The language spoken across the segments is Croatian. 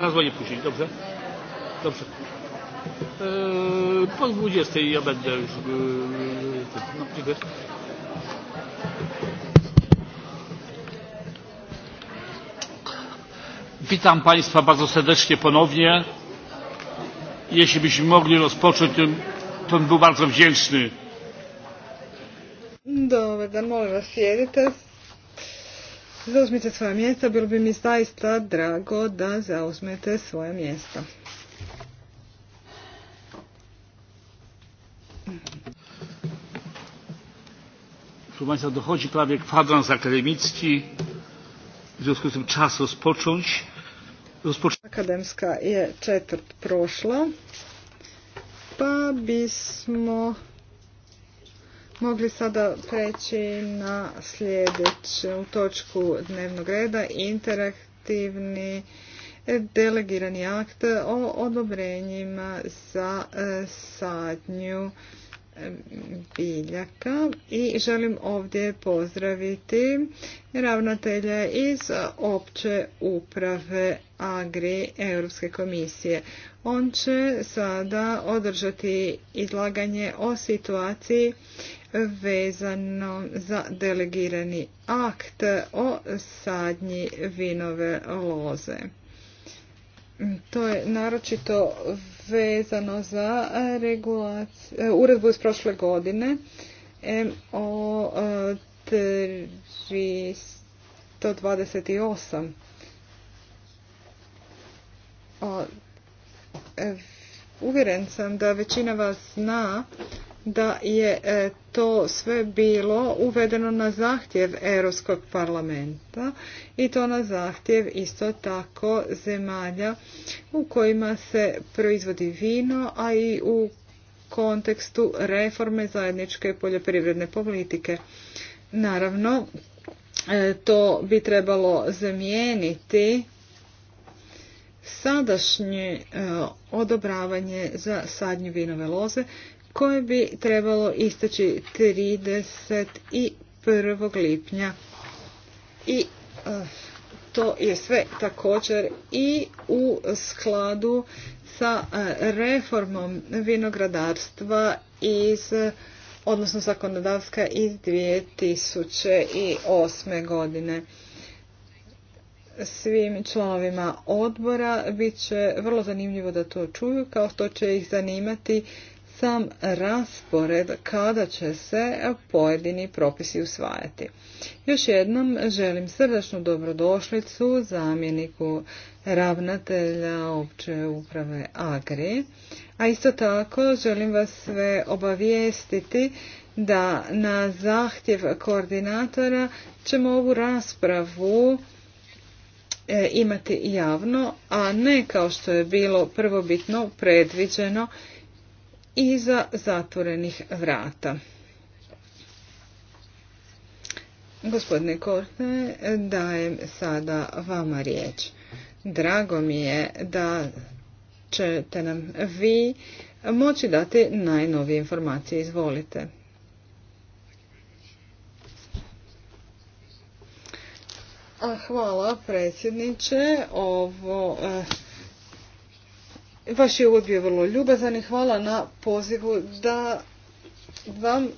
Zadzwonię później, dobrze? Dobrze. Eee, po 20 ja będę już... No, dziękuję. Witam Państwa bardzo serdecznie ponownie. Jeśli byśmy mogli rozpocząć, to bym był bardzo wdzięczny. Dobra, dan, molim vas zauzmite svoja mjesta, bilo bi mi zaista drago da zauzmete svoje mjesta. Proszę Państwa, dochodzi prawie kwadrans akademicki, w związku z tym czas rozpocząć. Rozpoczy... Akademska je czwartek, prošla, pa bismo mogli sada preći na sljedeću točku dnevnog reda interaktivni delegirani akt o odobrenjima za e, sadnju e, biljaka i želim ovdje pozdraviti ravnatelja iz opće uprave Agri Europske komisije. On će sada održati izlaganje o situaciji vezano za delegirani akt o sadnji vinove loze. To je naročito vezano za uredbu iz prošle godine o 328 e, e, uvjeren sam da većina vas zna da je e, to sve bilo uvedeno na zahtjev Europskog parlamenta i to na zahtjev isto tako zemalja u kojima se proizvodi vino, a i u kontekstu reforme zajedničke poljoprivredne politike. Naravno, e, to bi trebalo zamijeniti sadašnje e, odobravanje za sadnju vinove loze koje bi trebalo istoći 31. lipnja. I eh, to je sve također i u skladu sa eh, reformom vinogradarstva iz odnosno zakonodavska iz 2008. godine. Svim članovima odbora bit će vrlo zanimljivo da to čuju, kao što će ih zanimati sam raspored kada će se pojedini propisi usvajati. Još jednom želim srdačnu dobrodošlicu zamjeniku ravnatelja opće uprave Agri, a isto tako želim vas sve obavijestiti da na zahtjev koordinatora ćemo ovu raspravu e, imati javno, a ne kao što je bilo prvobitno predviđeno iza zatvorenih vrata. Gospodine Korte, dajem sada vama riječ. Drago mi je da ćete nam vi moći dati najnovije informacije. Izvolite. Hvala predsjedniče. Ovo eh, Vaš je uvod bio vrlo ljubazan i hvala na pozivu da vam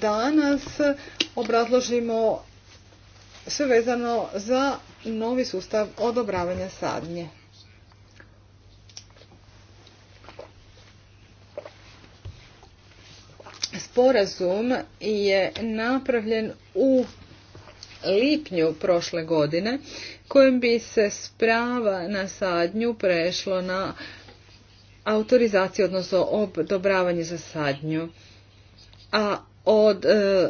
danas obrazložimo sve vezano za novi sustav odobravanja sadnje. Sporazum je napravljen u lipnju prošle godine kojim bi se sprava na sadnju prešlo na Autorizacije odnosno odobravanje za sadnju. A od e,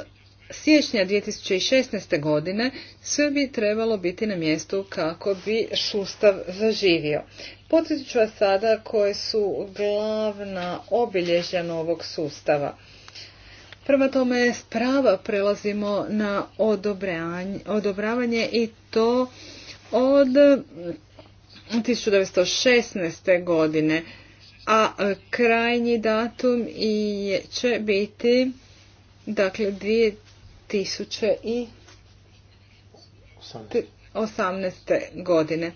siječnja 2016. godine sve bi trebalo biti na mjestu kako bi sustav zaživio. Podsjetit ću vas sada koje su glavna obilježja novog sustava. Prema tome s prava prelazimo na odobravanje i to od 1916. godine a e, krajnji datum i će biti dakle 2018. godine.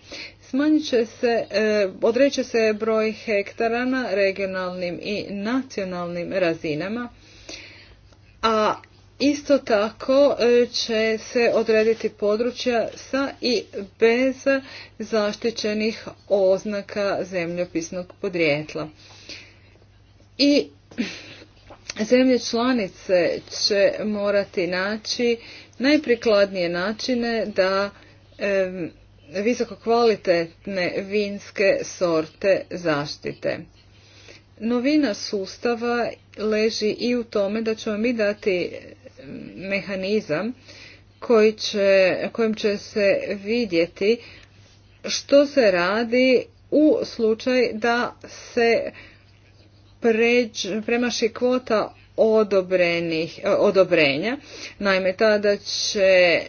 Smanjit će se, e, odreće se broj hektara na regionalnim i nacionalnim razinama, a Isto tako e, će se odrediti područja sa i bez zaštićenih oznaka zemljopisnog podrijetla. I zemlje članice će morati naći najprikladnije načine da e, visoko kvalitetne vinske sorte zaštite. Novina sustava leži i u tome da ćemo mi dati mehanizam koji će, kojim će se vidjeti što se radi u slučaju da se premaši kvota odobrenih, odobrenja. Naime, tada će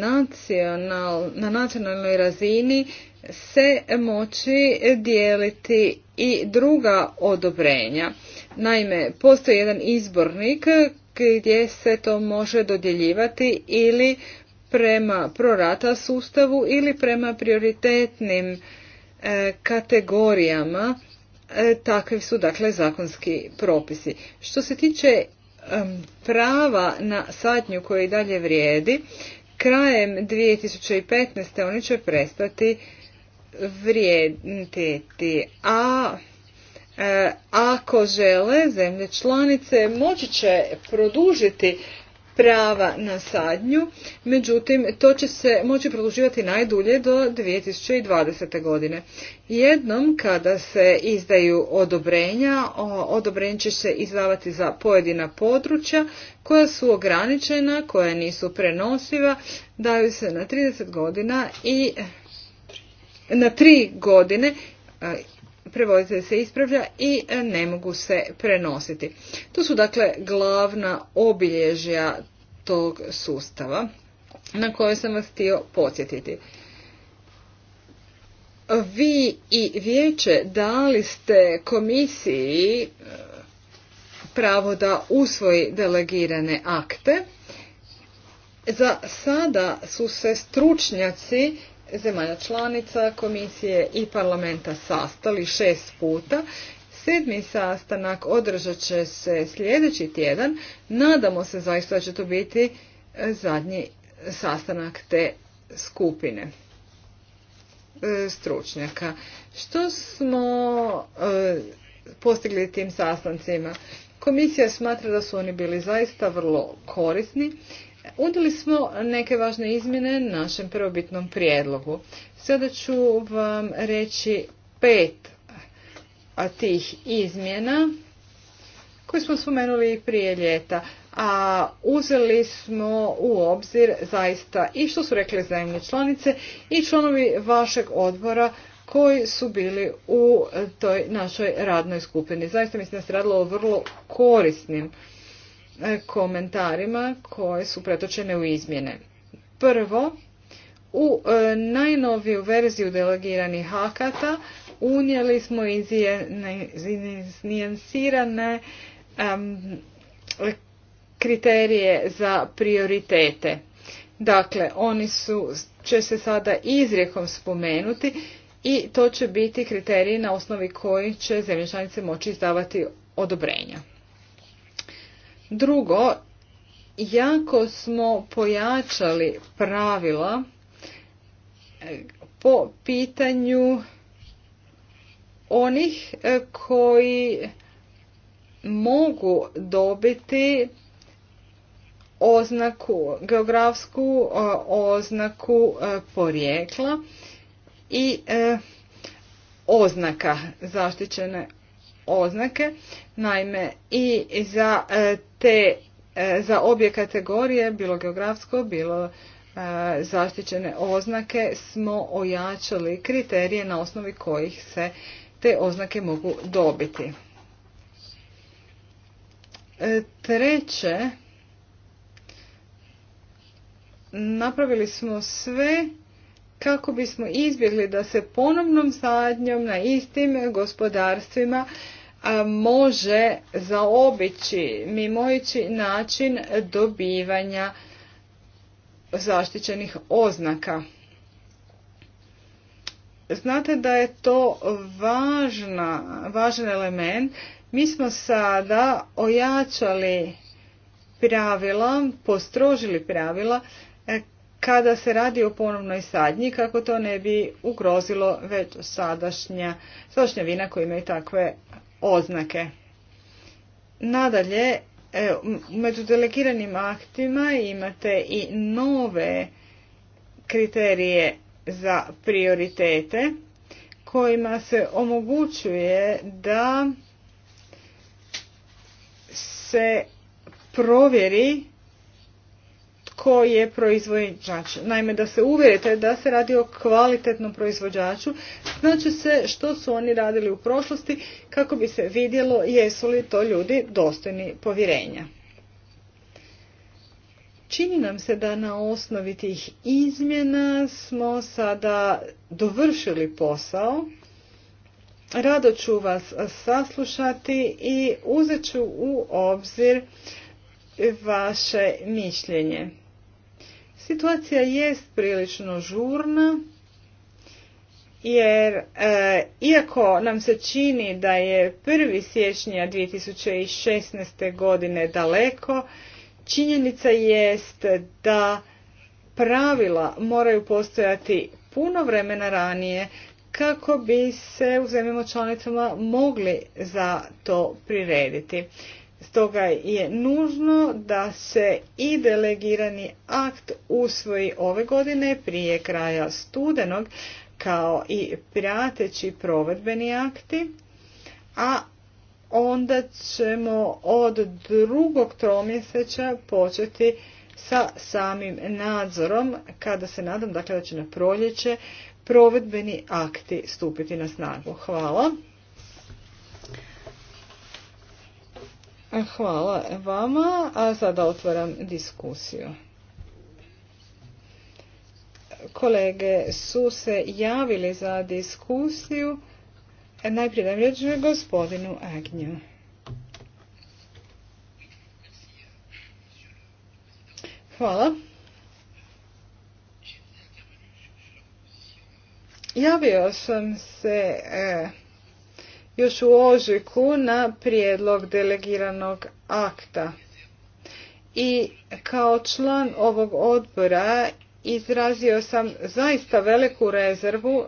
nacional, na nacionalnoj razini se moći dijeliti i druga odobrenja. Naime, postoji jedan izbornik gdje se to može dodjeljivati ili prema prorata sustavu ili prema prioritetnim e, kategorijama e, takvi su dakle zakonski propisi. Što se tiče prava na sadnju koje i dalje vrijedi, krajem 2015. oni će prestati vrijediti, a E, ako žele zemlje članice moći će produžiti prava na sadnju, međutim to će se moći produživati najdulje do 2020. godine. Jednom kada se izdaju odobrenja, odobrenje će se izdavati za pojedina područja koja su ograničena, koja nisu prenosiva, daju se na 30 godina i na 3 godine prevoditelj se ispravlja i e, ne mogu se prenositi. To su dakle glavna obilježja tog sustava na koje sam vas htio podsjetiti. Vi i vijeće dali ste komisiji e, pravo da usvoji delegirane akte. Za sada su se stručnjaci zemalja članica komisije i parlamenta sastali šest puta. Sedmi sastanak održat će se sljedeći tjedan. Nadamo se zaista da će to biti zadnji sastanak te skupine e, stručnjaka. Što smo e, postigli tim sastancima? Komisija smatra da su oni bili zaista vrlo korisni Udjeli smo neke važne izmjene našem prvobitnom prijedlogu. Sada ću vam reći pet tih izmjena koje smo spomenuli prije ljeta, a uzeli smo u obzir zaista i što su rekle zemlje članice i članovi vašeg odbora koji su bili u toj našoj radnoj skupini. Zaista mislim da se radilo o vrlo korisnim E, komentarima koje su pretočene u izmjene. Prvo, u e, najnoviju verziju delegiranih hakata unijeli smo iznijansirane kriterije za prioritete. Dakle, oni su, će se sada izrijekom spomenuti i to će biti kriteriji na osnovi koji će zemlje moći izdavati odobrenja. Drugo, jako smo pojačali pravila e, po pitanju onih e, koji mogu dobiti oznaku, geografsku e, oznaku porijekla i oznaka, zaštićene oznake. Naime, i za te e, za obje kategorije, bilo geografsko, bilo e, zaštićene oznake, smo ojačali kriterije na osnovi kojih se te oznake mogu dobiti. E, treće, napravili smo sve kako bismo izbjegli da se ponovnom sadnjom na istim gospodarstvima može zaobići mimojići način dobivanja zaštićenih oznaka. Znate da je to važna, važan element. Mi smo sada ojačali pravila, postrožili pravila e, kada se radi o ponovnoj sadnji kako to ne bi ugrozilo već sadašnja, sadašnja vina koja imaju takve oznake. Nadalje, među delegiranim aktima imate i nove kriterije za prioritete kojima se omogućuje da se provjeri tko je proizvođač. Naime, da se uvjerite da se radi o kvalitetnom proizvođaču, znači se što su oni radili u prošlosti kako bi se vidjelo jesu li to ljudi dostojni povjerenja. Čini nam se da na osnovi tih izmjena smo sada dovršili posao. Rado ću vas saslušati i uzet ću u obzir vaše mišljenje. Situacija jest prilično žurna jer e, iako nam se čini da je 1. siječnja 2016. godine daleko, činjenica jest da pravila moraju postojati puno vremena ranije kako bi se u zemljama članicama mogli za to prirediti. Stoga je nužno da se i delegirani akt usvoji ove godine prije kraja studenog kao i prateći provedbeni akti, a onda ćemo od drugog tromjeseća početi sa samim nadzorom kada se nadam dakle da će na proljeće provedbeni akti stupiti na snagu. Hvala. Hvala vama, a sada otvaram diskusiju. Kolege su se javili za diskusiju. Najprije gospodinu Agnju. Hvala. Javio sam se eh, još u ožujku na prijedlog delegiranog akta. I kao član ovog odbora izrazio sam zaista veliku rezervu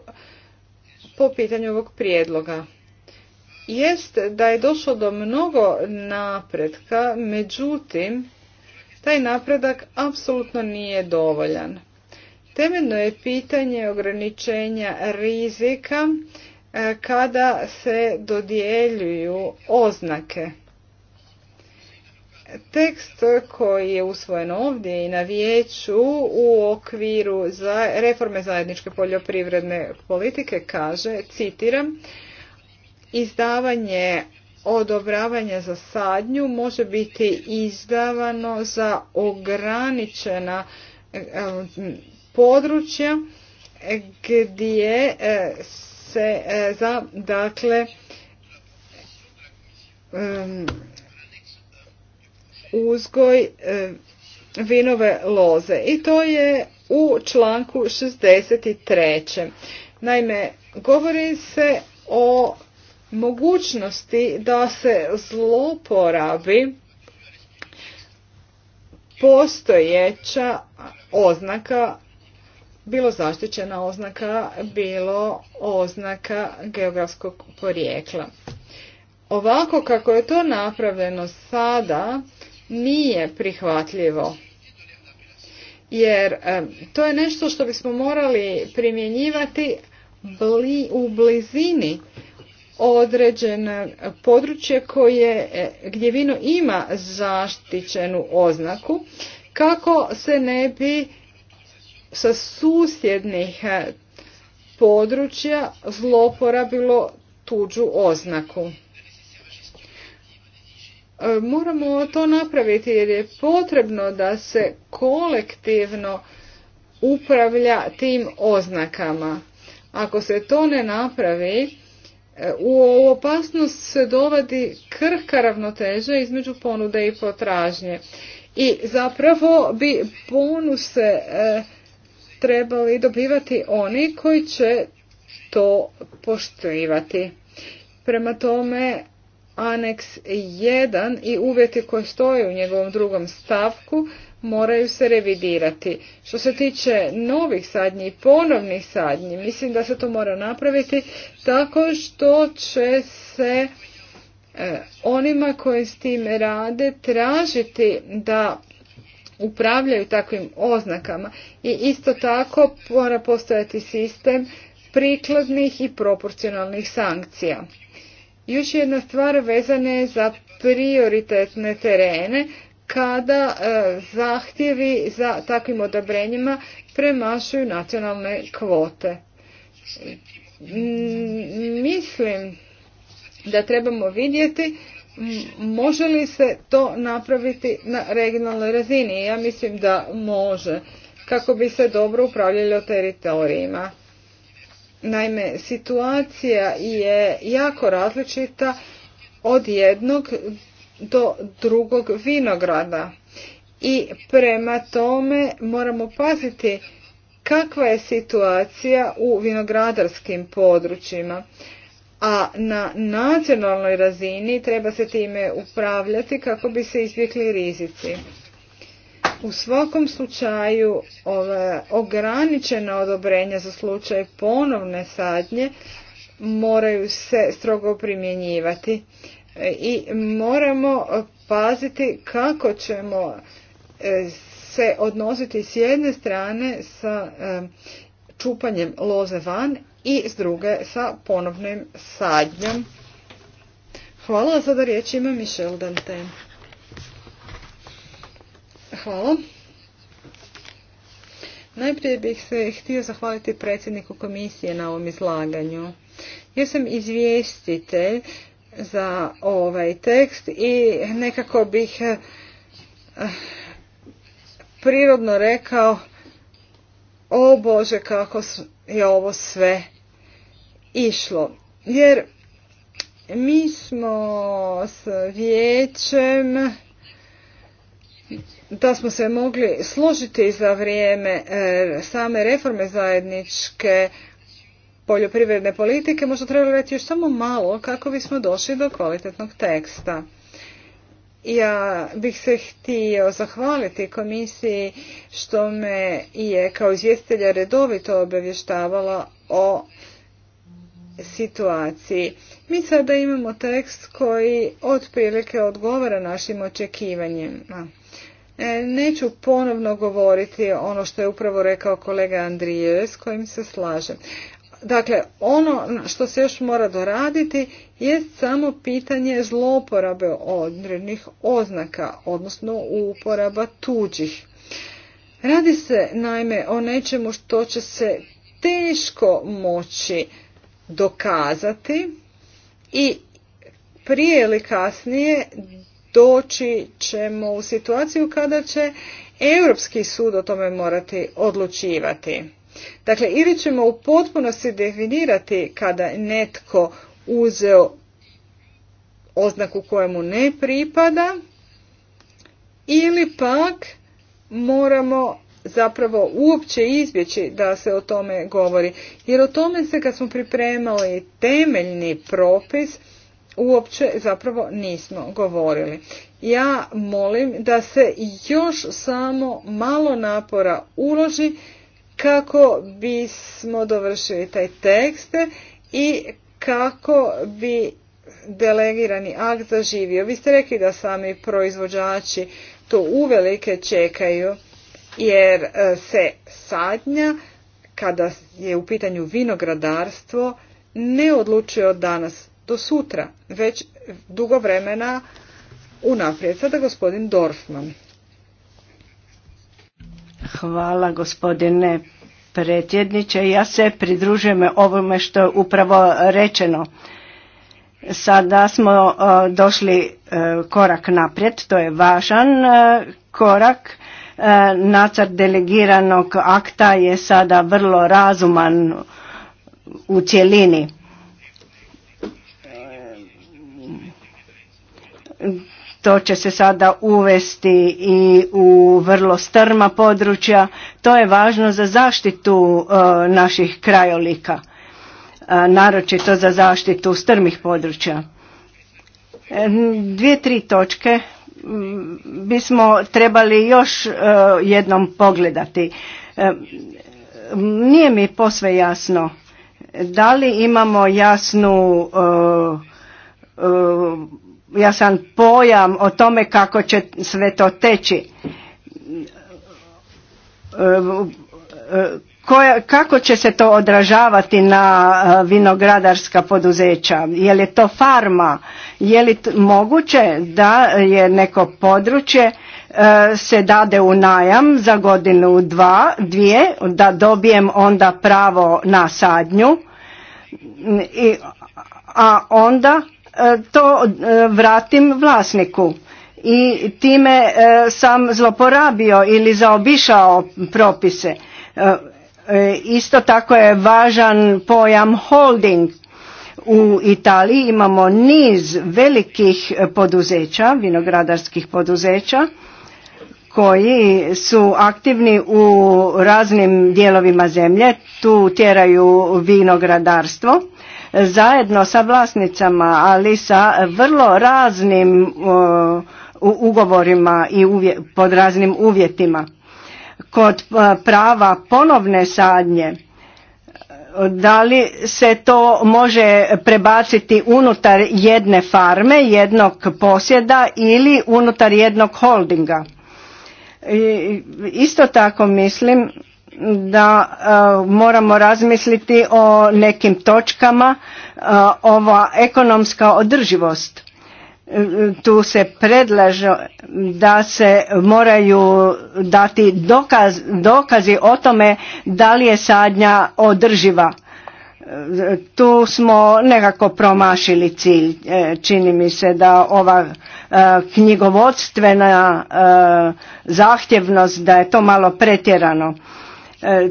po pitanju ovog prijedloga. Jest da je došlo do mnogo napretka, međutim, taj napredak apsolutno nije dovoljan. Temeljno je pitanje ograničenja rizika E, kada se dodjeljuju oznake. Tekst koji je usvojen ovdje i na vijeću u okviru za reforme zajedničke poljoprivredne politike kaže, citiram, izdavanje odobravanja za sadnju može biti izdavano za ograničena e, područja gdje e, se e, za dakle uzgoj e, vinove loze i to je u članku 63. Naime, govori se o mogućnosti da se zloporabi postojeća oznaka bilo zaštićena oznaka, bilo oznaka geografskog porijekla. Ovako kako je to napravljeno sada nije prihvatljivo. Jer e, to je nešto što bismo morali primjenjivati u blizini određene područje koje, e, gdje vino ima zaštićenu oznaku kako se ne bi sa susjednih e, područja zloporabilo tuđu oznaku. E, moramo to napraviti jer je potrebno da se kolektivno upravlja tim oznakama. Ako se to ne napravi, e, u opasnost se dovodi krhka ravnoteža između ponude i potražnje. I zapravo bi bonuse trebali dobivati oni koji će to poštivati. Prema tome, aneks 1 i uvjeti koji stoje u njegovom drugom stavku moraju se revidirati. Što se tiče novih sadnji i ponovnih sadnji, mislim da se to mora napraviti tako što će se e, onima koji s time rade tražiti da upravljaju takvim oznakama i isto tako mora postojati sistem prikladnih i proporcionalnih sankcija. Još jedna stvar vezana je za prioritetne terene kada e, zahtjevi za takvim odobrenjima premašuju nacionalne kvote. Mislim da trebamo vidjeti Može li se to napraviti na regionalnoj razini? Ja mislim da može, kako bi se dobro upravljali o teritorijima. Naime, situacija je jako različita od jednog do drugog vinograda. I prema tome moramo paziti kakva je situacija u vinogradarskim područjima a na nacionalnoj razini treba se time upravljati kako bi se izbjegli rizici. U svakom slučaju ova ograničena odobrenja za slučaj ponovne sadnje moraju se strogo primjenjivati e, i moramo paziti kako ćemo e, se odnositi s jedne strane sa e, čupanjem loze van, i s druge sa ponovnim sadnjom. Hvala, za sada riječ ima Michel Dante. Hvala. Najprije bih se htio zahvaliti predsjedniku komisije na ovom izlaganju. Ja sam izvjestitelj za ovaj tekst i nekako bih eh, prirodno rekao o Bože kako je ovo sve išlo. Jer mi smo s vijećem da smo se mogli složiti za vrijeme e, same reforme zajedničke poljoprivredne politike, možda trebali reći još samo malo kako bismo došli do kvalitetnog teksta. Ja bih se htio zahvaliti komisiji što me je kao izvjestitelja redovito obavještavala o situaciji. Mi sada imamo tekst koji otprilike odgovara našim očekivanjima. E, neću ponovno govoriti ono što je upravo rekao kolega Andrije s kojim se slažem. Dakle, ono što se još mora doraditi je samo pitanje zloporabe odrednih oznaka, odnosno uporaba tuđih. Radi se naime o nečemu što će se teško moći dokazati i prije ili kasnije doći ćemo u situaciju kada će Europski sud o tome morati odlučivati. Dakle, ili ćemo u potpunosti definirati kada netko uzeo oznaku kojemu ne pripada, ili pak moramo zapravo uopće izbjeći da se o tome govori. Jer o tome se kad smo pripremali temeljni propis uopće zapravo nismo govorili. Ja molim da se još samo malo napora uloži kako bismo dovršili taj tekst i kako bi delegirani akt zaživio. Vi ste rekli da sami proizvođači to uvelike čekaju jer e, se sadnja kada je u pitanju vinogradarstvo ne odlučuje od danas do sutra, već dugo vremena unaprijed. Sada gospodin Dorfman. Hvala gospodine predsjedniče. Ja se pridružujem ovome što je upravo rečeno. Sada smo e, došli e, korak naprijed, to je važan korak E, nacrt delegiranog akta je sada vrlo razuman u cjelini. E, to će se sada uvesti i u vrlo strma područja. To je važno za zaštitu e, naših krajolika, naročito za zaštitu strmih područja. Dvije, tri točke bismo trebali još e, jednom pogledati. E, nije mi posve jasno da li imamo jasnu e, jasan pojam o tome kako će sve to teći koja, kako će se to odražavati na e, vinogradarska poduzeća? Je li to farma? Je li moguće da je neko područje e, se dade u najam za godinu dva, dvije, da dobijem onda pravo na sadnju, i, a onda e, to vratim vlasniku. I time sam zloporabio ili zaobišao propise. E, isto tako je važan pojam holding. U Italiji imamo niz velikih poduzeća, vinogradarskih poduzeća, koji su aktivni u raznim dijelovima zemlje, tu tjeraju vinogradarstvo, zajedno sa vlasnicama, ali sa vrlo raznim e, ugovorima i pod raznim uvjetima kod prava ponovne sadnje e, da li se to može prebaciti unutar jedne farme, jednog posjeda ili unutar jednog holdinga. Isto tako mislim da e, moramo razmisliti o nekim točkama e, ova ekonomska održivost tu se predlaže da se moraju dati dokazi o tome da li je sadnja održiva. Tu smo nekako promašili cilj. E, čini mi se da ova e, knjigovodstvena e, zahtjevnost da je to malo pretjerano.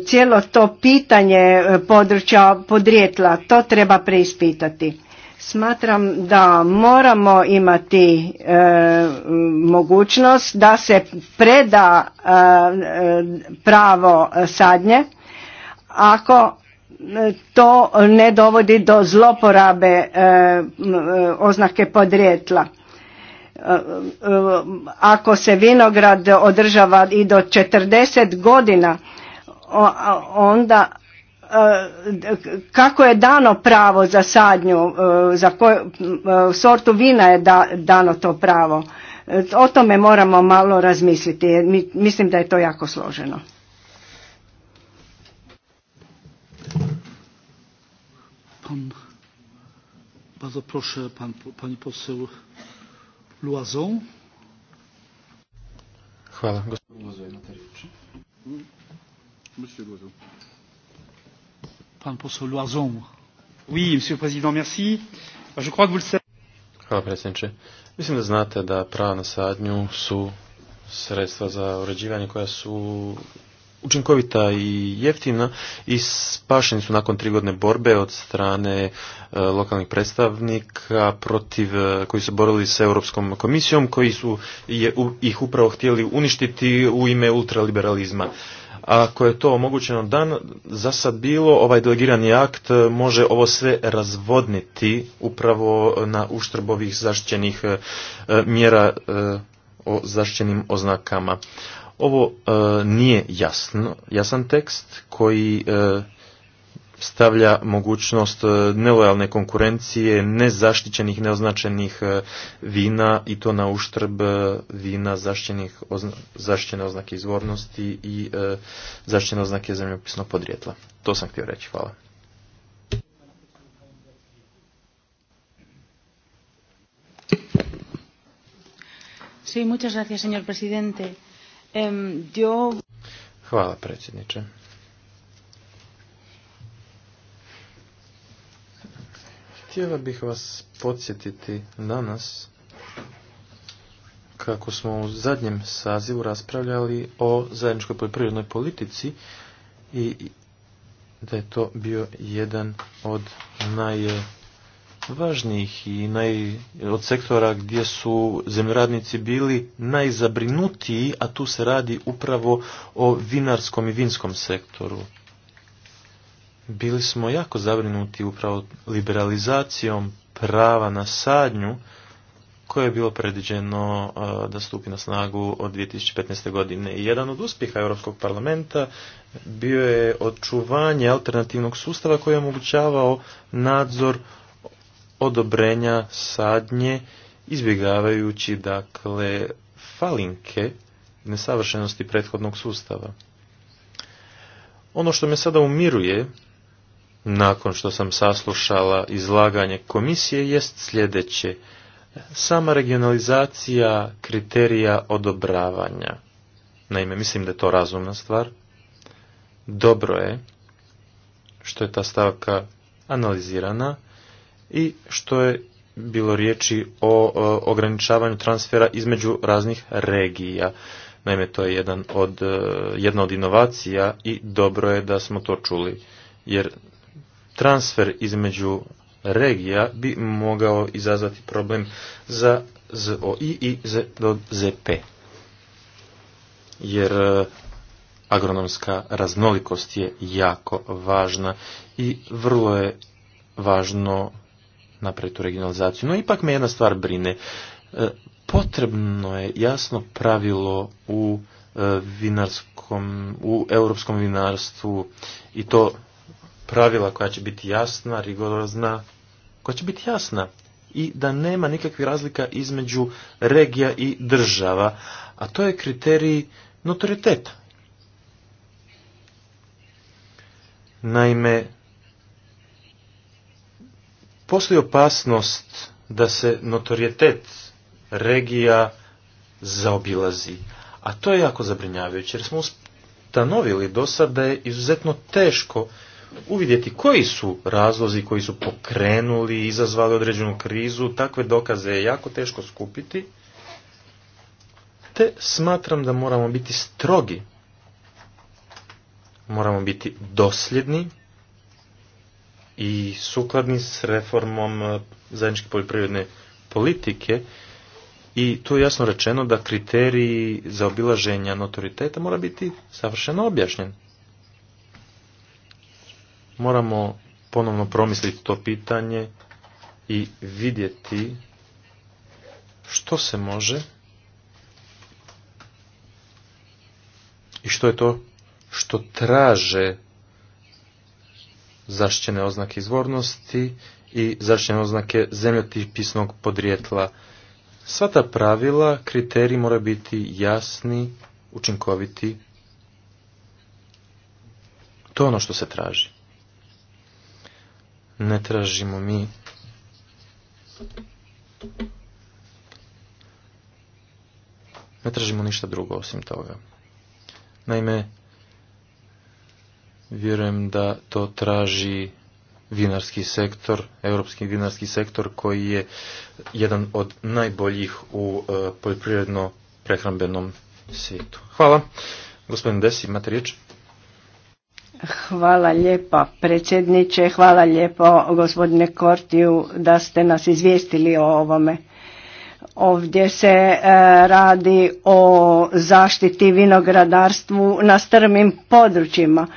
Cijelo to pitanje područja podrijetla, to treba preispitati Smatram da moramo imati e, mogućnost da se preda e, pravo sadnje ako e, to ne dovodi do zloporabe oznake podrijetla. Ako se vinograd održava i do 40 godina onda Eh, kako je dano pravo za sadnju, eh, za koju eh, sortu vina je dano to pravo. O tome moramo malo razmisliti. Mislim da je to jako složeno. Pan, bardzo pan, pani poseł Hvala. Oui, monsieur le Hvala predsjedniče. Mislim da znate da prava na sadnju su sredstva za uređivanje koja su učinkovita i jeftina i spašeni su nakon tri godine borbe od strane e, lokalnih predstavnika protiv e, koji su borili s Europskom komisijom koji su ih upravo htjeli uništiti u ime ultraliberalizma. Ako je to omogućeno dan, za sad bilo, ovaj delegirani akt e, može ovo sve razvodniti upravo na uštrb ovih zaštićenih e, e, mjera o zaštićenim oznakama. Ovo nije jasno, jasan tekst koji stavlja mogućnost e, nelojalne konkurencije, nezaštićenih, neoznačenih e, vina i to na uštrb e, vina zaštićene oznake izvornosti i e, zaštićene oznake zemljopisnog podrijetla. To sam htio reći. Hvala. Hvala, predsjedniče. Htjela bih vas podsjetiti danas kako smo u zadnjem sazivu raspravljali o zajedničkoj poljoprivrednoj politici i da je to bio jedan od najvažnijih i naj, od sektora gdje su zemljoradnici bili najzabrinutiji, a tu se radi upravo o vinarskom i vinskom sektoru bili smo jako zabrinuti upravo liberalizacijom prava na sadnju koje je bilo predviđeno e, da stupi na snagu od 2015. godine. Jedan od uspjeha Europskog parlamenta bio je očuvanje alternativnog sustava koji je omogućavao nadzor odobrenja sadnje izbjegavajući dakle falinke nesavršenosti prethodnog sustava. Ono što me sada umiruje nakon što sam saslušala izlaganje komisije jest sljedeće. Sama regionalizacija kriterija odobravanja. Naime, mislim da je to razumna stvar. Dobro je što je ta stavka analizirana i što je bilo riječi o, ograničavanju transfera između raznih regija. Naime, to je jedan od, eh, jedna od inovacija i dobro je da smo to čuli. Jer transfer između regija bi mogao izazvati problem za ZOI i ZP. Jer e, agronomska raznolikost je jako važna i vrlo je važno napraviti tu regionalizaciju. No ipak me jedna stvar brine. E, potrebno je jasno pravilo u e, vinarskom, u europskom vinarstvu i to pravila koja će biti jasna, rigorozna, koja će biti jasna i da nema nikakvih razlika između regija i država, a to je kriterij notoriteta. Naime, postoji opasnost da se notorijetet regija zaobilazi, a to je jako zabrinjavajuće jer smo ustanovili do sada da je izuzetno teško uvidjeti koji su razlozi koji su pokrenuli izazvali određenu krizu. Takve dokaze je jako teško skupiti. Te smatram da moramo biti strogi. Moramo biti dosljedni i sukladni s reformom eh, zajedničke poljoprivredne politike i tu je jasno rečeno da kriteriji za obilaženja notoriteta mora biti savršeno objašnjen moramo ponovno promisliti to pitanje i vidjeti što se može i što je to što traže zaštićene oznake izvornosti i zaštićene oznake zemljotipisnog podrijetla. Sva ta pravila, kriteriji mora biti jasni, učinkoviti. To je ono što se traži ne tražimo mi ne tražimo ništa drugo osim toga. Naime, vjerujem da to traži vinarski sektor, europski vinarski sektor koji je jedan od najboljih u e, poljoprivredno prehrambenom svijetu. Hvala. Gospodin Desi, imate riječ? Hvala lijepa predsjedniče, hvala lijepo gospodine Kortiju da ste nas izvijestili o ovome. Ovdje se e, radi o zaštiti vinogradarstvu na strmim područjima.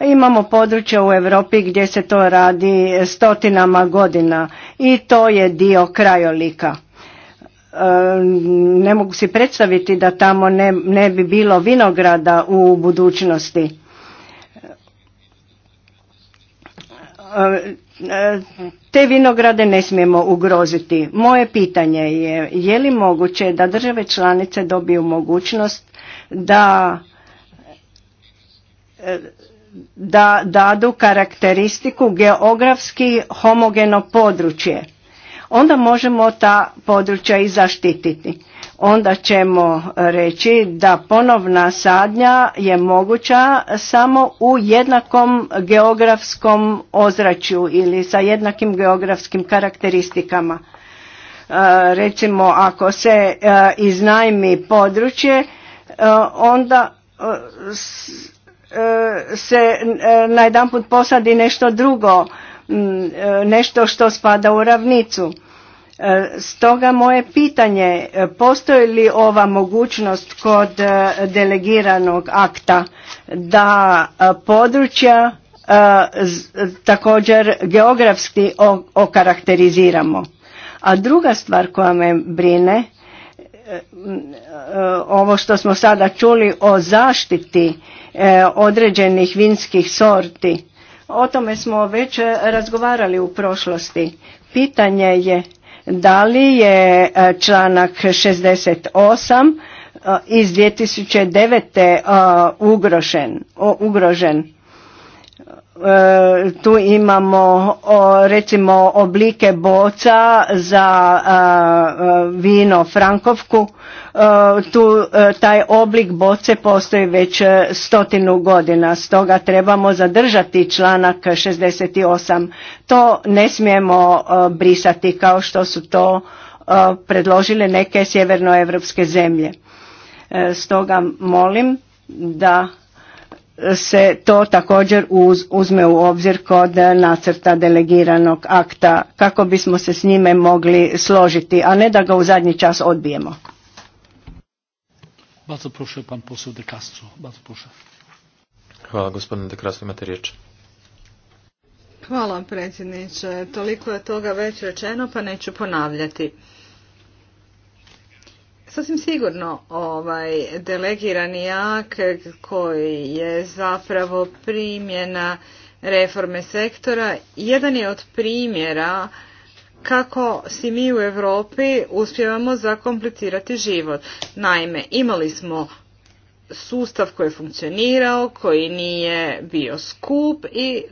Imamo područja u Europi gdje se to radi stotinama godina i to je dio krajolika. E, ne mogu si predstaviti da tamo ne, ne bi bilo vinograda u budućnosti te vinograde ne smijemo ugroziti. Moje pitanje je je li moguće da države članice dobiju mogućnost da da dadu karakteristiku geografski homogeno područje. Onda možemo ta područja i zaštititi onda ćemo reći da ponovna sadnja je moguća samo u jednakom geografskom ozračju ili sa jednakim geografskim karakteristikama. E, recimo ako se e, iznajmi područje e, onda se najedanput posadi nešto drugo, nešto što spada u ravnicu E, stoga moje pitanje, e, postoji li ova mogućnost kod e, delegiranog akta da područja također geografski okarakteriziramo? A druga stvar koja me brine, ovo što smo sada čuli o zaštiti određenih vinskih sorti, o tome smo već razgovarali u prošlosti. Pitanje je da li je e, članak 68 e, iz 2009. E, ugrožen? E, tu imamo recimo oblike boca za e, e, vino Frankovku. Tu taj oblik boce postoji već stotinu godina, stoga trebamo zadržati članak 68. To ne smijemo brisati kao što su to predložile neke sjevernoevropske zemlje. Stoga molim da se to također uz, uzme u obzir kod nacrta delegiranog akta kako bismo se s njime mogli složiti, a ne da ga u zadnji čas odbijemo. Bardzo proszę, pan poseł de Castro. Bardzo proszę. Hvala, gospodine de Castro, imate riječ. Hvala, predsjedniče. Toliko je toga već rečeno, pa neću ponavljati. Sasvim sigurno ovaj delegirani jak koji je zapravo primjena reforme sektora jedan je od primjera kako si mi u Europi uspjevamo zakomplicirati život. Naime, imali smo sustav koji je funkcionirao, koji nije bio skup i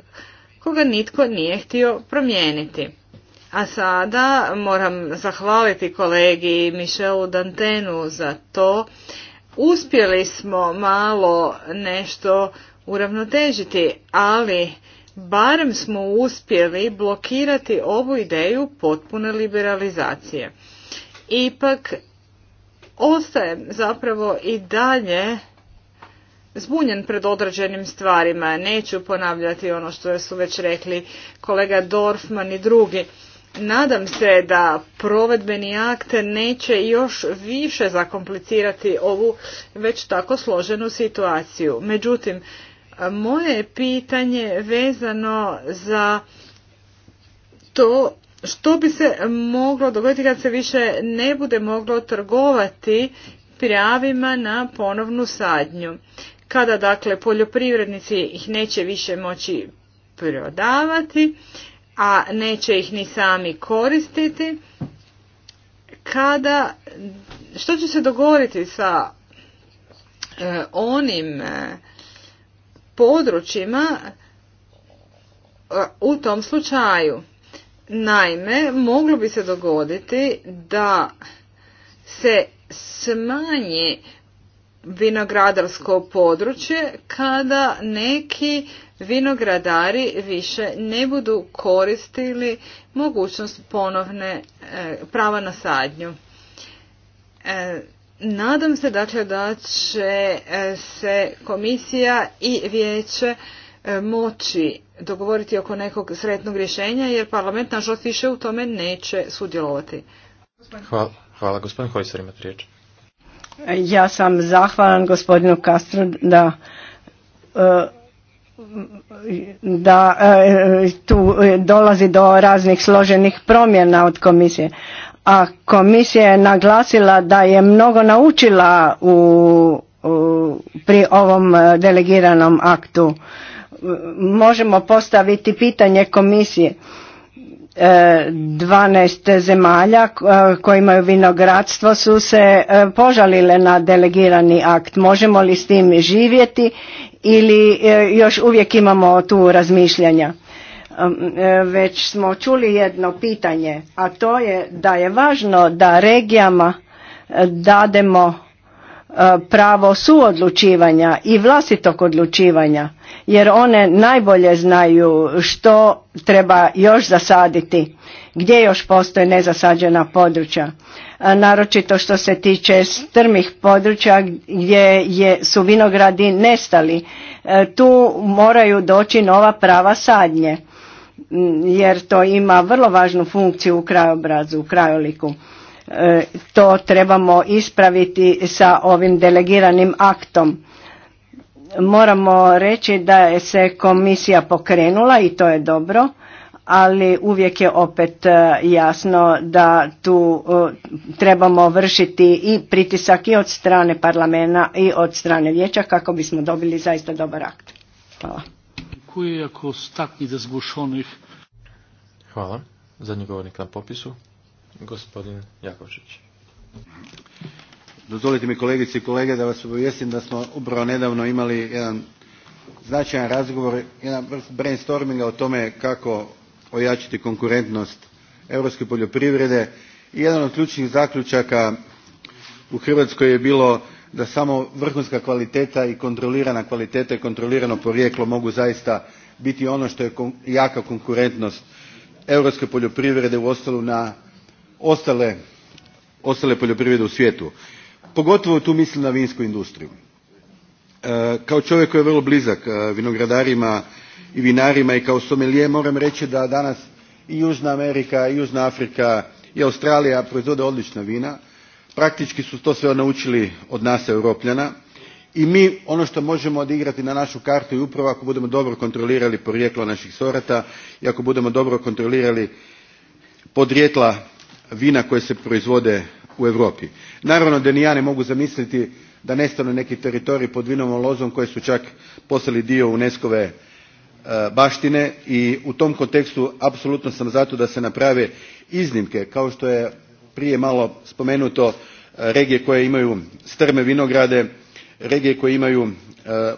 koga nitko nije htio promijeniti. A sada moram zahvaliti kolegi Mišelu Dantenu za to. Uspjeli smo malo nešto uravnotežiti, ali barem smo uspjeli blokirati ovu ideju potpune liberalizacije. Ipak ostajem zapravo i dalje zbunjen pred određenim stvarima. Neću ponavljati ono što su već rekli kolega Dorfman i drugi. Nadam se da provedbeni akt neće još više zakomplicirati ovu već tako složenu situaciju. Međutim, moje pitanje vezano za to što bi se moglo dogoditi kad se više ne bude moglo trgovati prijavima na ponovnu sadnju. Kada dakle poljoprivrednici ih neće više moći prodavati, a neće ih ni sami koristiti, kada, što će se dogoditi sa e, onim e, područjima e, u tom slučaju? Naime, moglo bi se dogoditi da se smanji vinogradarsko područje kada neki vinogradari više ne budu koristili mogućnost ponovne e, prava na sadnju. E, nadam se dakle, da će e, se komisija i vijeće moći dogovoriti oko nekog sretnog rješenja jer parlament nažalost više u tome neće sudjelovati. Hvala, gospodin Hojser riječ. Ja sam zahvalan gospodinu Kastru da da e, tu dolazi do raznih složenih promjena od komisije. A komisija je naglasila da je mnogo naučila u, pri ovom delegiranom aktu. Možemo postaviti pitanje komisije. 12 e, zemalja e, koje imaju vinogradstvo su se požalile na delegirani akt. Možemo li s tim živjeti ili e, još uvijek imamo tu razmišljanja um, e, već smo čuli jedno pitanje a to je da je važno da regijama e, dademo pravo suodlučivanja i vlastitog odlučivanja jer one najbolje znaju što treba još zasaditi gdje još postoje nezasađena područja naročito što se tiče strmih područja gdje je, su vinogradi nestali. E, tu moraju doći nova prava sadnje jer to ima vrlo važnu funkciju u krajobrazu, u krajoliku. E, to trebamo ispraviti sa ovim delegiranim aktom. Moramo reći da je se komisija pokrenula i to je dobro ali uvijek je opet e, jasno da tu e, trebamo vršiti i pritisak i od strane parlamenta i od strane vijeća kako bismo dobili zaista dobar akt. Hvala. Hvala. Zadnji govornik na popisu, gospodin Jakovčić. Dozvolite mi kolegice i kolege da vas obavijestim da smo upravo nedavno imali jedan značajan razgovor, jedan vrst brainstorminga o tome kako ojačati konkurentnost europske poljoprivrede i jedan od ključnih zaključaka u hrvatskoj je bilo da samo vrhunska kvaliteta i kontrolirana kvaliteta i kontrolirano porijeklo mogu zaista biti ono što je jaka konkurentnost europske poljoprivrede u odnosu na ostale, poljoprivrede u svijetu pogotovo tu mislim na vinsku industriju. E, kao čovjek koji je vrlo blizak e, vinogradarima i vinarima i kao sommelier moram reći da danas i južna amerika i južna afrika i australija proizvode odlična vina praktički su to sve naučili od nas europljana i mi ono što možemo odigrati na našu kartu i upravo ako budemo dobro kontrolirali porijeklo naših sorata i ako budemo dobro kontrolirali podrijetla vina koja se proizvode u europi. naravno da ni ja ne mogu zamisliti da nestanu neki teritoriji pod vinovom lozom koji su čak postali dio unesco ve E, baštine i u tom kontekstu apsolutno sam za to da se naprave iznimke kao što je prije malo spomenuto e, regije koje imaju strme vinograde regije koje imaju e,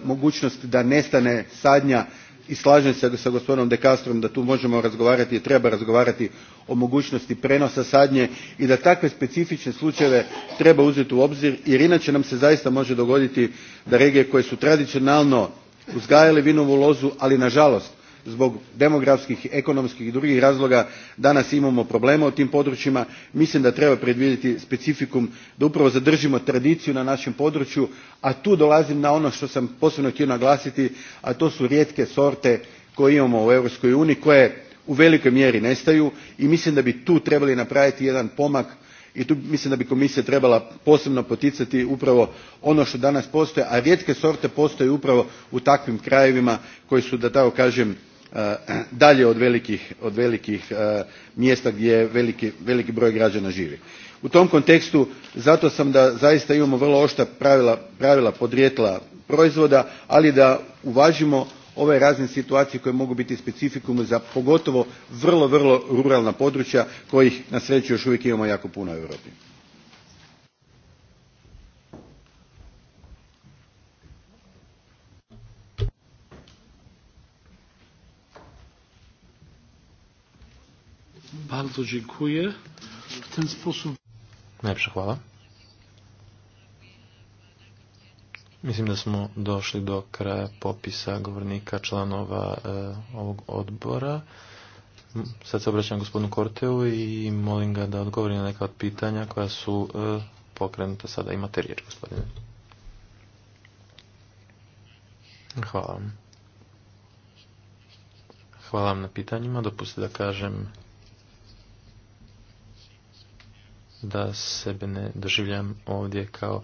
mogućnost da nestane sadnja i slažem se sa gospodinom de castrom da tu možemo razgovarati i treba razgovarati o mogućnosti prijenosa sadnje i da takve specifične slučajeve treba uzeti u obzir jer inače nam se zaista može dogoditi da regije koje su tradicionalno uzgajali vinovu lozu ali nažalost zbog demografskih ekonomskih i drugih razloga danas imamo problema u tim područjima mislim da treba predvidjeti specifikum da upravo zadržimo tradiciju na našem području a tu dolazim na ono što sam posebno htio naglasiti a to su rijetke sorte koje imamo u europskoj uniji koje u velikoj mjeri nestaju i mislim da bi tu trebali napraviti jedan pomak i tu mislim da bi komisija trebala posebno poticati upravo ono što danas postoji a rijetke sorte postoje upravo u takvim krajevima koji su da tako kažem eh, dalje od velikih eh, mjesta gdje veliki broj građana živi. u tom kontekstu zato sam da zaista imamo vrlo oštra pravila podrijetla proizvoda ali da uvažimo ove razne situacije koje mogu biti specifikum za pogotovo vrlo vrlo ruralna područja kojih na sreću još uvijek imamo jako puno u europi. Mislim da smo došli do kraja popisa govornika članova e, ovog odbora. Sad se obraćam gospodinu Korteu i molim ga da odgovori na neka od pitanja koja su e, pokrenuta sada. Imate riječ, gospodine. Hvala vam. Hvala vam na pitanjima. Dopustite da kažem da sebe ne doživljam ovdje kao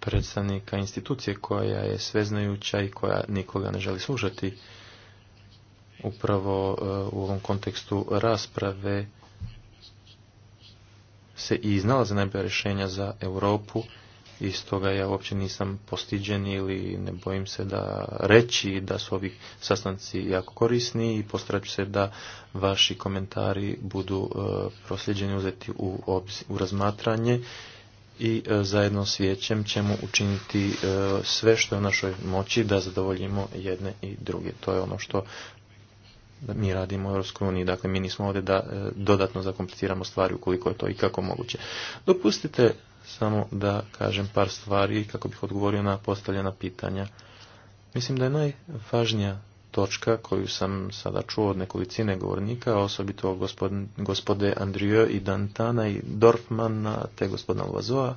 predstavnika institucije koja je sveznajuća i koja nikoga ne želi služati Upravo e, u ovom kontekstu rasprave se i iznalaze najbolje rješenja za Europu i stoga ja uopće nisam postiđen ili ne bojim se da reći da su ovi sastanci jako korisni i postaraću se da vaši komentari budu e, prosljeđeni uzeti u razmatranje i e, zajedno s vijećem ćemo učiniti e, sve što je u našoj moći da zadovoljimo jedne i druge. To je ono što mi radimo u Europskoj uniji. Dakle, mi nismo ovdje da e, dodatno zakompliciramo stvari ukoliko je to i kako moguće. Dopustite samo da kažem par stvari kako bih odgovorio na postavljena pitanja. Mislim da je najvažnija točka koju sam sada čuo od nekolicine govornika, osobito gospode Andrieu i Dantana i Dorfmana, te gospodina lazoa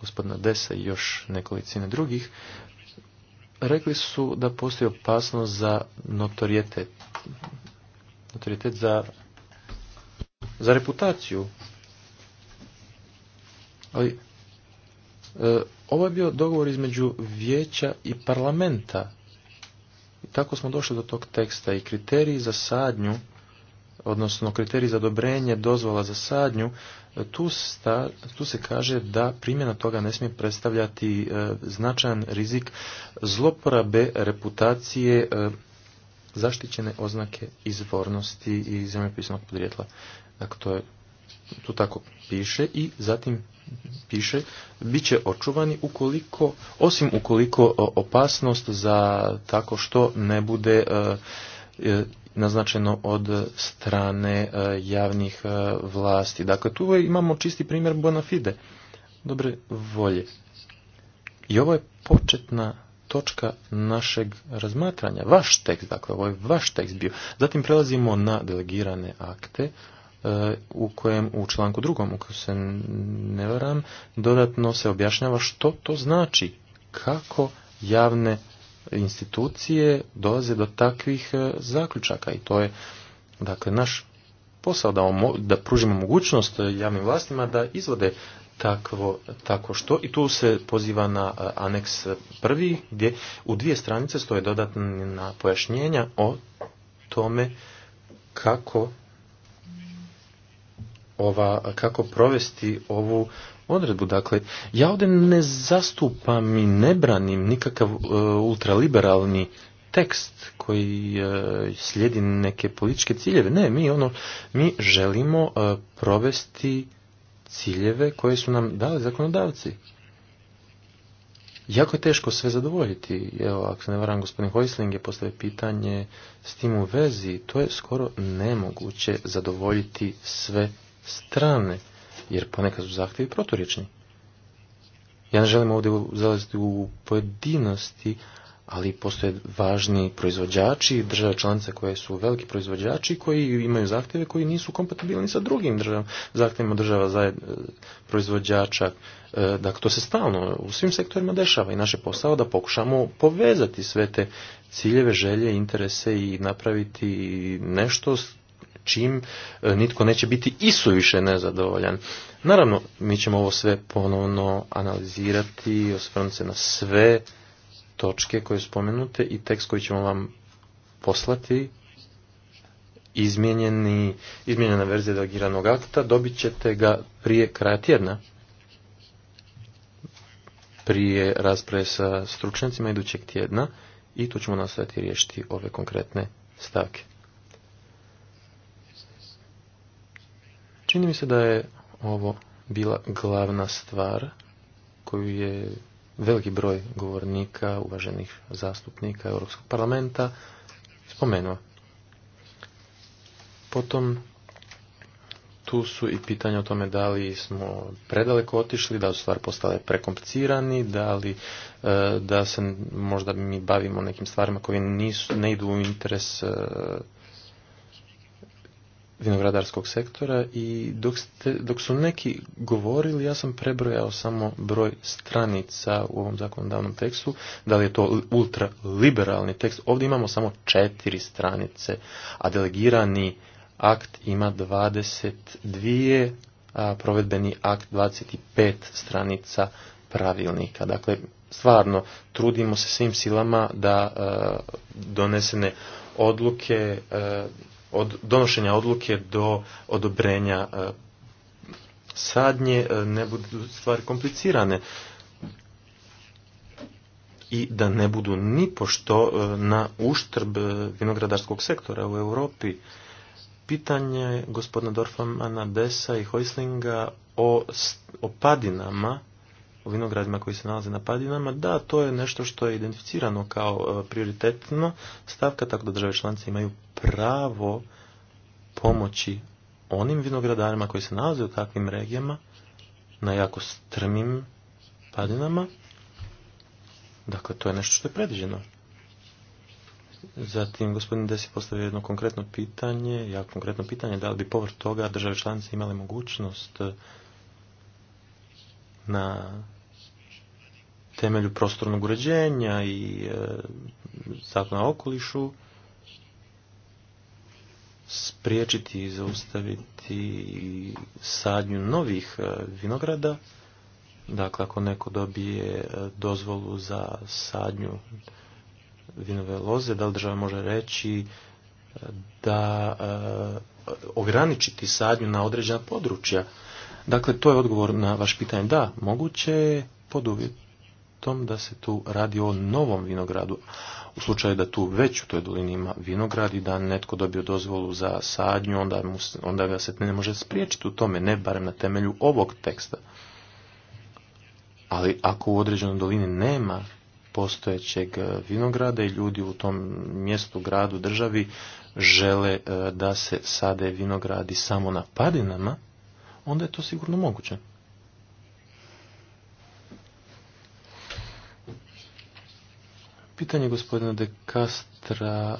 gospodina Desa i još nekolicine drugih, rekli su da postoji opasnost za notorijetet, notorijetet za, za reputaciju. Ali, e, ovo je bio dogovor između vijeća i parlamenta i tako smo došli do tog teksta i kriteriji za sadnju, odnosno kriteriji za odobrenje dozvola za sadnju, e, tu, sta, tu se kaže da primjena toga ne smije predstavljati e, značajan rizik zloporabe reputacije e, zaštićene oznake izvornosti i zemljopisnog podrijetla. Dakle, to je tu tako piše i zatim piše, bit će očuvani ukoliko, osim ukoliko opasnost za tako što ne bude e, e, naznačeno od strane e, javnih vlasti. Dakle, tu imamo čisti primjer bona fide, dobre volje. I ovo je početna točka našeg razmatranja, vaš tekst, dakle, ovo je vaš tekst bio. Zatim prelazimo na delegirane akte, E, u kojem u članku drugom, ako se ne varam, dodatno se objašnjava što to znači, kako javne institucije dolaze do takvih e, zaključaka i to je dakle naš posao da, da pružimo mogućnost javnim vlastima da izvode takvo, tako što i tu se poziva na e, aneks prvi gdje u dvije stranice stoje dodatna pojašnjenja o tome kako ova, kako provesti ovu odredbu. Dakle, ja ovdje ne zastupam i ne branim nikakav e, ultraliberalni tekst koji e, slijedi neke političke ciljeve. Ne, mi ono, mi želimo e, provesti ciljeve koje su nam dali zakonodavci. Jako je teško sve zadovoljiti. Evo, ako se ne varam, gospodin Hojsling je postavio pitanje s tim u vezi. To je skoro nemoguće zadovoljiti sve strane, jer ponekad su zahtjevi proturječni. Ja ne želim ovdje zalaziti u pojedinosti, ali postoje važni proizvođači, države članice koje su veliki proizvođači koji imaju zahtjeve koji nisu kompatibilni sa drugim državom, zahtjevima država za proizvođača. E, dakle, to se stalno u svim sektorima dešava i naše je posao da pokušamo povezati sve te ciljeve, želje, interese i napraviti nešto čim e, nitko neće biti isuviše nezadovoljan. Naravno, mi ćemo ovo sve ponovno analizirati, osvrnuti se na sve točke koje spomenute i tekst koji ćemo vam poslati izmijenjeni, izmijenjena verzija delegiranog akta, dobit ćete ga prije kraja tjedna. Prije rasprave sa stručnjacima idućeg tjedna i tu ćemo nastaviti riješiti ove konkretne stavke. Čini mi se da je ovo bila glavna stvar koju je veliki broj govornika, uvaženih zastupnika Europskog parlamenta spomenuo. Potom tu su i pitanja o tome da li smo predaleko otišli, da su stvari postale prekomplicirani, da li e, da se možda mi bavimo nekim stvarima koje nisu, ne idu u interes e, vinogradarskog sektora i dok, ste, dok su neki govorili, ja sam prebrojao samo broj stranica u ovom zakonodavnom tekstu, da li je to ultraliberalni tekst, ovdje imamo samo četiri stranice, a delegirani akt ima 22, a provedbeni akt 25 stranica pravilnika. Dakle, stvarno trudimo se svim silama da e, donesene odluke e, od donošenja odluke do odobrenja e, sadnje e, ne budu stvari komplicirane i da ne budu nipošto e, na uštrb vinogradarskog sektora u Europi. Pitanje gospodina Dorfamana, Besa i Hoislinga o padinama o vinogradima koji se nalaze na padinama, da, to je nešto što je identificirano kao e, prioritetno stavka, tako da države članice imaju pravo pomoći onim vinogradarima koji se nalaze u takvim regijama, na jako strmim padinama. Dakle, to je nešto što je predviđeno. Zatim, gospodin Desi postavio jedno konkretno pitanje, jako konkretno pitanje, da li bi povrt toga države članice imale mogućnost e, na temelju prostornog uređenja i e, zakona na okolišu spriječiti i zaustaviti sadnju novih e, vinograda. Dakle, ako neko dobije e, dozvolu za sadnju vinove loze, da li država može reći da ograničiti sadnju na određena područja? Dakle, to je odgovor na vaš pitanje. Da, moguće je pod uvjet tom da se tu radi o novom vinogradu. U slučaju da tu već u toj dolini ima vinograd i da netko dobio dozvolu za sadnju, onda, onda ga se ne može spriječiti u tome, ne barem na temelju ovog teksta. Ali ako u određenoj dolini nema postojećeg e, vinograda i ljudi u tom mjestu, gradu, državi žele e, da se sade vinogradi samo na padinama, onda je to sigurno moguće. Pitanje gospodina De Kastra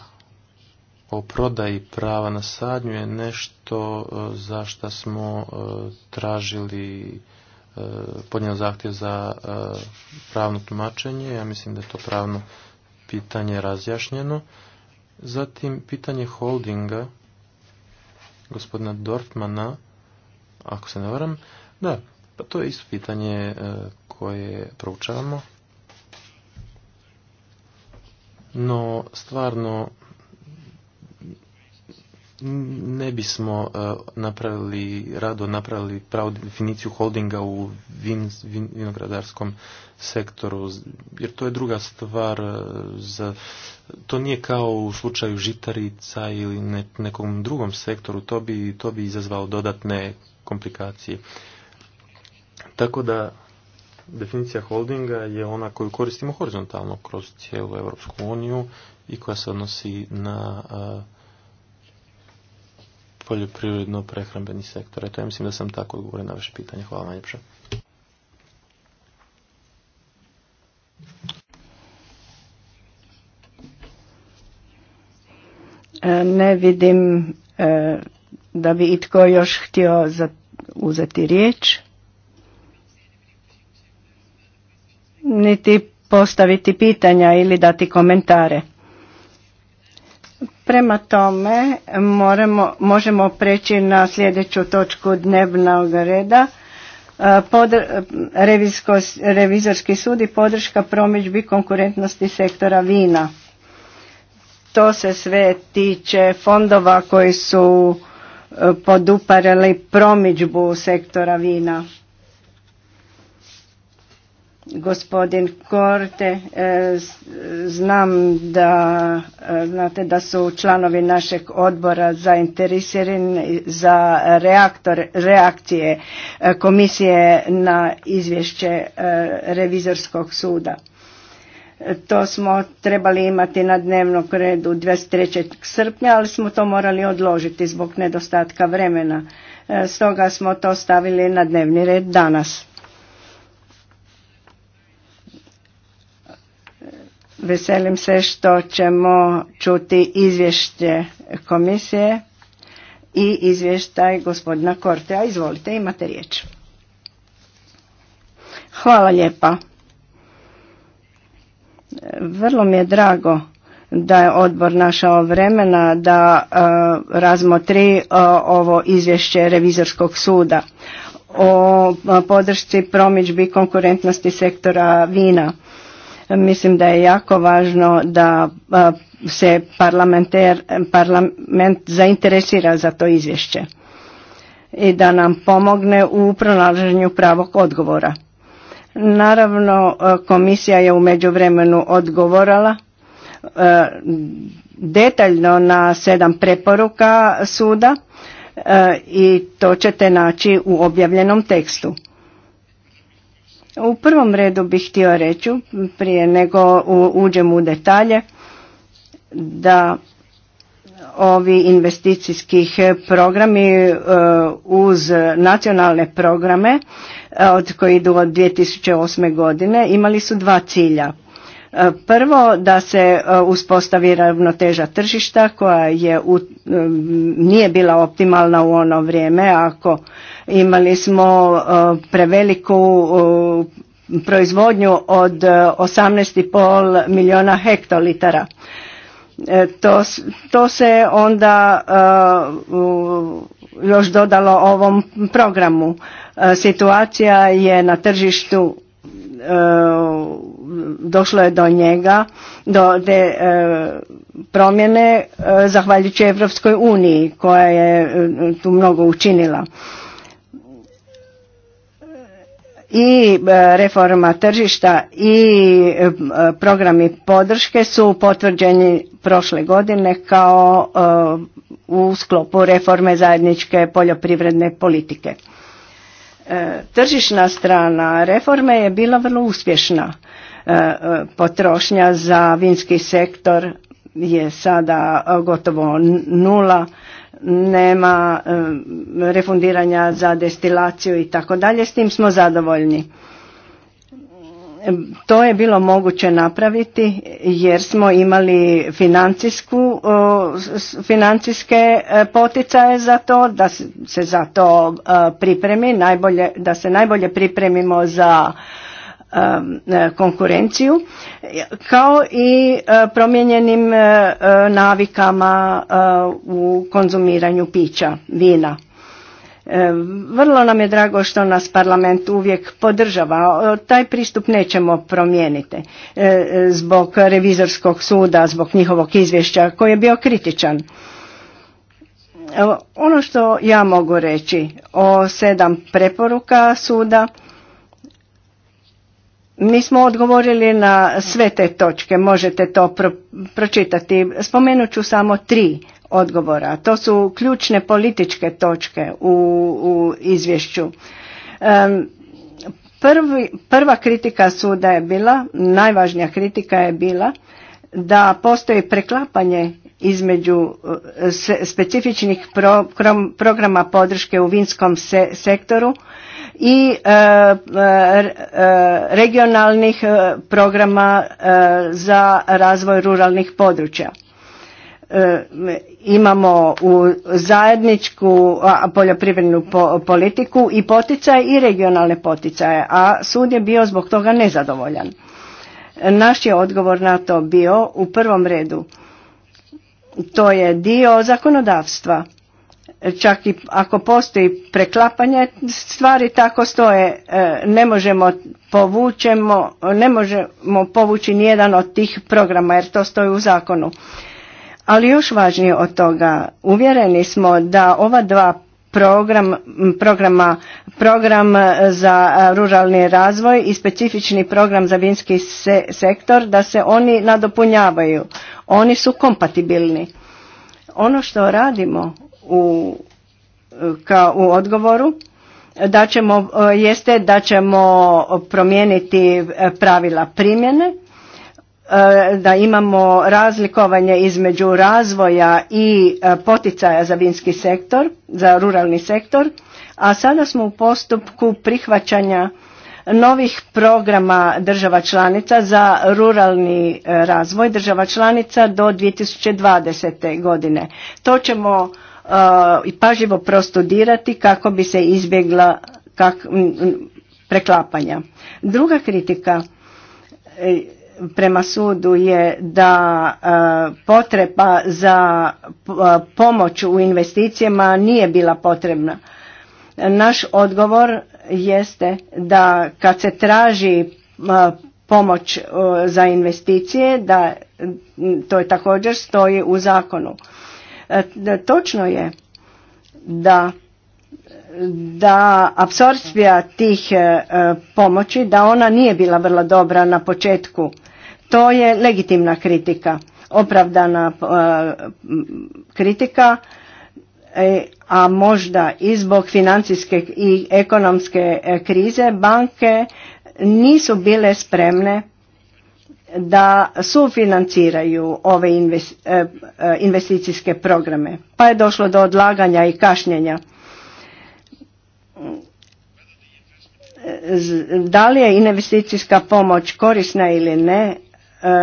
o prodaji prava na sadnju je nešto e, za što smo e, tražili e, podnijeli zahtjev za pravno tumačenje. Ja mislim da je to pravno pitanje razjašnjeno. Zatim pitanje holdinga gospodina Dortmana ako se ne varam. Da, pa to je isto pitanje koje proučavamo no stvarno ne bismo e, napravili, rado napravili pravu definiciju holdinga u vin, vinogradarskom sektoru, jer to je druga stvar, e, za, to nije kao u slučaju žitarica ili nekom drugom sektoru, to bi, to bi izazvalo dodatne komplikacije. Tako da definicija holdinga je ona koju koristimo horizontalno kroz cijelu Europsku uniju i koja se odnosi na poljoprivredno prehrambeni sektor. Eto, ja mislim da sam tako odgovorio na vaše pitanje. Hvala najljepša. E, ne vidim e, da bi itko još htio uzeti riječ. niti postaviti pitanja ili dati komentare. Prema tome možemo preći na sljedeću točku dnevnog reda. E, revizorski sud i podrška promičbi konkurentnosti sektora vina. To se sve tiče fondova koji su e, poduparali promičbu sektora vina. Gospodin Korte, e, znam da e, znate da su članovi našeg odbora zainteresirani za reaktor, reakcije e, komisije na izvješće revizorskog suda. To smo trebali imati na dnevnom redu 23. srpnja, ali smo to morali odložiti zbog nedostatka vremena. Stoga smo to stavili na dnevni red danas. Veselim se što ćemo čuti izvješće komisije i izvještaj gospodina Kortea. Izvolite, imate riječ. Hvala lijepa. Vrlo mi je drago da je odbor našao vremena da e, razmotri e, ovo izvješće revizorskog suda o podršci promičbi konkurentnosti sektora vina Mislim da je jako važno da se parlament zainteresira za to izvješće i da nam pomogne u pronalaženju pravog odgovora. Naravno, komisija je u međuvremenu odgovorala detaljno na sedam preporuka suda i to ćete naći u objavljenom tekstu. U prvom redu bih htio reći, prije nego uđem u detalje, da ovi investicijskih programi e, uz nacionalne programe e, od koji idu od 2008. godine imali su dva cilja. E, prvo da se uspostavi ravnoteža tržišta koja je nije bila optimalna u ono vrijeme ako Imali smo e, preveliku e, proizvodnju od 18,5 e, milijuna hektolitara. To, se onda još dodalo ovom programu. Situacija je na tržištu došlo je do njega, do promjene zahvaljujući Evropskoj uniji koja je tu mnogo učinila i e, reforma tržišta i e, programi podrške su potvrđeni prošle godine kao e, u sklopu reforme zajedničke poljoprivredne politike. Tržišna strana reforme je bila vrlo uspješna. Potrošnja za vinski sektor je sada gotovo nula nema refundiranja za destilaciju i tako dalje, s tim smo zadovoljni. To je bilo moguće napraviti jer smo imali financijsku, financijske e, poticaje za to, da se za to e, pripremi, najbolje, da se najbolje pripremimo za Um, e, konkurenciju kao i e, promijenjenim e, navikama u konzumiranju pića, vina. Vrlo nam je drago što nas parlament uvijek podržava. Taj pristup nećemo promijeniti zbog revizorskog suda, zbog njihovog izvješća koji je bio kritičan. Ono što ja mogu reći o sedam preporuka suda, mi smo odgovorili na sve te točke, možete to pročitati. Spomenut ću samo tri odgovora. To su ključne političke točke u, izvješću. prvi, prva kritika suda je bila, najvažnija kritika je bila da postoji preklapanje između e, specifičnih programa podrške u vinskom sektoru i e, e, e, regionalnih programa za razvoj ruralnih područja. Imamo u zajedničku poljoprivrednu politiku i poticaje i regionalne poticaje, a sud je bio zbog toga nezadovoljan. Naš je odgovor na to bio u prvom redu. To je dio zakonodavstva čak i ako postoji preklapanje stvari tako stoje e, ne možemo povućemo ne možemo povući nijedan od tih programa jer to stoji u zakonu ali još važnije od toga uvjereni smo da ova dva program, programa program za ruralni razvoj i specifični program za vinski sektor da se oni nadopunjavaju oni su kompatibilni ono što radimo u, ka, u odgovoru da ćemo, e, jeste da ćemo promijeniti e, pravila primjene, e, da imamo razlikovanje između razvoja i poticaja za vinski sektor, za ruralni sektor, a sada smo u postupku prihvaćanja novih programa država članica za ruralni razvoj država članica do 2020. godine. To ćemo Uh, i pažljivo prostudirati kako bi se izbjegla kak, preklapanja. Druga kritika e, prema sudu je da e, potreba za e, pomoć u investicijama nije bila potrebna. Naš odgovor jeste da kad se traži pomoć za investicije, da to je također stoji u zakonu. E, točno je da da apsorpcija tih e, pomoći da ona nije bila vrlo dobra na početku. To je legitimna kritika, opravdana e, kritika, a možda i zbog financijske i ekonomske krize banke nisu bile spremne da sufinanciraju ove e, e, investicijske programe, pa je došlo do odlaganja i kašnjenja. Da li je investicijska pomoć korisna ili ne,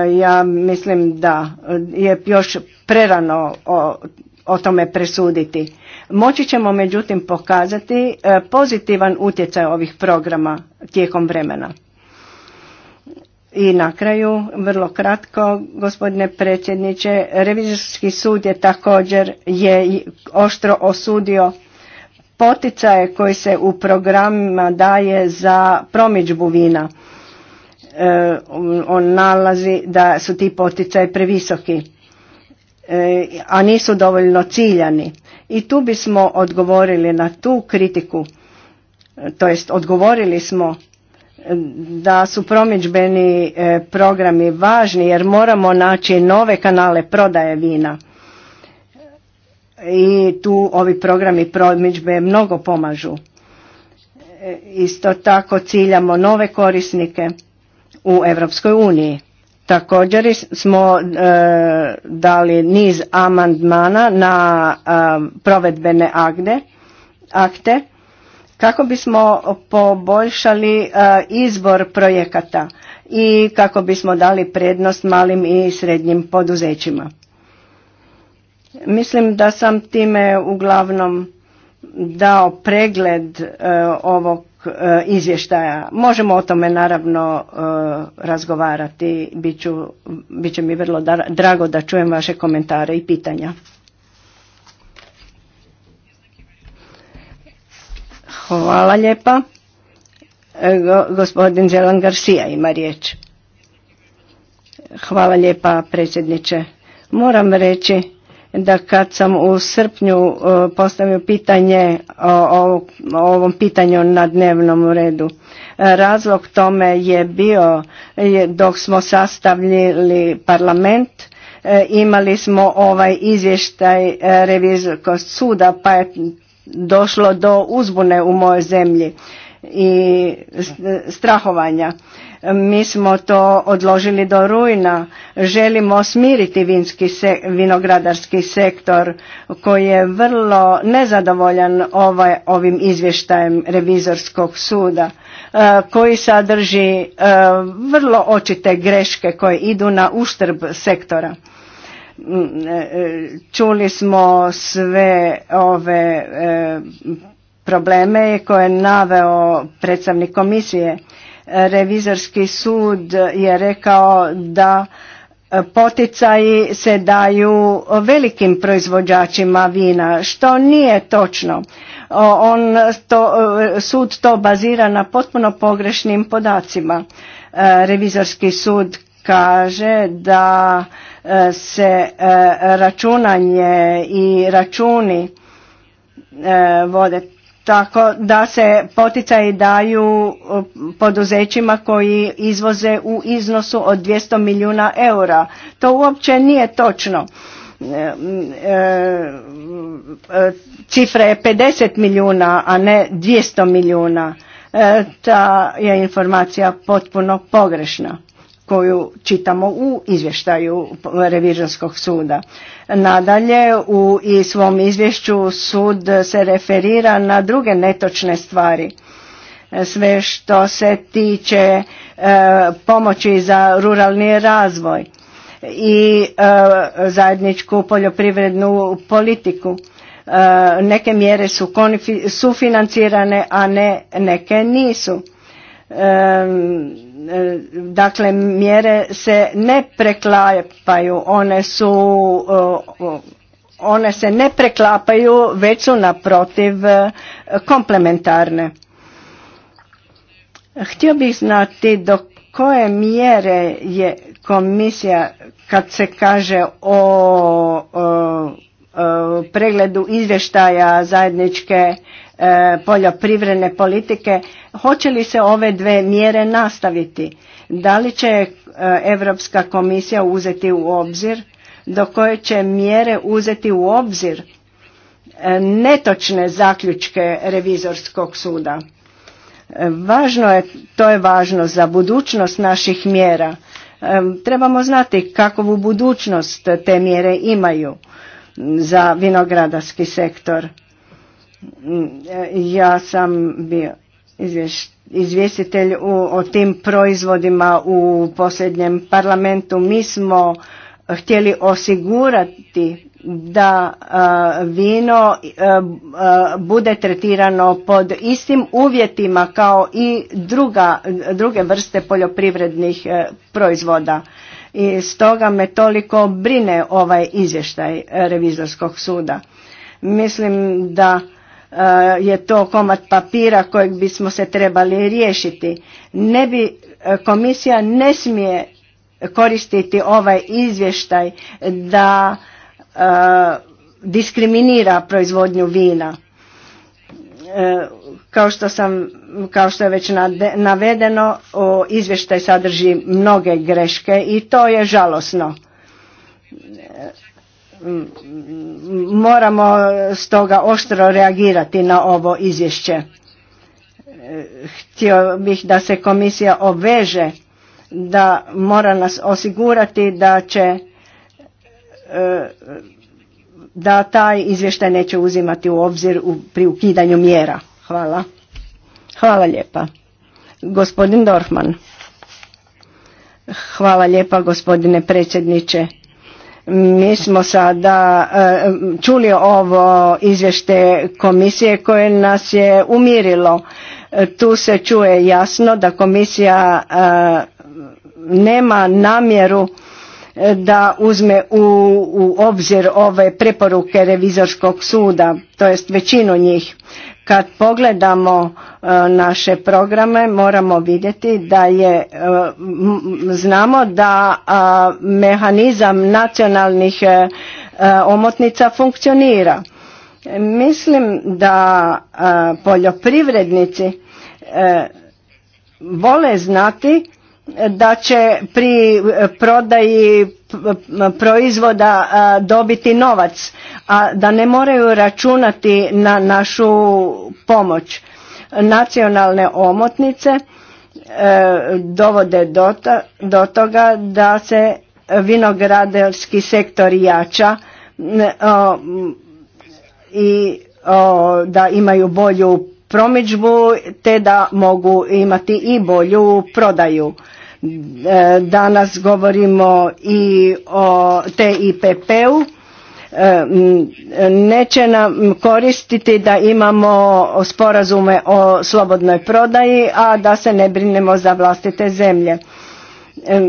e, ja mislim da je još prerano o, tome presuditi. Moći ćemo međutim pokazati pozitivan utjecaj ovih programa tijekom vremena. I na kraju, vrlo kratko, gospodine predsjedniče, revizorski sud je također je oštro osudio poticaje koji se u programima daje za promičbu vina. E, on nalazi da su ti poticaji previsoki, e, a nisu dovoljno ciljani. I tu bismo odgovorili na tu kritiku, e, to jest odgovorili smo da su promidžbeni e, programi važni jer moramo naći nove kanale prodaje vina i tu ovi programi promidžbe mnogo pomažu. E, isto tako ciljamo nove korisnike u Europskoj uniji. Također smo e, dali niz amandmana na provedbene akte kako bismo poboljšali e, izbor projekata i kako bismo dali prednost malim i srednjim poduzećima. Mislim da sam time uglavnom dao pregled e, ovog e, izvještaja. Možemo o tome naravno razgovarati. bit će mi vrlo drago da čujem vaše komentare i pitanja. Hvala lijepa. E, gospodin Zelan Garcia ima riječ. Hvala lijepa predsjedniče. Moram reći da kad sam u srpnju e, postavio pitanje o ovom pitanju na dnevnom redu, razlog tome je bio dok smo sastavljili parlament, e, imali smo ovaj izvještaj revizorskog suda pa je došlo do uzbune u mojoj zemlji i strahovanja. Mi smo to odložili do rujna. Želimo smiriti vinski vinogradarski sektor koji je vrlo nezadovoljan ovaj, ovim izvještajem revizorskog suda e, koji sadrži e, vrlo očite greške koje idu na uštrb sektora. Mm, e, e, čuli smo sve ove e, probleme koje je naveo predstavnik komisije. Revizorski sud je rekao da poticaji se daju velikim proizvođačima vina, što nije točno. On sud to bazira na potpuno pogrešnim podacima. Revizorski sud kaže da se e, računanje i računi e, vode tako da se poticaji daju e, poduzećima koji izvoze u iznosu od 200 milijuna eura. To uopće nije točno. Cifra je 50 milijuna, a ne 200 milijuna. Ta je informacija potpuno pogrešna koju čitamo u izvještaju revizorskog suda. Nadalje, u i svom izvješću sud se referira na druge netočne stvari. Sve što se tiče e, pomoći za ruralni razvoj i e, zajedničku poljoprivrednu politiku. E, neke mjere su sufinancirane, a ne neke nisu. Dakle, mjere se ne preklapaju, one su, one se ne preklapaju, već su naprotiv e, komplementarne. Htio bih znati do koje mjere je komisija kad se kaže o, o pregledu izvještaja zajedničke E, poljoprivredne politike, hoće li se ove dve mjere nastaviti? Da li će e, Europska komisija uzeti u obzir, do koje će mjere uzeti u obzir e, netočne zaključke revizorskog suda? Važno je, to je važno za budućnost naših mjera. Trebamo znati kakvu budućnost te mjere imaju za vinogradarski sektor Mm, e, ja sam bio izvjestitelj o tim proizvodima u posljednjem parlamentu. Mi smo htjeli osigurati da vino e, bude tretirano pod istim uvjetima kao i druga, druge vrste poljoprivrednih e, proizvoda. I stoga me toliko brine ovaj izvještaj revizorskog suda. Mislim da je to komad papira kojeg bismo se trebali riješiti. Ne bi, e, komisija ne smije koristiti ovaj izvještaj da e, diskriminira proizvodnju vina. E, kao što, sam, kao što je već navedeno, o, izvještaj sadrži mnoge greške i to je žalosno moramo e, stoga oštro reagirati na ovo izvješće. E, htio bih da se komisija obveže da mora nas osigurati da će e, da taj izvještaj neće uzimati u obzir pri ukidanju mjera. Hvala. Hvala lijepa. Gospodin Dorfman. Hvala lijepa gospodine predsjedniče. Mi smo sada e, čuli ovo izvješte komisije koje nas je umirilo. E, tu se čuje jasno da komisija e, nema namjeru da uzme u, u obzir ove preporuke revizorskog suda, to jest većinu njih. Kad pogledamo e, naše programe moramo vidjeti da je, e, znamo da mehanizam nacionalnih e, omotnica funkcionira. Mislim da poljoprivrednici vole znati da će pri eh, prodaji eh, proizvoda eh, dobiti novac, a da ne moraju računati na našu pomoć. Nacionalne omotnice dovode do toga da se vinogradarski sektor jača i da imaju bolju promidžbu te da mogu imati i bolju prodaju. E, danas govorimo i o TIPP-u. E, neće nam koristiti da imamo sporazume o slobodnoj prodaji, a da se ne brinemo za vlastite zemlje. E,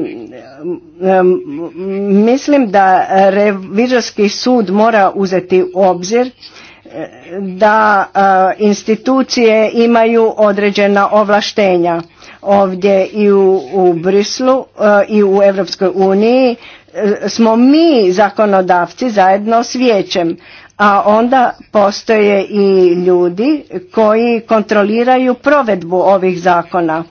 mislim da revizorski sud mora uzeti u obzir da e, institucije imaju određena ovlaštenja ovdje i u, Brislu e, i u Europskoj uniji e, smo mi zakonodavci zajedno s vijećem a onda postoje i ljudi koji kontroliraju provedbu ovih zakona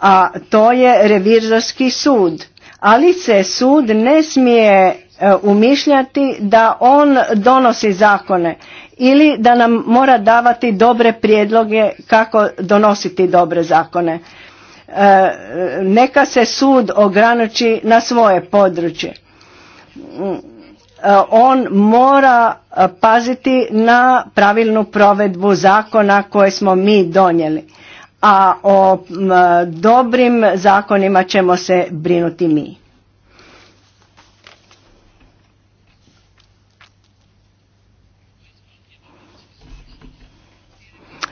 a to je revizorski sud ali se sud ne smije E, umišljati da on donosi zakone ili da nam mora davati dobre prijedloge kako donositi dobre zakone. E, neka se sud ograniči na svoje područje. E, on mora paziti na pravilnu provedbu zakona koje smo mi donijeli, a o dobrim zakonima ćemo se brinuti mi.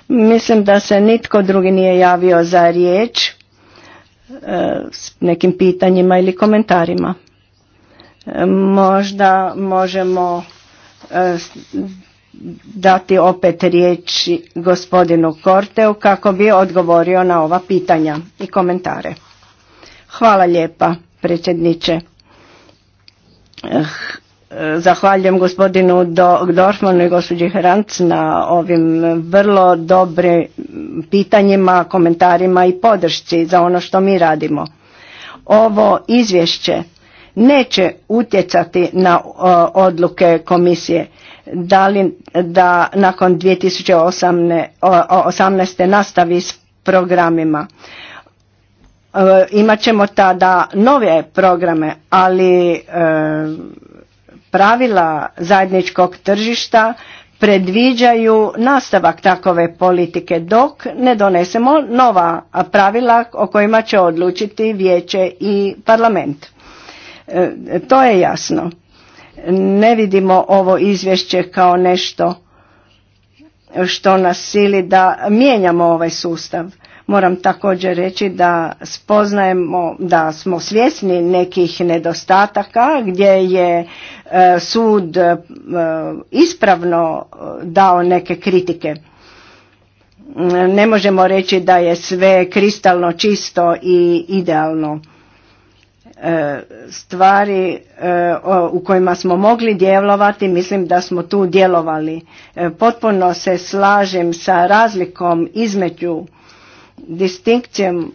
Mislim da se nitko drugi nije javio za riječ e, s nekim pitanjima ili komentarima. E, možda možemo e, dati opet riječ gospodinu Korteu kako bi odgovorio na ova pitanja i komentare. Hvala lijepa predsjedniče. Eh, Zahvaljujem gospodinu Dorfmanu i gospođi Hranc na ovim vrlo dobrim pitanjima, komentarima i podršci za ono što mi radimo. Ovo izvješće neće utjecati na odluke komisije da, li, da nakon 2018. nastavi s programima. E, Imaćemo tada nove programe, ali e, pravila zajedničkog tržišta predviđaju nastavak takove politike dok ne donesemo nova pravila o kojima će odlučiti vijeće i parlament. E, to je jasno. Ne vidimo ovo izvješće kao nešto što nas sili da mijenjamo ovaj sustav. Moram također reći da spoznajemo, da smo svjesni nekih nedostataka gdje je e, sud e, ispravno e, dao neke kritike. Ne možemo reći da je sve kristalno čisto i idealno stvari u kojima smo mogli djelovati, mislim da smo tu djelovali. Potpuno se slažem sa razlikom između distinkcijom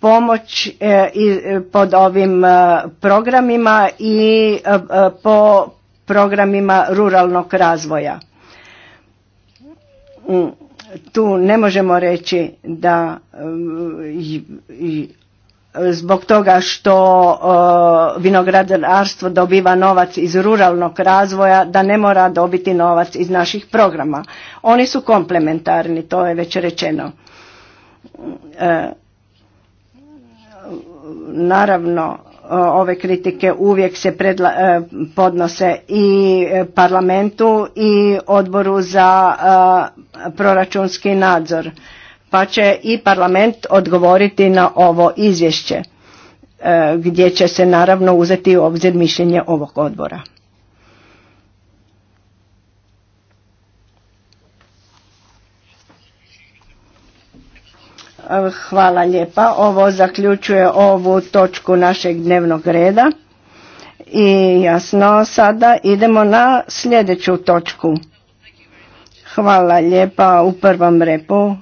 pomoć e, e, pod ovim e, programima i po programima ruralnog razvoja. Mm, tu ne možemo reći da zbog toga što vinogradarstvo dobiva novac iz ruralnog razvoja, da ne mora dobiti novac iz naših programa. Oni su komplementarni, to je već rečeno. E, naravno ove kritike uvijek se e, podnose i parlamentu i odboru za e, proračunski nadzor pa će i parlament odgovoriti na ovo izvješće gdje će se naravno uzeti u obzir mišljenje ovog odbora. Hvala lijepa. Ovo zaključuje ovu točku našeg dnevnog reda. I jasno, sada idemo na sljedeću točku. Hvala lijepa u prvom repu e,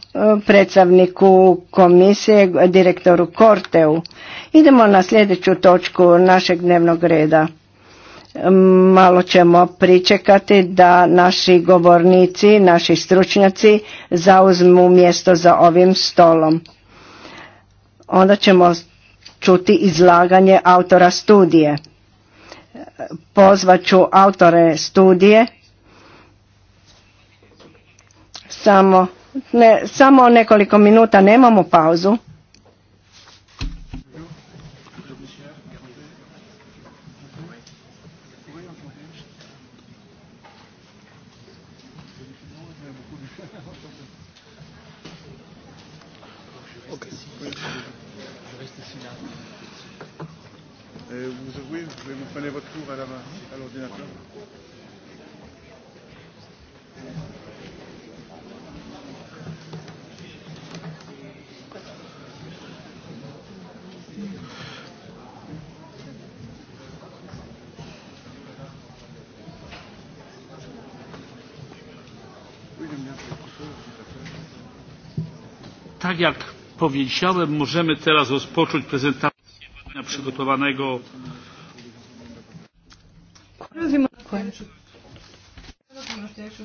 predstavniku komisije, direktoru Korteu. Idemo na sljedeću točku našeg dnevnog reda. Malo ćemo pričekati da naši govornici, naši stručnjaci zauzmu mjesto za ovim stolom. Onda ćemo čuti izlaganje autora studije. Pozvaću autore studije samo, ne, samo nekoliko minuta nemamo pauzu retour à l'ordinateur. Tak jak powiedziałem, możemy teraz rozpocząć prezentację przygotowanego Prelazimo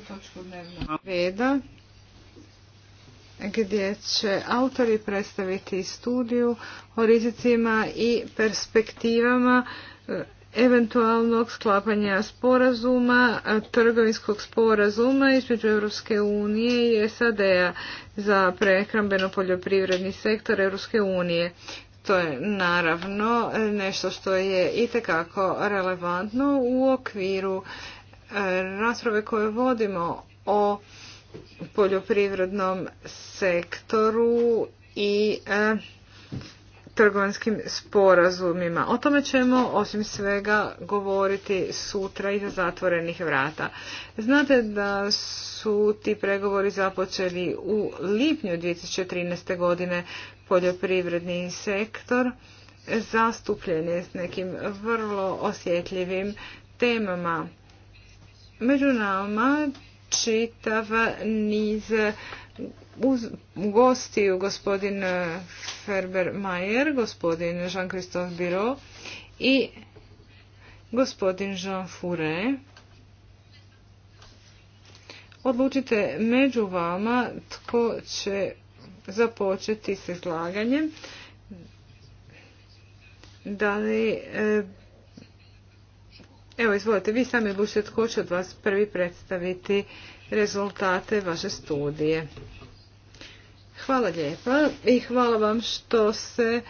točku dnevnog reda gdje će autori predstaviti studiju o rizicima i perspektivama eh, eventualnog sklapanja sporazuma, trgovinskog sporazuma između Europske unije i SAD-a za prehrambeno poljoprivredni sektor Europske unije. To je naravno nešto što je itekako relevantno u okviru e, rasprave koje vodimo o poljoprivrednom sektoru i e, trgovanskim sporazumima. O tome ćemo osim svega govoriti sutra iza zatvorenih vrata. Znate da su ti pregovori započeli u lipnju 2013. godine poljoprivredni sektor zastupljen je s nekim vrlo osjetljivim temama. Među nama čitav niz uz, u gostiju gospodin eh, Ferber Mayer, gospodin Jean-Christophe Biro i gospodin Jean Fure. Odlučite među vama tko će započeti s izlaganjem. Da li... Eh, evo, izvolite, vi sami odlučite tko će od vas prvi predstaviti rezultate vaše studije. Hvala lijepa i hvala vam što se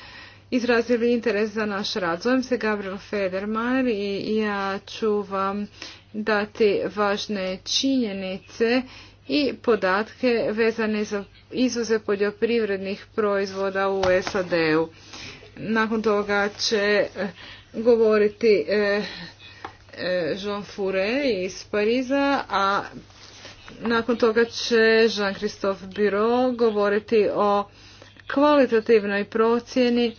izrazili interes za naš rad. Zovem se Gabriel Federmar i ja ću vam dati važne činjenice i podatke vezane za izuze poljoprivrednih proizvoda u SAD-u. Nakon toga će eh, govoriti eh, eh, Jean Fouret iz Pariza, a nakon toga će Jean-Christophe Biro govoriti o kvalitativnoj procjeni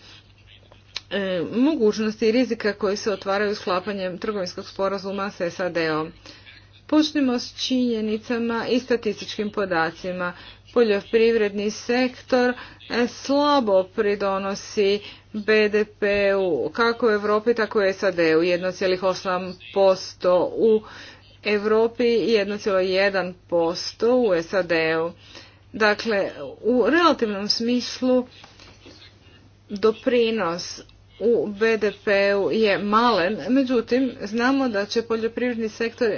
e, mogućnosti i rizika koji se otvaraju sklapanjem trgovinskog sporazuma s SAD-om. Počnimo s činjenicama i statističkim podacima. Poljoprivredni sektor e, slabo pridonosi BDP-u kako u Europi tako i SAD-u 1,8% u Europi 1,1% u SAD-u. Dakle, u relativnom smislu doprinos u BDP-u je malen, međutim znamo da će poljoprivredni sektor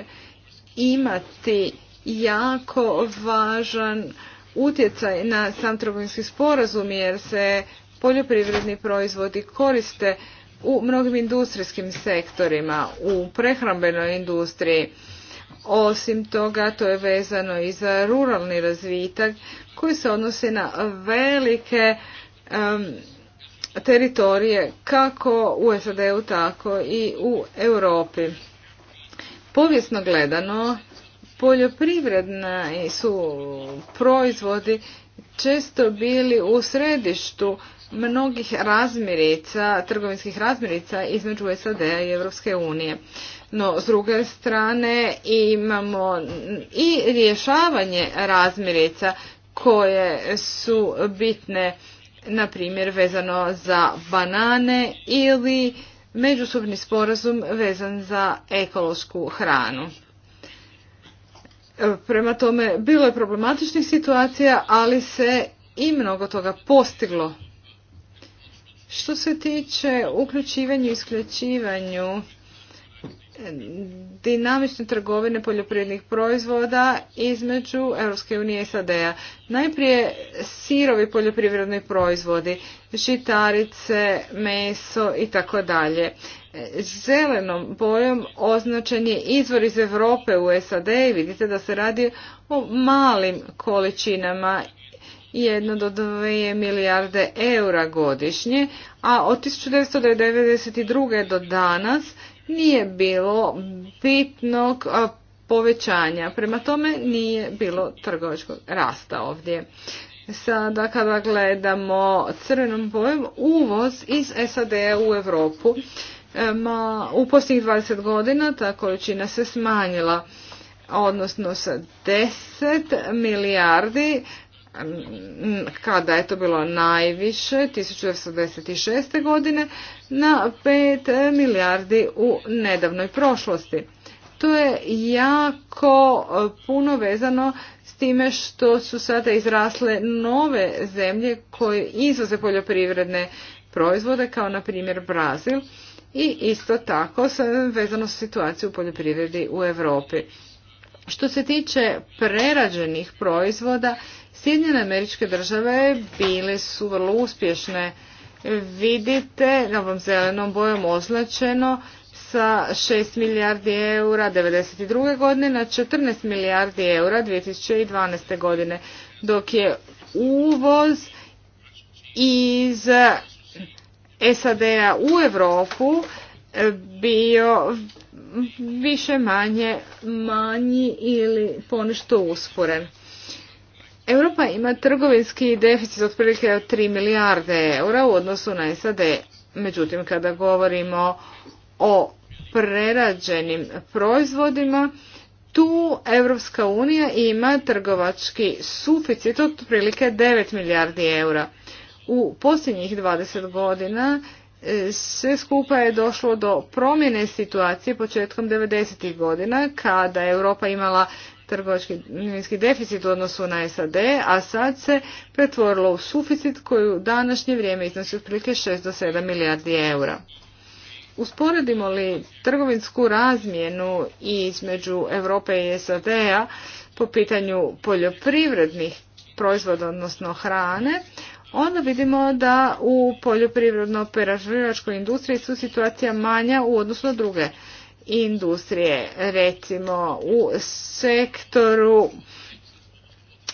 imati jako važan utjecaj na sam trgovinski sporazum jer se poljoprivredni proizvodi koriste u mnogim industrijskim sektorima, u prehrambenoj industriji. Osim toga, to je vezano i za ruralni razvitak koji se odnosi na velike teritorije kako u SAD-u tako i u Europi. Povijesno gledano, poljoprivredni su proizvodi često bili u središtu mnogih razmirica, trgovinskih razmirica između SAD-a i Europske unije. No, s druge strane imamo i rješavanje razmirica koje su bitne, na primjer, vezano za banane ili međusobni sporazum vezan za ekološku hranu. Prema tome, bilo je problematičnih situacija, ali se i mnogo toga postiglo. Što se tiče uključivanju i isključivanju dinamične trgovine poljoprivrednih proizvoda između Europske unije i SAD-a. Najprije sirovi poljoprivredni proizvodi, žitarice, meso i tako dalje. Zelenom bojom označen je izvor iz Europe u SAD i vidite da se radi o malim količinama 1 do 2 milijarde eura godišnje, a od 1992. do danas nije bilo bitnog povećanja. Prema tome nije bilo trgovačkog rasta ovdje. Sada kada gledamo crvenom bojem uvoz iz sad u Europu, e, u posljednjih 20 godina ta količina se smanjila odnosno sa 10 milijardi kada je to bilo najviše 1996. godine na 5 milijardi u nedavnoj prošlosti. To je jako e, puno vezano s time što su sada izrasle nove zemlje koje izvoze poljoprivredne proizvode kao na primjer Brazil i isto tako vezano s situaciju u poljoprivredi u Europi. Što se tiče prerađenih proizvoda, Sjedinjene američke države bile su vrlo uspješne vidite novom zelenom bojom označeno sa 6 milijardi eura 1992. godine na 14 milijardi eura 2012. godine, dok je uvoz iz SAD-a u Europu bio više manje manji ili ponešto usporen. Europa ima trgovinski deficit otprilike od 3 milijarde eura u odnosu na SAD. Međutim, kada govorimo o prerađenim proizvodima, tu Europska unija ima trgovački suficit otprilike 9 milijardi eura. U posljednjih 20 godina e, sve skupa je došlo do promjene situacije početkom 90. godina kada je Europa imala trgovački deficit u odnosu na SAD, a sad se pretvorilo u suficit koji u današnje vrijeme iznosi otprilike 6 do 7 milijardi eura. Usporedimo li trgovinsku razmjenu između Europe i SAD-a po pitanju poljoprivrednih proizvoda, odnosno hrane, onda vidimo da u poljoprivredno-prerađivačkoj industriji su situacija manja u odnosu na druge industrije, recimo u sektoru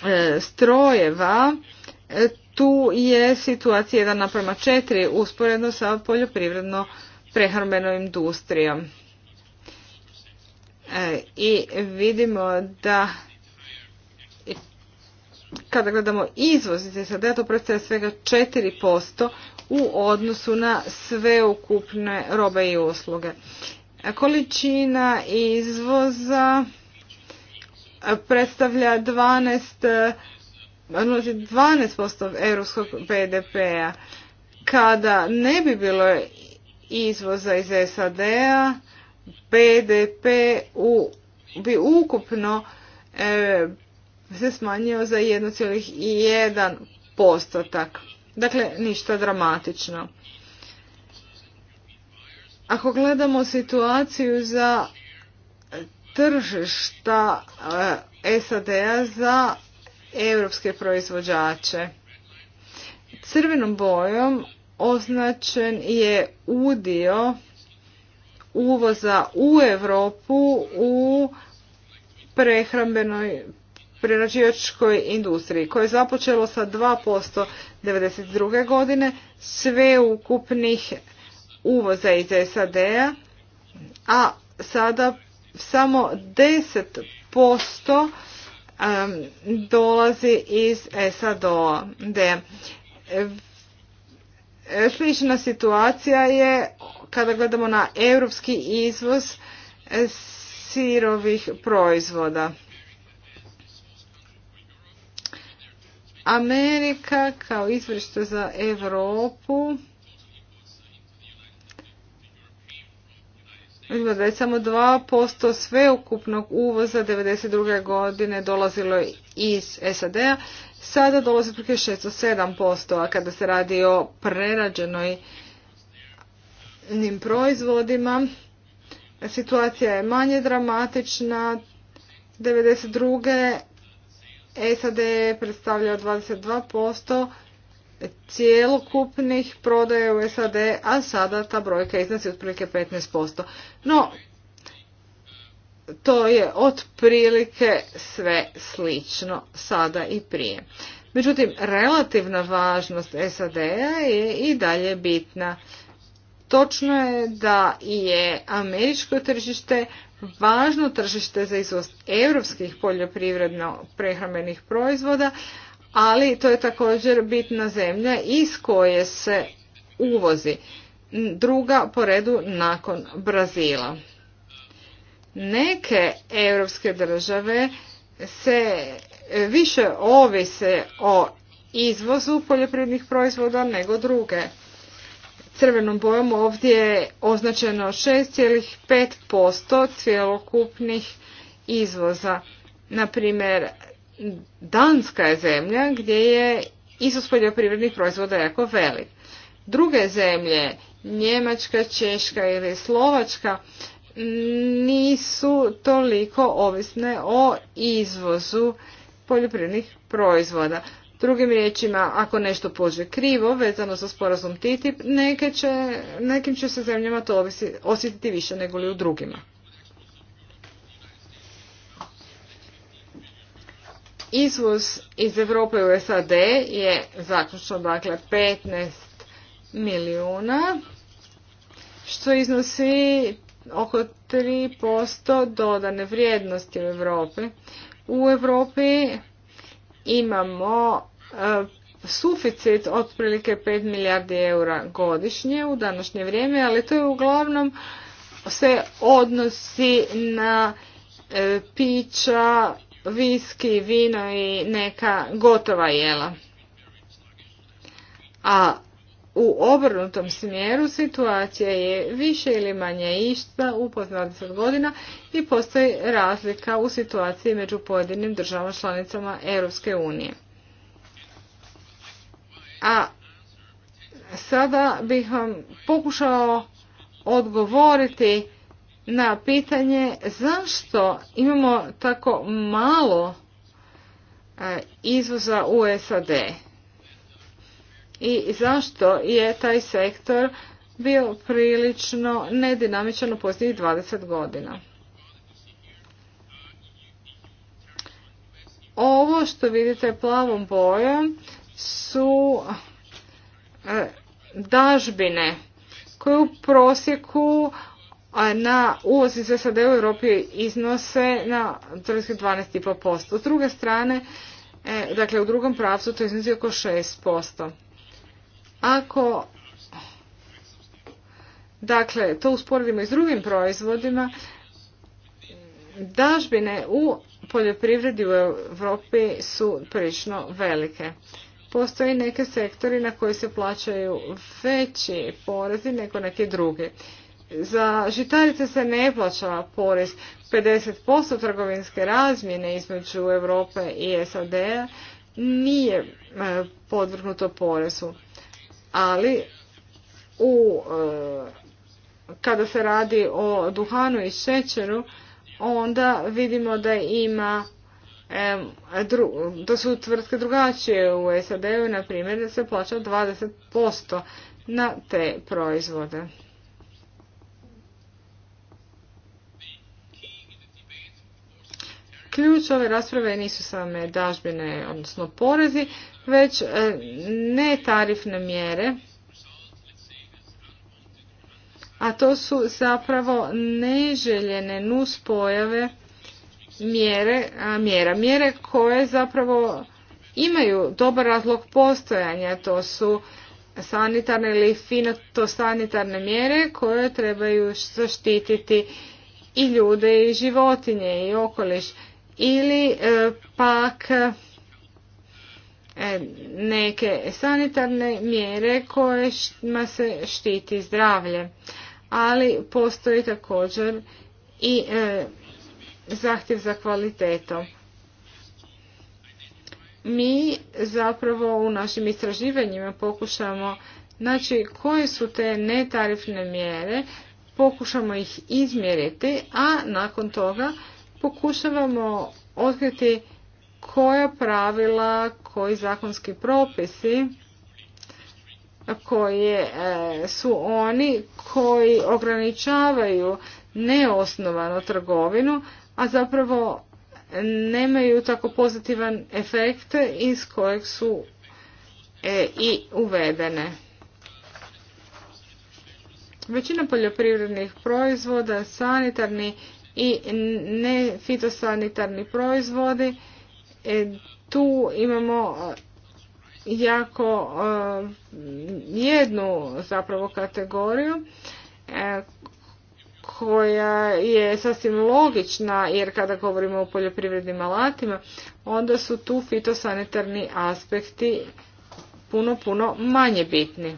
e, strojeva, e, tu je situacija 1 naprema 4 usporedno sa poljoprivredno prehrambenom industrijom. E, I vidimo da kada gledamo izvoz sada SAD-a, to predstavlja svega 4% u odnosu na sveukupne robe i usluge. Količina izvoza predstavlja 12 12% europskog BDP-a. Kada ne bi bilo izvoza iz SAD-a, BDP u, bi ukupno e, se smanjio za 1,1 postotak. Dakle, ništa dramatično. Ako gledamo situaciju za e, tržišta e, SAD-a za europske proizvođače, crvenom bojom označen je udio uvoza u Europu u prehrambenoj prerađivačkoj industriji koje je započelo sa 2% 1992. godine sve ukupnih uvoza iz SAD-a, a sada samo 10% dolazi iz SAD-a. E, slična situacija je kada gledamo na europski izvoz sirovih proizvoda. Amerika kao izvorište za Europu da je samo 2% sveukupnog uvoza 1992. godine dolazilo iz SAD-a, sada dolazi prije 607%, a kada se radi o prerađenoj njim proizvodima, situacija je manje dramatična. 1992. SAD je predstavljao 22%, cijelokupnih prodaja u SAD, a sada ta brojka iznosi otprilike 15%. No, to je otprilike sve slično sada i prije. Međutim, relativna važnost SAD-a je i dalje bitna. Točno je da je američko tržište važno tržište za izvoz europskih poljoprivredno prehrambenih proizvoda, ali to je također bitna zemlja iz koje se uvozi. Druga po redu nakon Brazila. Neke europske države se više ovise o izvozu poljoprivrednih proizvoda nego druge. Crvenom bojom ovdje je označeno 6,5% cjelokupnih izvoza. Naprimjer, Danska je zemlja gdje je izvoz poljoprivrednih proizvoda jako velik. Druge zemlje, Njemačka, Češka ili Slovačka, nisu toliko ovisne o izvozu poljoprivrednih proizvoda. Drugim riječima, ako nešto pođe krivo vezano za sporazum TTIP, nekim će se zemljama to osjetiti više nego li u drugima. Izvoz iz Europe u SAD je zaključno dakle 15 milijuna što iznosi oko 3% dodane vrijednosti u Europi. U Europi imamo e, suficit otprilike 5 milijardi eura godišnje u današnje vrijeme, ali to je uglavnom se odnosi na e, pića, viski, vino i neka gotova jela. A u obrnutom smjeru situacija je više ili manje ista u 20 godina i postoji razlika u situaciji među pojedinim državama članicama Europske unije. A sada bih vam pokušao odgovoriti na pitanje zašto imamo tako malo e, izvoza u SAD i zašto je taj sektor bio prilično nedinamičan u posljednjih 20 godina. Ovo što vidite plavom bojom su e, dažbine koje u prosjeku na uvoz iz SAD u Europi iznose na otprilike 12,5%. S druge strane, e, dakle u drugom pravcu to iznosi oko 6%. Ako dakle to usporedimo i s drugim proizvodima, dažbine u poljoprivredi u Europi su prilično velike. Postoje neke sektori na koji se plaćaju veći porezi nego neke druge. Za žitarice se ne plaća porez. 50% trgovinske razmjene između Europe i sad nije e, podvrgnuto porezu. Ali u, e, kada se radi o duhanu i šećeru, onda vidimo da ima da su tvrtke drugačije u SAD-u, na primjer, da se plaća 20% na te proizvode. Ključ ove rasprave nisu same dažbine, odnosno porezi, već e, ne tarifne mjere, a to su zapravo neželjene nuspojave mjere, mjera, mjere koje zapravo imaju dobar razlog postojanja, to su sanitarne ili finotosanitarne mjere koje trebaju zaštititi i ljude i životinje i okoliš ili e, pak e, neke sanitarne mjere kojima se štiti zdravlje. Ali postoji također i e, zahtjev za kvalitetom. Mi zapravo u našim istraživanjima pokušamo znači koje su te netarifne mjere, pokušamo ih izmjeriti, a nakon toga pokušavamo otkriti koja pravila, koji zakonski propisi koje su oni koji ograničavaju neosnovanu trgovinu, a zapravo nemaju tako pozitivan efekt iz kojeg su e, i uvedene. Većina poljoprivrednih proizvoda, sanitarni i ne fitosanitarni proizvodi. E, tu imamo e, jako e, jednu zapravo kategoriju koja je sasvim logična jer kada govorimo o poljoprivrednim alatima onda su tu fitosanitarni aspekti puno, puno manje bitni.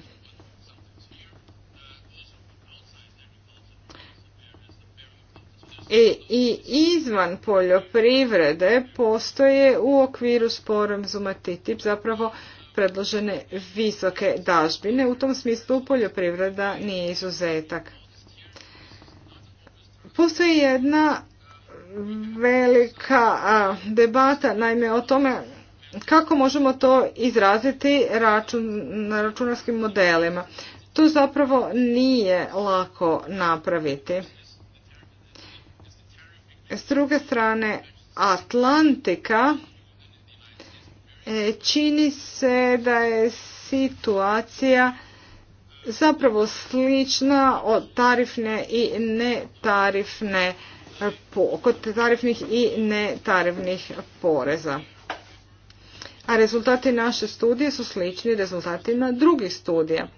E, i izvan poljoprivrede postoje u okviru sporazuma TTIP zapravo predložene visoke dažbine. U tom smislu poljoprivreda nije izuzetak. Postoji jedna velika debata, naime o tome kako možemo to izraziti na računarskim modelima. To zapravo nije lako napraviti. S druge strane, Atlantika e, čini se da je situacija zapravo slična od tarifne i netarifne kod tarifnih i netarifnih poreza. A rezultati naše studije su slični rezultatima drugih studija.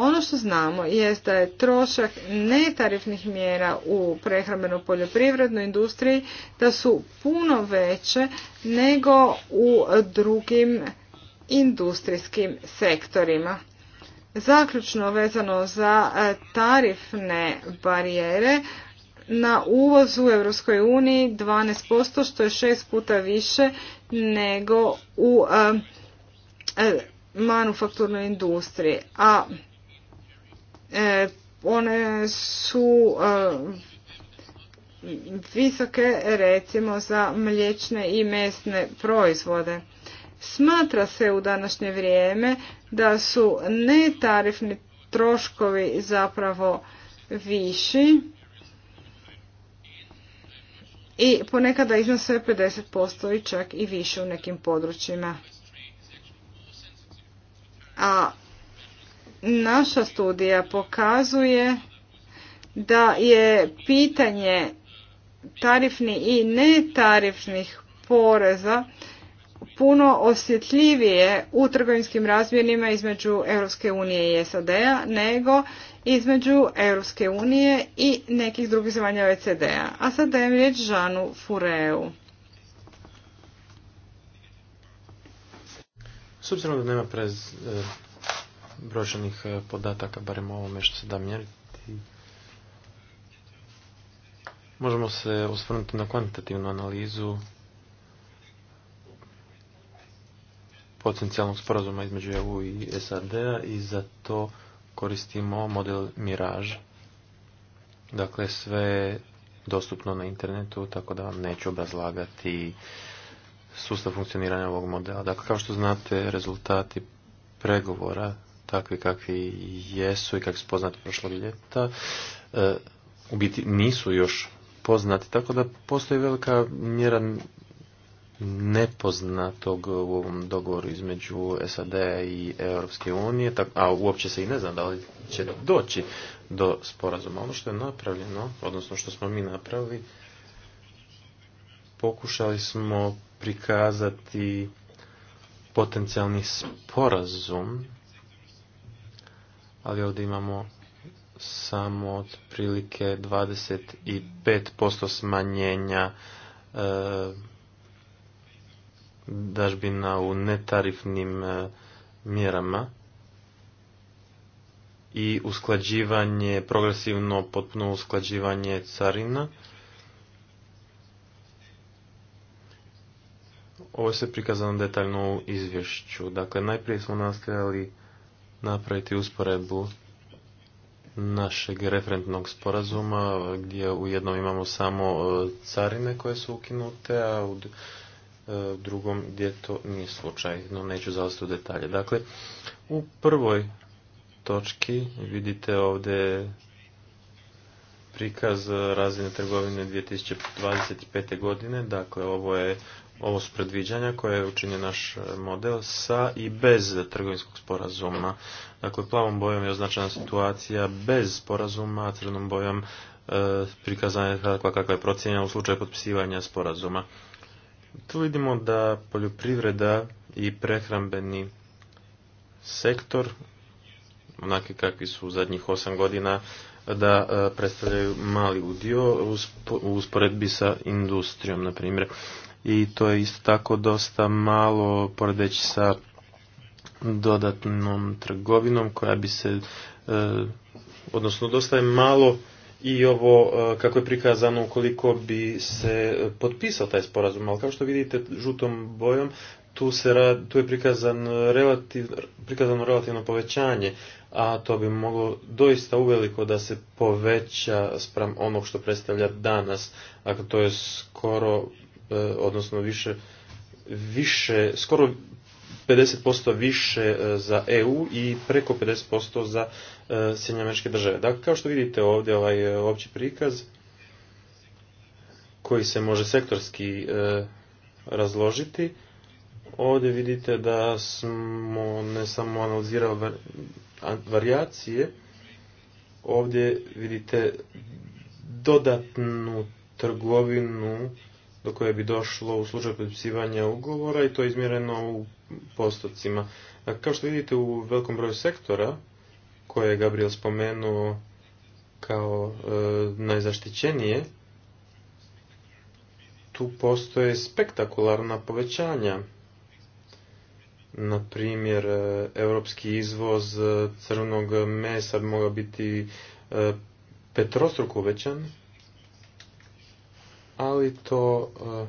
Ono što znamo je da je trošak netarifnih mjera u prehrambeno poljoprivrednoj industriji da su puno veće nego u drugim industrijskim sektorima. Zaključno vezano za e, tarifne barijere, na uvozu u EU 12%, što je šest puta više nego u e, e, manufakturnoj industriji. A E, one su e, visoke recimo za mliječne i mesne proizvode. Smatra se u današnje vrijeme da su netarifni troškovi zapravo viši i ponekada iznose 50% i čak i više u nekim područjima. A Naša studija pokazuje da je pitanje tarifnih i netarifnih poreza puno osjetljivije u trgovinskim razmjerima između Europske unije i SAD-a nego između Europske unije i nekih drugih zemalja OECD-a. A sad dajem riječ Žanu Fureu. S nema brojnih e, podataka, barem ovome što se da mjeriti. Možemo se osvrnuti na kvantitativnu analizu potencijalnog sporazuma između EU i SAD-a i za to koristimo model Mirage. Dakle, sve je dostupno na internetu, tako da vam neću obrazlagati sustav funkcioniranja ovog modela. Dakle, kao što znate, rezultati pregovora takvi kakvi jesu i kakvi su poznati prošlog ljeta, e, u biti nisu još poznati, tako da postoji velika mjera nepoznatog u ovom dogovoru između SAD i Europske unije, a uopće se i ne zna da li će doći do sporazuma. Ono što je napravljeno, odnosno što smo mi napravili, pokušali smo prikazati potencijalni sporazum ali ovdje imamo samo otprilike 25% smanjenja e, dažbina u netarifnim e, mjerama i usklađivanje, progresivno potpuno usklađivanje carina. Ovo se prikazano detaljno u izvješću. Dakle, najprije smo nastavili napraviti usporedbu našeg referentnog sporazuma gdje u jednom imamo samo e, carine koje su ukinute, a u e, drugom gdje to nije slučaj, no neću zaostati u detalje. Dakle, u prvoj točki vidite ovdje prikaz razine trgovine 2025. godine, dakle ovo je ovo su predviđanja koje učinio naš e, model sa i bez trgovinskog sporazuma. Dakle, plavom bojom je označena situacija bez sporazuma, a crvenom bojom e, prikazana je kakva, kakva je procjenja u slučaju potpisivanja sporazuma. Tu vidimo da poljoprivreda i prehrambeni sektor, onaki kakvi su u zadnjih osam godina, da e, predstavljaju mali udio u usporedbi sa industrijom, na primjer i to je isto tako dosta malo poredeći sa dodatnom trgovinom koja bi se e, odnosno dosta je malo i ovo e, kako je prikazano ukoliko bi se e, potpisao taj sporazum, ali kao što vidite žutom bojom tu, se tu je prikazan relativ, prikazano relativno povećanje, a to bi moglo doista uveliko da se poveća spram onog što predstavlja danas, ako to je skoro E, odnosno više, više skoro 50% više e, za EU i preko 50% za e, Sjedinje države. Dakle, kao što vidite ovdje ovaj opći prikaz koji se može sektorski razložiti, ovdje vidite da smo ne samo analizirali varijacije, ovdje vidite dodatnu trgovinu do koje bi došlo u slučaju potpisivanja ugovora i to je izmjereno u postocima. Kao što vidite u velikom broju sektora, koje je Gabriel spomenuo kao e, najzaštićenije, tu postoje spektakularna povećanja. Na primjer, e, europski izvoz e, crnog mesa mogao biti e, petrostruko uvećan, ali to e,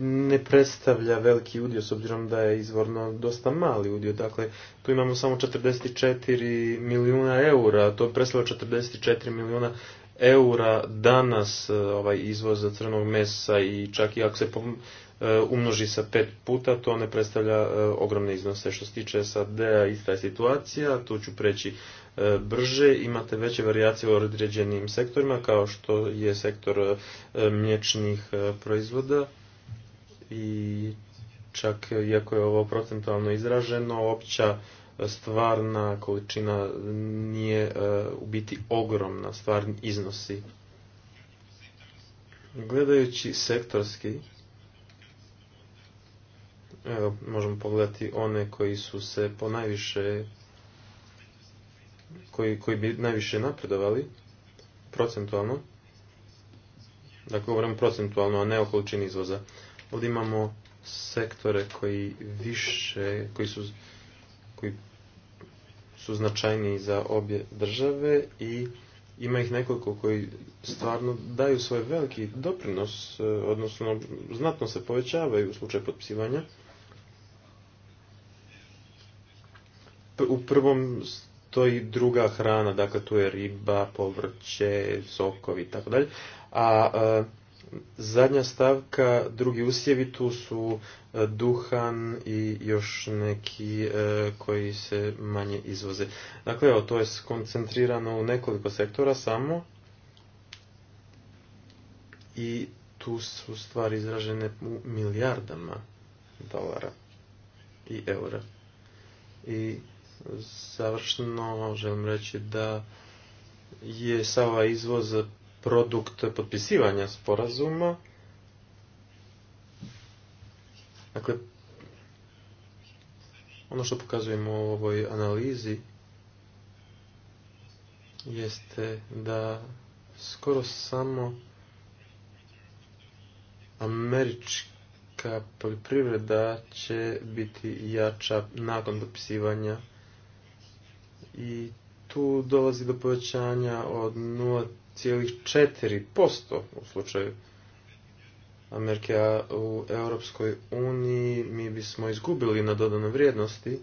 ne predstavlja veliki udio s obzirom da je izvorno dosta mali udio. Dakle, tu imamo samo 44 milijuna eura, to predstavlja 44 milijuna eura danas e, ovaj izvoz crnog mesa i čak i ako se e, umnoži sa pet puta, to ne predstavlja ogromne iznose. Što se tiče SAD-a, ista je situacija, tu ću preći E, brže, imate veće varijacije u određenim sektorima kao što je sektor e, mliječnih e, proizvoda i čak iako je ovo procentualno izraženo, opća stvarna količina nije u biti ogromna, stvarni iznosi. Gledajući sektorski, evo, možemo pogledati one koji su se ponajviše koji, koji bi najviše napredovali procentualno. Dakle, govorimo procentualno, a ne o količini izvoza. Ovdje imamo sektore koji više, koji su, koji su značajniji za obje države i ima ih nekoliko koji stvarno daju svoj veliki doprinos, e, odnosno znatno se povećavaju u slučaju potpisivanja. U prvom to i druga hrana, dakle tu je riba, povrće, sokovi i tako dalje. A e, zadnja stavka, drugi usjevi tu su e, duhan i još neki e, koji se manje izvoze. Dakle, evo, to je skoncentrirano u nekoliko sektora samo i tu su stvari izražene u milijardama dolara i eura. I Završno želim reći da je sava ovaj izvoz produkt potpisivanja sporazuma. Dakle, ono što pokazujemo u ovoj analizi jeste da skoro samo američka poljoprivreda će biti jača nakon potpisivanja i tu dolazi do povećanja od 0,4% u slučaju Amerike, a u Europskoj uniji mi bismo izgubili na dodano vrijednosti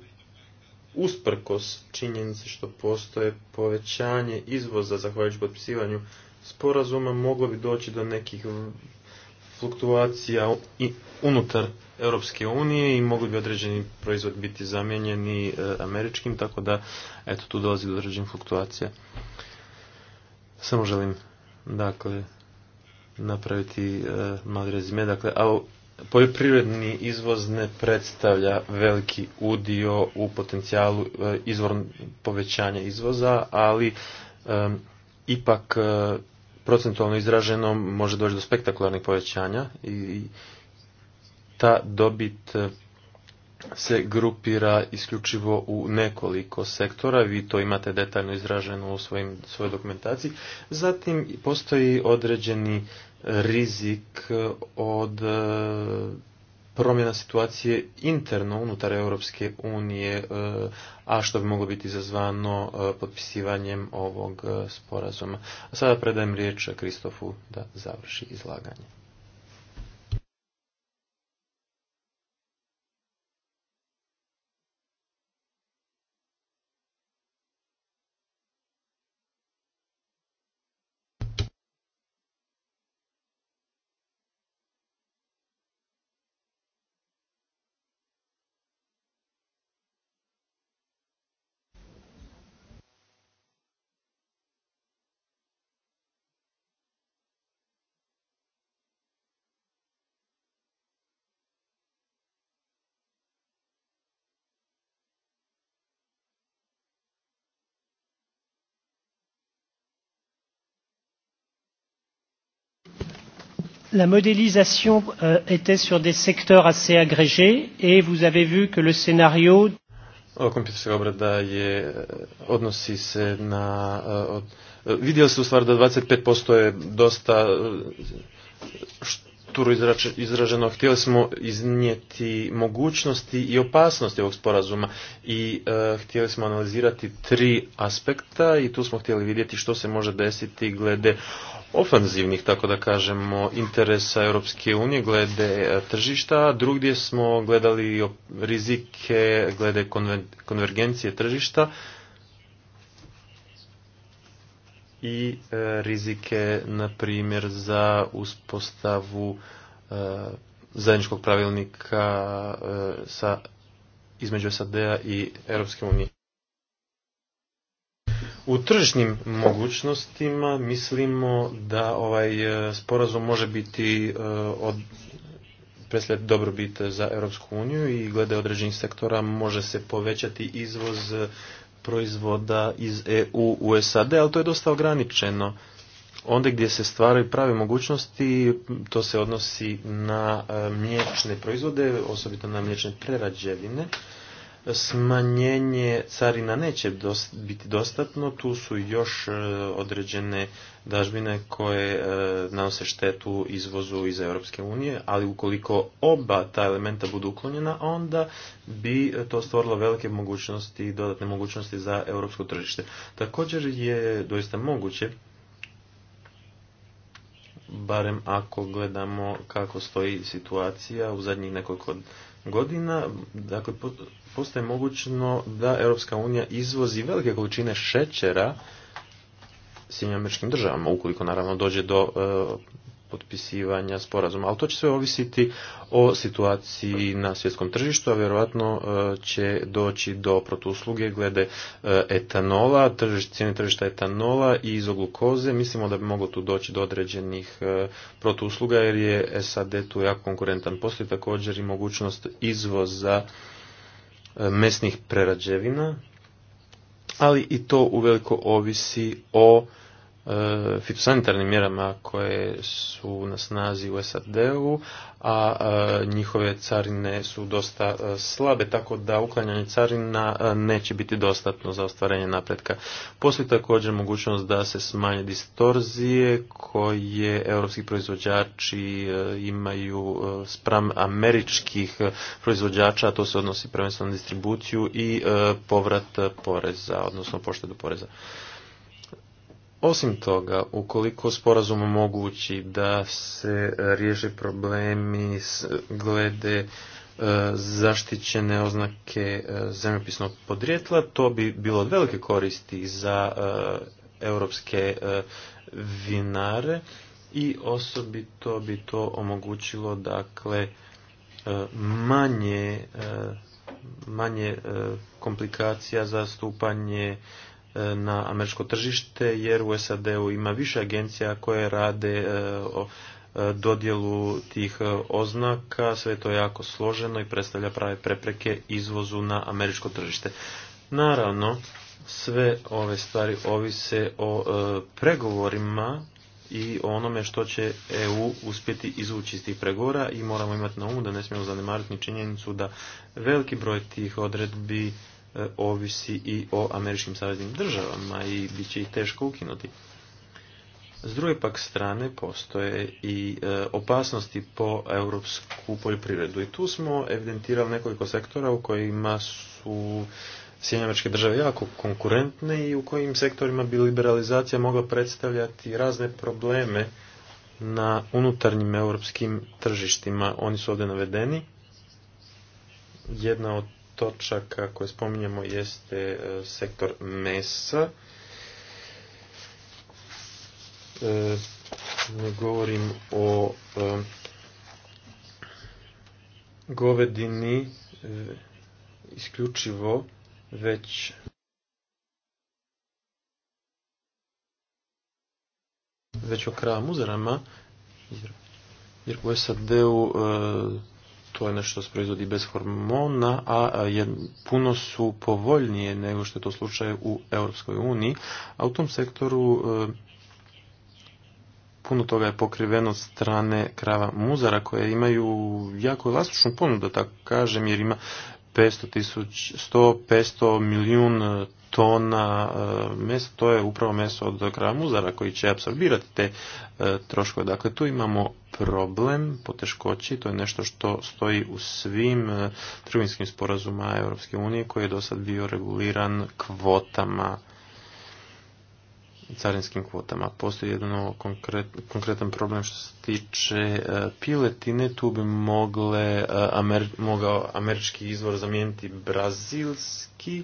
usprkos činjenice što postoje povećanje izvoza zahvaljujući potpisivanju sporazuma moglo bi doći do nekih fluktuacija unutar Europske unije i mogli bi određeni proizvod biti zamijenjeni e, američkim, tako da eto tu dolazi do određenih fluktuacija. Samo želim dakle napraviti e, mali rezime. Dakle, a poljoprivredni izvoz ne predstavlja veliki udio u potencijalu e, izvor povećanja izvoza, ali e, ipak e, procentualno izraženo može doći do spektakularnih povećanja i ta dobit e, se grupira isključivo u nekoliko sektora, vi to imate detaljno izraženo u svojim, svojoj dokumentaciji. Zatim postoji određeni rizik od e, promjena situacije interno unutar Europske unije, e, a što bi moglo biti izazvano e, potpisivanjem ovog e, sporazuma. A sada predajem riječ Kristofu da završi izlaganje. La modélisation euh, était sur des secteurs assez agrégés et vous avez vu que le scénario... Ova obrada je, euh, odnosi se na... Euh, od, euh, vidio se u stvari da 25% je dosta uh, šturo izraženo. Htjeli smo iznijeti mogućnosti i opasnosti ovog sporazuma i uh, htjeli smo analizirati tri aspekta i tu smo htjeli vidjeti što se može desiti glede ofanzivnih, tako da kažemo, interesa Europske unije glede e, tržišta, drugdje smo gledali rizike glede konvergencije tržišta i e, rizike, na primjer, za uspostavu e, zajedničkog pravilnika sa između SAD-a i Europske unije. U tržnim mogućnostima mislimo da ovaj e, sporazum može biti e, od predstavljati dobrobit za Europsku uniju i glede određenih sektora može se povećati izvoz proizvoda iz EU u SAD, ali to je dosta ograničeno. Onda gdje se stvaraju prave mogućnosti, to se odnosi na e, mliječne proizvode, osobito na mliječne prerađevine smanjenje carina neće biti dostatno, tu su još e, određene dažbine koje e, nam se štetu izvozu iz Europske unije, ali ukoliko oba ta elementa budu uklonjena, onda bi to stvorilo velike mogućnosti i dodatne mogućnosti za europsko tržište. Također je doista moguće barem ako gledamo kako stoji situacija u zadnjih nekoliko godina, dakle, postaje mogućno da Europska unija izvozi velike količine šećera s američkim državama, ukoliko naravno dođe do e, potpisivanja sporazuma. Ali to će sve ovisiti o situaciji na svjetskom tržištu, a vjerojatno e, će doći do protusluge glede e, etanola, cijene tržišta etanola i izoglukoze. Mislimo da bi moglo tu doći do određenih e, protusluga jer je SAD tu jako konkurentan. Postoji također i mogućnost izvoza mesnih prerađevina, ali i to uveliko ovisi o E, fitosanitarnim mjerama koje su na snazi u SAD-u, a e, njihove carine su dosta e, slabe, tako da uklanjanje carina neće biti dostatno za ostvarenje napretka. Poslije također mogućnost da se smanje distorzije koje europski proizvođači imaju spram američkih proizvođača, a to se odnosi prvenstveno na distribuciju i povrat poreza, odnosno poštedu poreza. Osim toga, ukoliko sporazum omogući da se riješe problemi glede e, zaštićene oznake e, zemljopisnog podrijetla, to bi bilo od velike koristi za e, europske vinare i osobito bi to omogućilo dakle manje manje komplikacija za stupanje E, na američko tržište jer u SAD-u ima više agencija koje rade e, o e, dodjelu tih oznaka, sve to je jako složeno i predstavlja prave prepreke izvozu na američko tržište. Naravno, sve ove stvari ovise o pregovorima i onome što će EU uspjeti izvući iz tih pregovora i moramo imati na umu da ne smijemo zanemariti ni činjenicu da veliki broj tih odredbi E, ovisi i o američkim saveznim državama i bit će ih teško ukinuti. S druge pak strane postoje i e, opasnosti po europsku poljoprivredu i tu smo evidentirali nekoliko sektora u kojima su Sjedinjavačke države jako konkurentne i u kojim sektorima bi liberalizacija mogla predstavljati razne probleme na unutarnjim europskim tržištima. Oni su ovdje navedeni. Jedna od točaka koje spominjemo jeste e, sektor mesa. E, ne govorim o e, govedini isključivo već već o kramu zarama jer, u SAD-u to je nešto se proizvodi bez hormona, a je, puno su povoljnije nego što je to slučaj u Europskoj uniji, a u tom sektoru e, puno toga je pokriveno od strane krava muzara koje imaju jako elastičnu ponudu, da tako kažem, jer ima 500, 100, 500 milijun e, tona e, mesa, to je upravo meso od Muzara koji će apsorbirati te e, troškove. Dakle, tu imamo problem, poteškoći, to je nešto što stoji u svim trgovinskim sporazuma Europske unije koji je do sad bio reguliran kvotama carinskim kvotama. Postoji jedno konkret, konkretan problem što se tiče e, piletine, tu bi mogle, e, mogao američki izvor zamijeniti brazilski,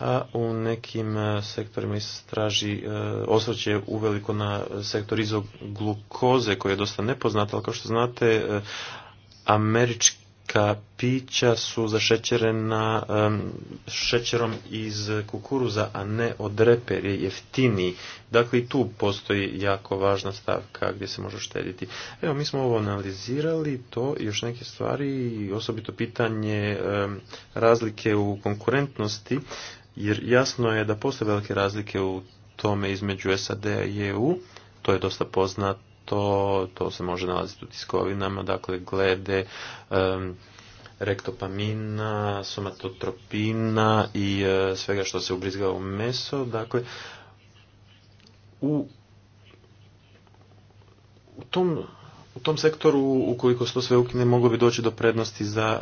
a u nekim e, sektorima se traži osvrće uveliko na sektor glukoze, koji je dosta nepoznat, ali kao što znate američki pića su zašećerena šećerom iz kukuruza, a ne od repe, je jeftiniji. Dakle, i tu postoji jako važna stavka gdje se može štediti. Evo, mi smo ovo analizirali, to i još neke stvari, osobito pitanje razlike u konkurentnosti, jer jasno je da postoje velike razlike u tome između sad i EU, to je dosta poznat to, to se može nalaziti u tiskovinama, dakle glede um, rektopamina, somatotropina i e, svega što se ubrizga u meso. Dakle, u, u tom u tom sektoru, ukoliko se to sve ukine, moglo bi doći do prednosti za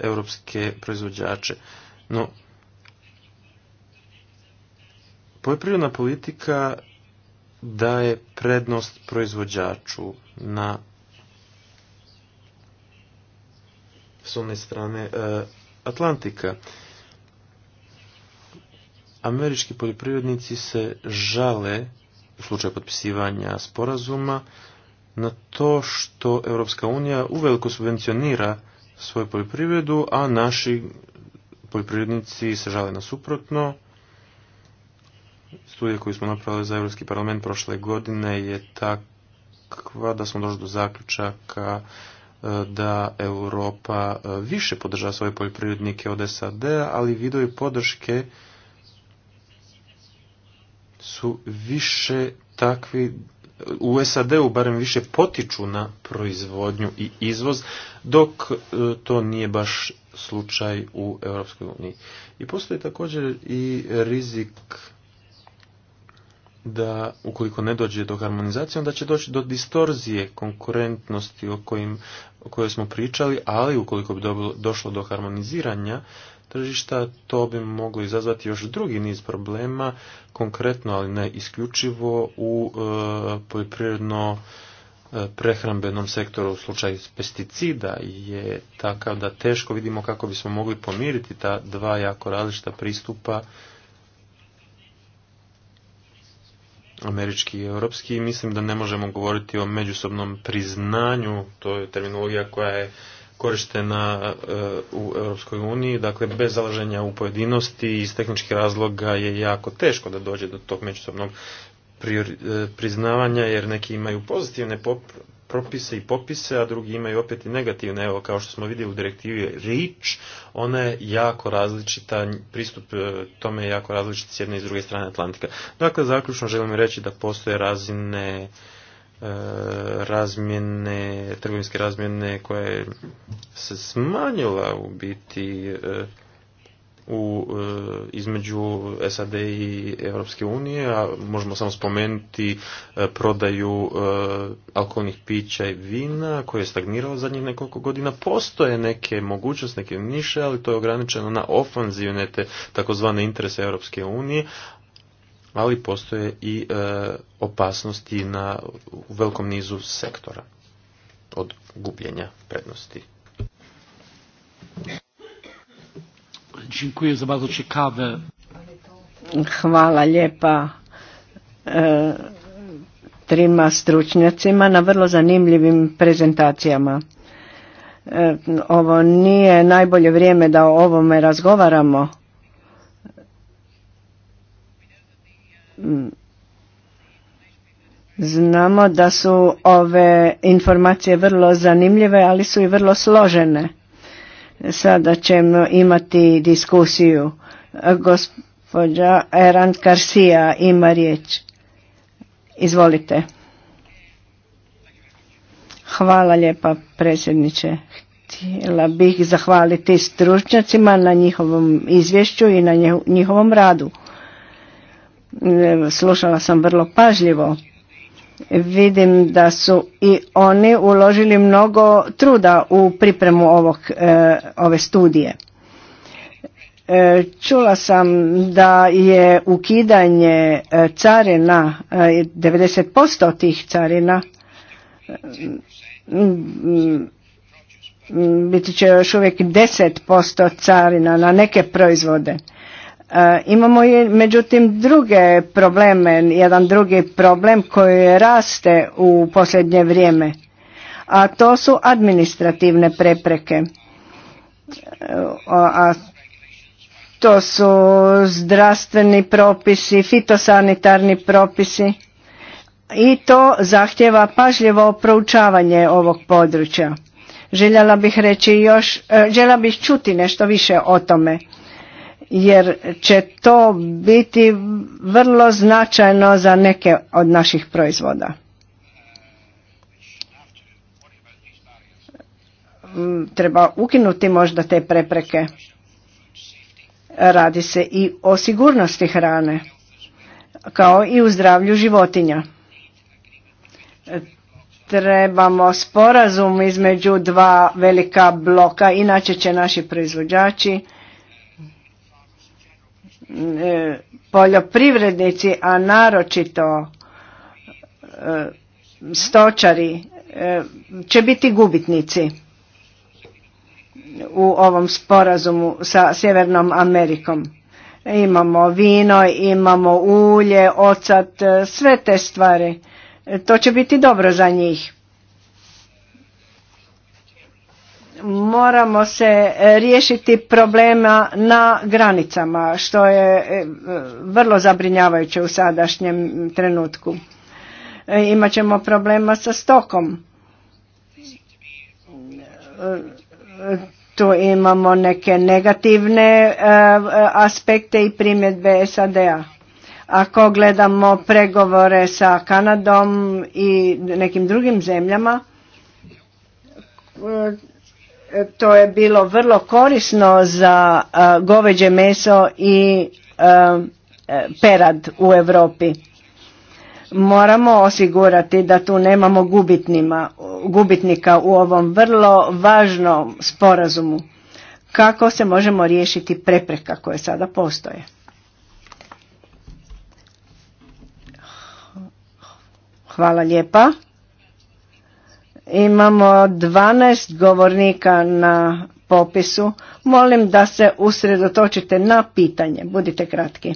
europske proizvođače. No, poljoprivredna politika daje prednost proizvođaču na s one strane e, Atlantika. Američki poljoprivrednici se žale u slučaju potpisivanja sporazuma na to što Europska unija uveliko subvencionira svoju poljoprivredu, a naši poljoprivrednici se žale na suprotno studija koju smo napravili za Europski parlament prošle godine je takva da smo došli do zaključaka e, da Europa e, više podržava svoje poljoprivrednike od sad ali vidovi podrške su više takvi u SAD-u barem više potiču na proizvodnju i izvoz, dok e, to nije baš slučaj u Europskoj uniji. I postoji također i rizik da ukoliko ne dođe do harmonizacije, onda će doći do distorzije konkurentnosti o, kojim, kojoj smo pričali, ali ukoliko bi došlo do harmoniziranja tržišta, to bi moglo izazvati još drugi niz problema, konkretno, ali ne isključivo, u e, poljoprivredno e, prehrambenom sektoru u slučaju pesticida je takav da teško vidimo kako bismo mogli pomiriti ta dva jako različita pristupa američki i europski. Mislim da ne možemo govoriti o međusobnom priznanju, to je terminologija koja je korištena e, u Europskoj uniji, dakle bez zalaženja u pojedinosti iz tehničkih razloga je jako teško da dođe do tog međusobnog e, priznavanja jer neki imaju pozitivne propise i popise, a drugi imaju opet i negativne. Evo, kao što smo vidjeli u direktivi REACH, ona je jako različita, pristup e, tome je jako različit s jedne i s druge strane Atlantika. Dakle, zaključno želim reći da postoje razine e, razmjene, trgovinske razmjene koje se smanjila u biti e, u, e, između SAD i Europske unije, a možemo samo spomenuti e, prodaju e, alkoholnih pića i vina koje je stagniralo zadnjih nekoliko godina. Postoje neke mogućnosti, neke niše, ali to je ograničeno na ofanzivne te takozvane interese Europske unije, ali postoje i opasnosti na u velikom nizu sektora od gubljenja prednosti. Dziękuję Hvala lijepa e, trima stručnjacima na vrlo zanimljivim prezentacijama. E, ovo nije najbolje vrijeme da o ovome razgovaramo. Znamo da su ove informacije vrlo zanimljive, ali su i vrlo složene Sada ćemo imati diskusiju. Gospođa Erant Karsija ima riječ. Izvolite. Hvala lijepa predsjedniče. Htjela bih zahvaliti stručnjacima na njihovom izvješću i na njihovom radu. Slušala sam vrlo pažljivo Vidim da su i oni uložili mnogo truda u pripremu ovog, e, ove studije. E, čula sam da je ukidanje e, carina, 90% tih carina, biti će još uvijek 10% carina na neke proizvode. E, imamo i međutim druge probleme, jedan drugi problem koji raste u posljednje vrijeme, a to su administrativne prepreke. E, a to su zdravstveni propisi, fitosanitarni propisi i to zahtjeva pažljivo proučavanje ovog područja. Željela bih reći još, e, željela bih čuti nešto više o tome jer će to biti vrlo značajno za neke od naših proizvoda. Mm, treba ukinuti možda te prepreke. Radi se i o sigurnosti hrane, kao i u zdravlju životinja. Trebamo sporazum između dva velika bloka, inače će naši proizvođači poljoprivrednici, a naročito e, stočari e, će biti gubitnici u ovom sporazumu sa Sjevernom Amerikom. Imamo vino, imamo ulje, ocat, e, sve te stvari. To će biti dobro za njih. moramo se e, riješiti problema na granicama, što je e, e, vrlo zabrinjavajuće u sadašnjem trenutku. Imaćemo problema sa stokom. Tu imamo neke negativne aspekte i primjedbe SAD-a. Ako gledamo pregovore sa Kanadom i nekim drugim zemljama, to je bilo vrlo korisno za goveđe meso i e, perad u Europi. Moramo osigurati da tu nemamo gubitnika u ovom vrlo važnom sporazumu. Kako se možemo riješiti prepreka koje sada postoje? Hvala lijepa. Imamo 12 govornika na popisu. Molim da se usredotočite na pitanje. Budite kratki.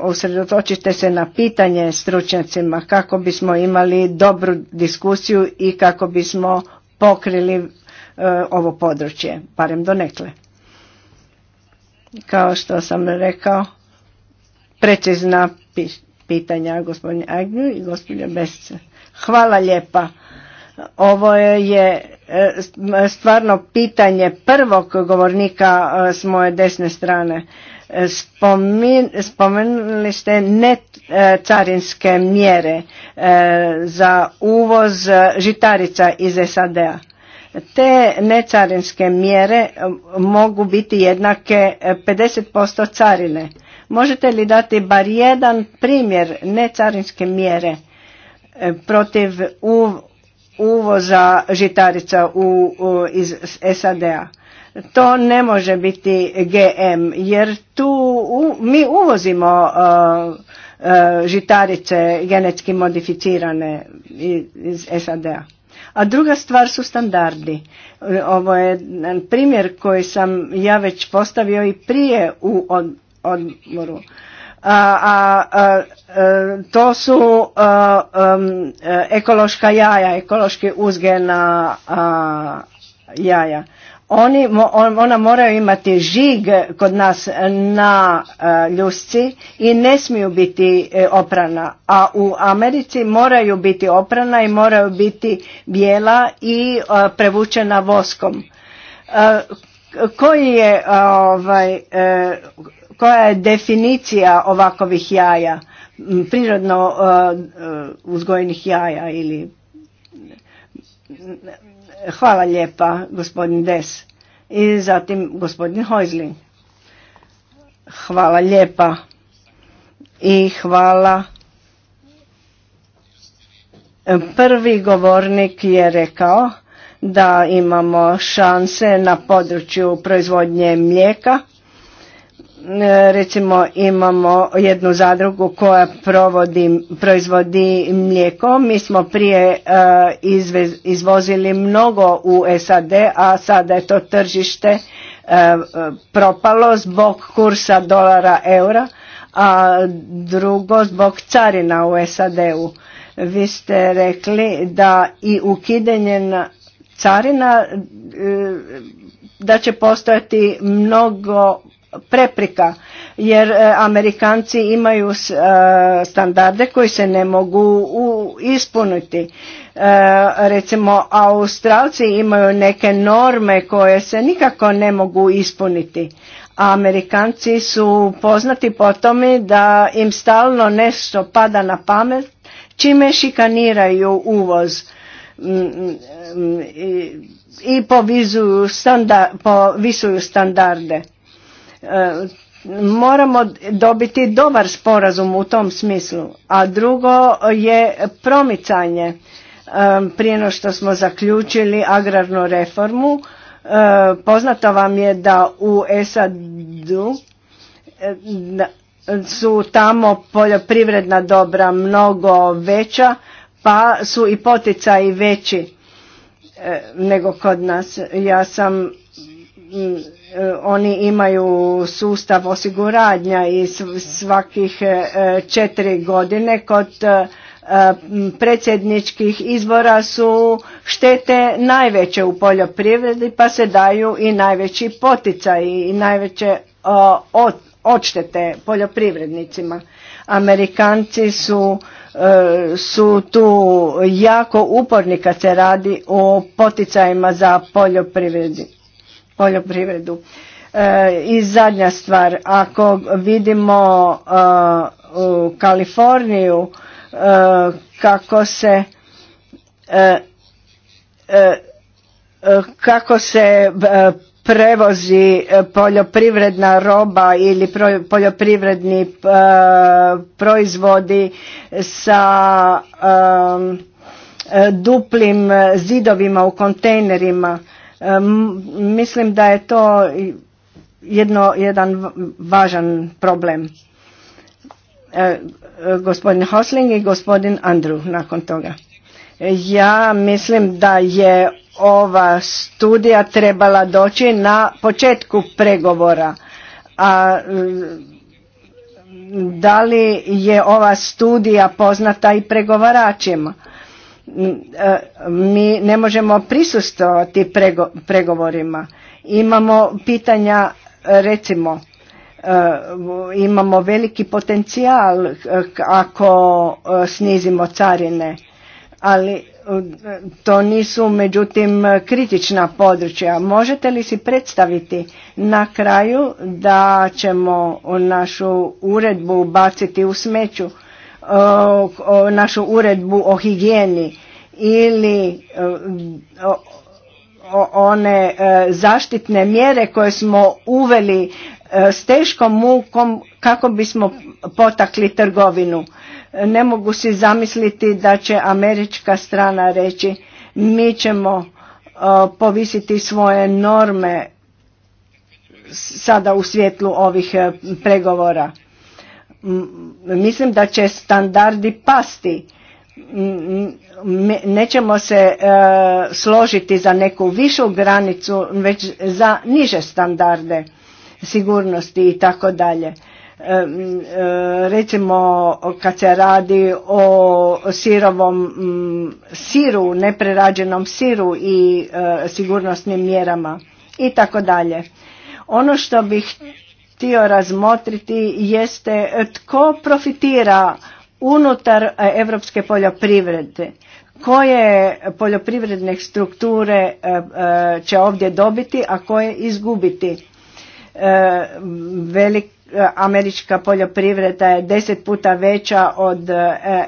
Usredotočite se na pitanje stručnjacima kako bismo imali dobru diskusiju i kako bismo pokrili e, ovo područje, barem donekle. Kao što sam rekao, precizna pitanja gospodin Agnju i gospodin Besce. Hvala lijepa. Ovo je e, stvarno pitanje prvog govornika e, s moje desne strane. E, spomenuli ste ne carinske mjere za uvoz žitarica iz SAD-a. Te necarinske mjere mogu biti jednake 50% carine. Možete li dati bar jedan primjer necarinske mjere E, protiv uvoza žitarica u, iz SAD-a. To ne može biti GM jer tu mi uvozimo e, e, žitarice genetski modificirane iz, iz SAD-a. A druga stvar su standardi. Ovo je primjer koji sam ja već postavio i prije u odboru a, a, e, to su e, e, ekološka jaja, ekološki uzgena jaja. Oni, ona moraju imati žig kod nas na ljusci i ne smiju biti oprana, a u Americi moraju biti oprana i moraju biti bijela i prevučena voskom koji je ovaj, koja je definicija ovakovih jaja, prirodno e, e, uzgojenih jaja ili... Hvala lijepa, gospodin Des. I zatim gospodin Hojzlin. Hvala lijepa. I hvala. Prvi govornik je rekao da imamo šanse na području proizvodnje mlijeka E, recimo imamo jednu zadrugu koja provodi, proizvodi mlijeko. Mi smo prije e, izvozili mnogo u SAD, a sada je to tržište e, propalo zbog kursa dolara eura, a drugo zbog carina u SAD-u. Vi ste rekli da i ukidanje carina da će postojati mnogo preprika jer e, Amerikanci imaju e, standarde koji se ne mogu ispuniti. E, recimo Australci imaju neke norme koje se nikako ne mogu ispuniti. A Amerikanci su poznati po tome da im stalno nešto pada na pamet čime šikaniraju uvoz mm, mm, mm, i povisuju standarde E, moramo dobiti dobar sporazum u tom smislu. A drugo je promicanje. E, prije no što smo zaključili agrarnu reformu, e, poznato vam je da u SAD-u su tamo poljoprivredna dobra mnogo veća, pa su i poticaji veći nego kod nas. Ja sam E, oni imaju sustav osiguranja i svakih e, četiri godine kod e, predsjedničkih izbora su štete najveće u poljoprivredi pa se daju i najveći poticaj i najveće odštete poljoprivrednicima. Amerikanci su, su tu jako uporni kad se radi o poticajima za poljoprivredu poljoprivredu. E, I zadnja stvar, ako vidimo e, u Kaliforniju e, kako se kako se prevozi poljoprivredna roba ili poljoprivredni proizvodi sa duplim zidovima u kontejnerima Mislim da je to jedno, jedan važan problem. E, e, gospodin Hosling i gospodin Andrew nakon toga. E, ja mislim da je ova studija trebala doći na početku pregovora. A da li je ova studija poznata i pregovaračima? E, mi ne možemo prisustovati pregovorima. Imamo pitanja, e, recimo, e, imamo veliki potencijal ako snizimo carine, ali to nisu međutim kritična područja. Možete li si predstaviti na kraju da ćemo našu uredbu baciti u smeću? o, našu uredbu o higijeni ili e, one e, zaštitne mjere koje smo uveli e, s teškom mukom kako bismo potakli trgovinu. Ne mogu si zamisliti da će američka strana reći mi ćemo povisiti svoje norme sada u svjetlu ovih pregovora. Mm, mislim da će standardi pasti. Mm, mm, nećemo se e, složiti za neku višu granicu, već za niže standarde sigurnosti i tako dalje. E, e, recimo kad se radi o sirovom siru, neprerađenom siru i sigurnosnim mjerama i tako dalje. Ono što bih htio razmotriti jeste e, tko profitira unutar europske poljoprivrede koje poljoprivredne strukture e, e, će ovdje dobiti a koje izgubiti američka poljoprivreda je deset puta veća od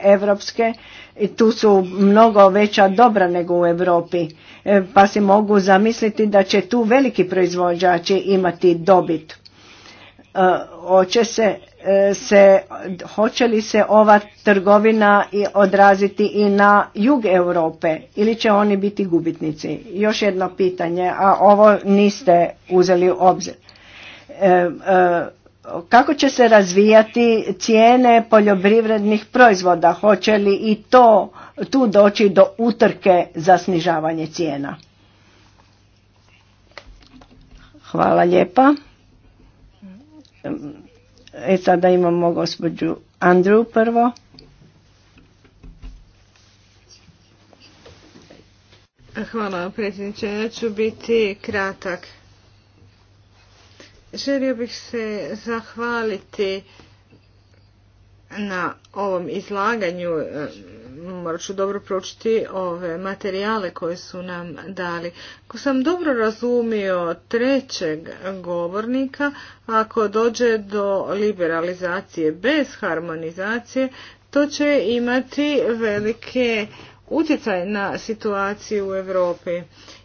europske i tu su mnogo veća dobra nego u Europi pa si mogu zamisliti da će tu veliki proizvođači imati dobit E, hoće se, e, se, hoće li se ova trgovina i odraziti i na jug Europe ili će oni biti gubitnici? Još jedno pitanje, a ovo niste uzeli u obzir. E, kako će se razvijati cijene poljoprivrednih proizvoda? Hoće li i to tu doći do utrke za snižavanje cijena? Hvala lijepa. E sada imamo gospođu Andru prvo. Hvala predsjedniče, ja ću biti kratak. Želio bih se zahvaliti na ovom izlaganju morat ću dobro pročiti ove materijale koje su nam dali. Ako sam dobro razumio trećeg govornika, ako dođe do liberalizacije bez harmonizacije, to će imati velike utjecaje na situaciju u Europi.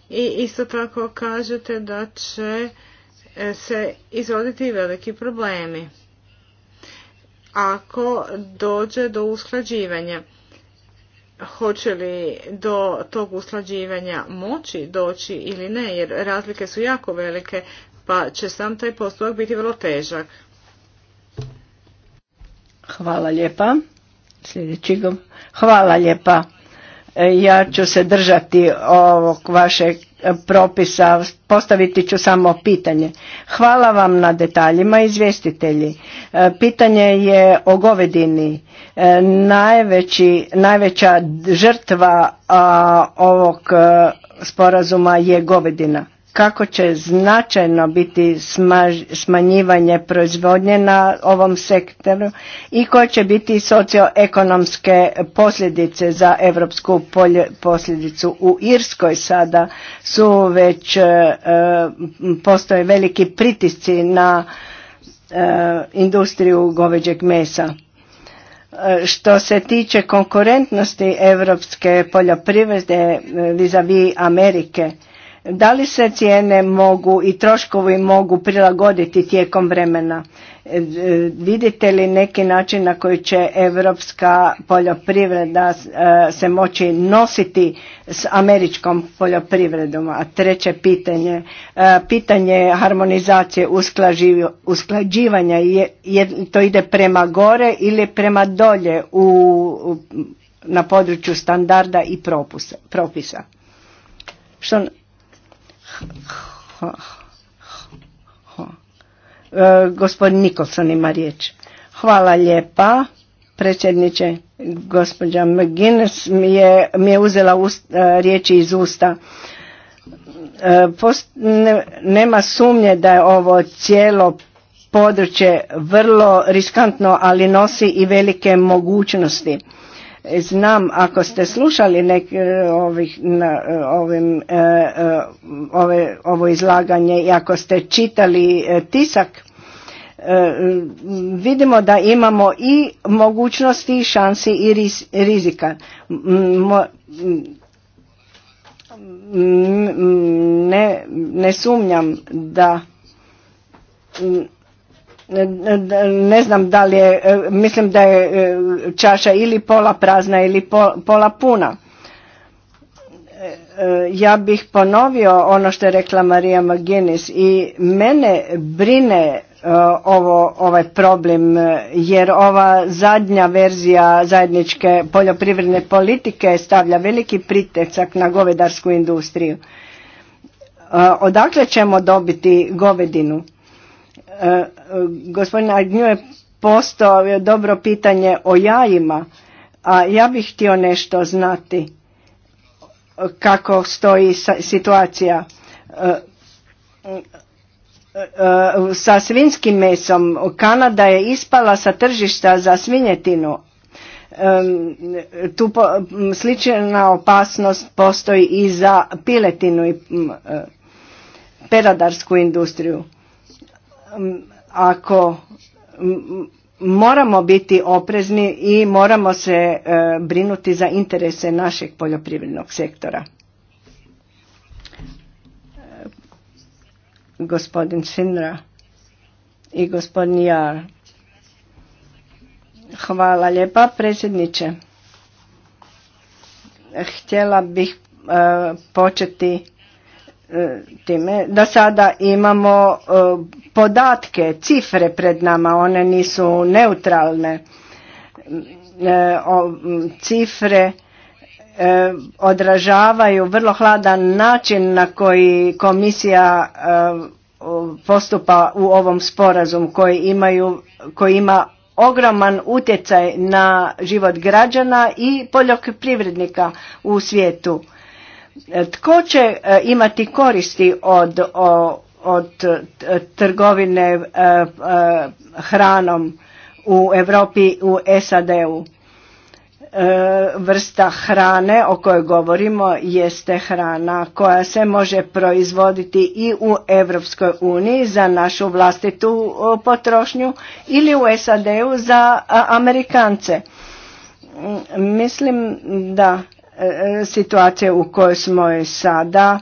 I isto tako kažete da će e, se izroditi veliki problemi ako dođe do usklađivanja hoće li do tog usklađivanja moći doći ili ne, jer razlike su jako velike, pa će sam taj postupak biti vrlo težak. Hvala lijepa. Hvala lijepa. Ja ću se držati ovog vašeg propisa, postaviti ću samo pitanje. Hvala vam na detaljima izvjestitelji. E, pitanje je o govedini. E, najveći, najveća žrtva ovog e, sporazuma je govedina kako će značajno biti smanjivanje proizvodnje na ovom sektoru i koje će biti socioekonomske posljedice za europsku posljedicu. U Irskoj sada su već e, postoje veliki pritisci na e, industriju goveđeg mesa. E, što se tiče konkurentnosti europske poljoprivrede vis-a-vis Amerike, da li se cijene mogu i troškovi mogu prilagoditi tijekom vremena? E, e, vidite li neki način na koji će europska poljoprivreda e, se moći nositi s američkom poljoprivredom? A treće pitanje, pitanje harmonizacije usklađivanja, to ide prema gore ili prema dolje u, na području standarda i propisa? Što Eh, gospodin Nikolson ima riječ. Hvala lijepa, predsjedniče. Gospođa McGinnis mi je, uzela eh, riječi iz usta. Eh, nema sumnje da je ovo cijelo područje vrlo riskantno, ali nosi i velike mogućnosti Znam, ako ste slušali nek, e, ovih, na, e, ovim, e, ove, ovo izlaganje i ako ste čitali tisak, vidimo da imamo i mogućnosti, i šansi i rizika. ne, ne sumnjam da ne znam da li je, e, mislim da je e, čaša ili pola prazna ili pola puna. E, ja bih ponovio ono što je rekla Marija Maginis i mene brine ovo, ovaj problem jer ova zadnja verzija zajedničke poljoprivredne politike stavlja veliki pritecak na govedarsku industriju. Odakle ćemo dobiti govedinu? E, e, gospodin Agnju je postao dobro pitanje o jajima, a ja bih htio nešto znati kako stoji situacija e, sa svinskim mesom. Kanada je ispala sa tržišta za svinjetinu. Tu slična opasnost postoji i za piletinu i peradarsku industriju ako moramo biti oprezni i moramo se e, brinuti za interese našeg poljoprivrednog sektora. E, gospodin Sinra i gospodin Jar. Hvala lijepa predsjedniče. Htjela bih e, početi E, time da sada imamo e, podatke, cifre pred nama, one nisu neutralne. E, cifre odražavaju vrlo hladan način na koji komisija postupa u ovom sporazumu koji, imaju, koji ima ogroman utjecaj na život građana i poljoprivrednika u svijetu E, tko će e, imati koristi od, od e, trgovine hranom u Europi u SAD-u? Vrsta hrane o kojoj govorimo jeste hrana koja se može proizvoditi i u Europskoj uniji za našu vlastitu potrošnju ili u SAD-u za Amerikance. Mm, mislim da E, situacija u kojoj smo sada,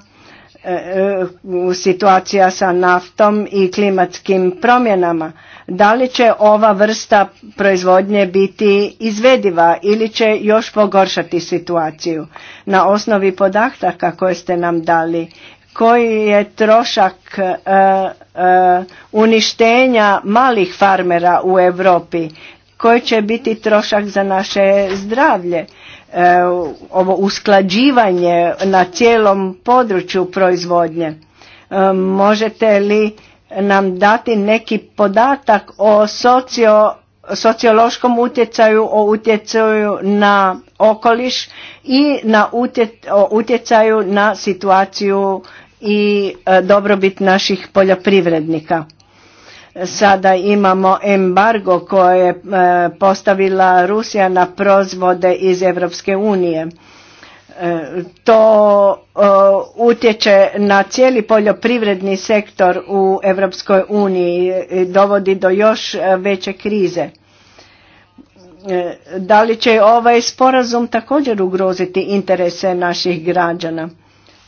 e, e, situacija sa naftom i klimatskim promjenama. Da li će ova vrsta proizvodnje biti izvediva ili će još pogoršati situaciju? Na osnovi podataka koje ste nam dali, koji je trošak uništenja malih farmera u Europi, koji će biti trošak za naše zdravlje? E, ovo usklađivanje na cijelom području proizvodnje. E, možete li nam dati neki podatak o socio, sociološkom utjecaju, o utjecaju na okoliš i na o utjecaju na situaciju i e, dobrobit naših poljoprivrednika? Sada imamo embargo koje je postavila Rusija na proizvode iz Europske unije. E, to e, utječe na cijeli poljoprivredni sektor u Europskoj uniji i dovodi do još veće krize. E, da li će ovaj sporazum također ugroziti interese naših građana?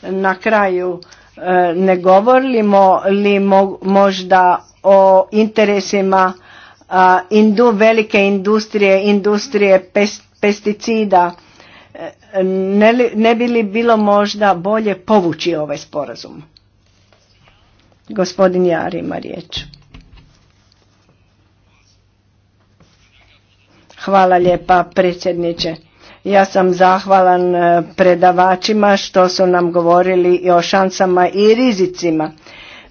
Na kraju E, ne govorimo li možda o interesima velike industrije, industrije pesticida, e, ne, ne bi li bilo možda bolje povući ovaj sporazum? Gospodin Jar ima riječ. Hvala lijepa predsjedniče. Ja sam zahvalan e, predavačima što su nam govorili i o šansama i rizicima.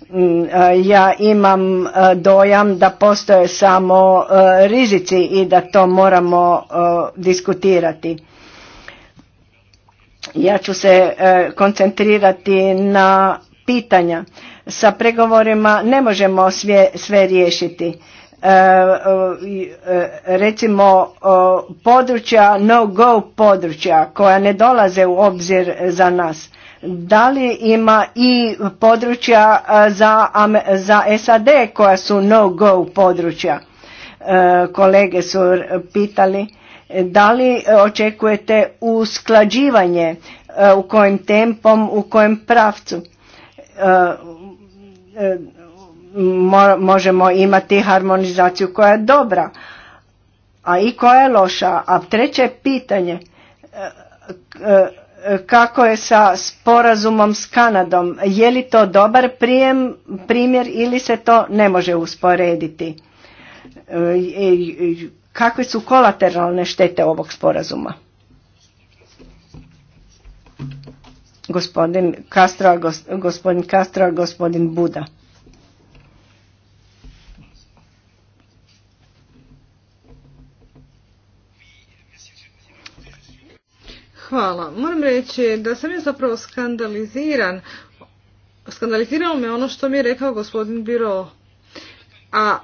Mm, e, ja imam e, dojam da postoje samo rizici i da to moramo diskutirati. Ja ću se koncentrirati na pitanja. Sa pregovorima ne možemo sve, sve riješiti E, e, e, recimo područja no-go područja koja ne dolaze u obzir za nas. Da li ima i područja za, za SAD koja su no-go područja? Kolege su pitali da li očekujete usklađivanje u kojem tempom, u kojem pravcu možemo imati harmonizaciju koja je dobra, a i koja je loša. A treće pitanje e, e, kako je sa sporazumom s Kanadom. Je li to dobar prijem, primjer ili se to ne može usporediti? E, kakve su kolateralne štete ovog sporazuma? Gospodin Castro, gospodin Castro, gospodin Buda. reći da sam ja zapravo skandaliziran. skandalizirao me ono što mi je rekao gospodin Biro. A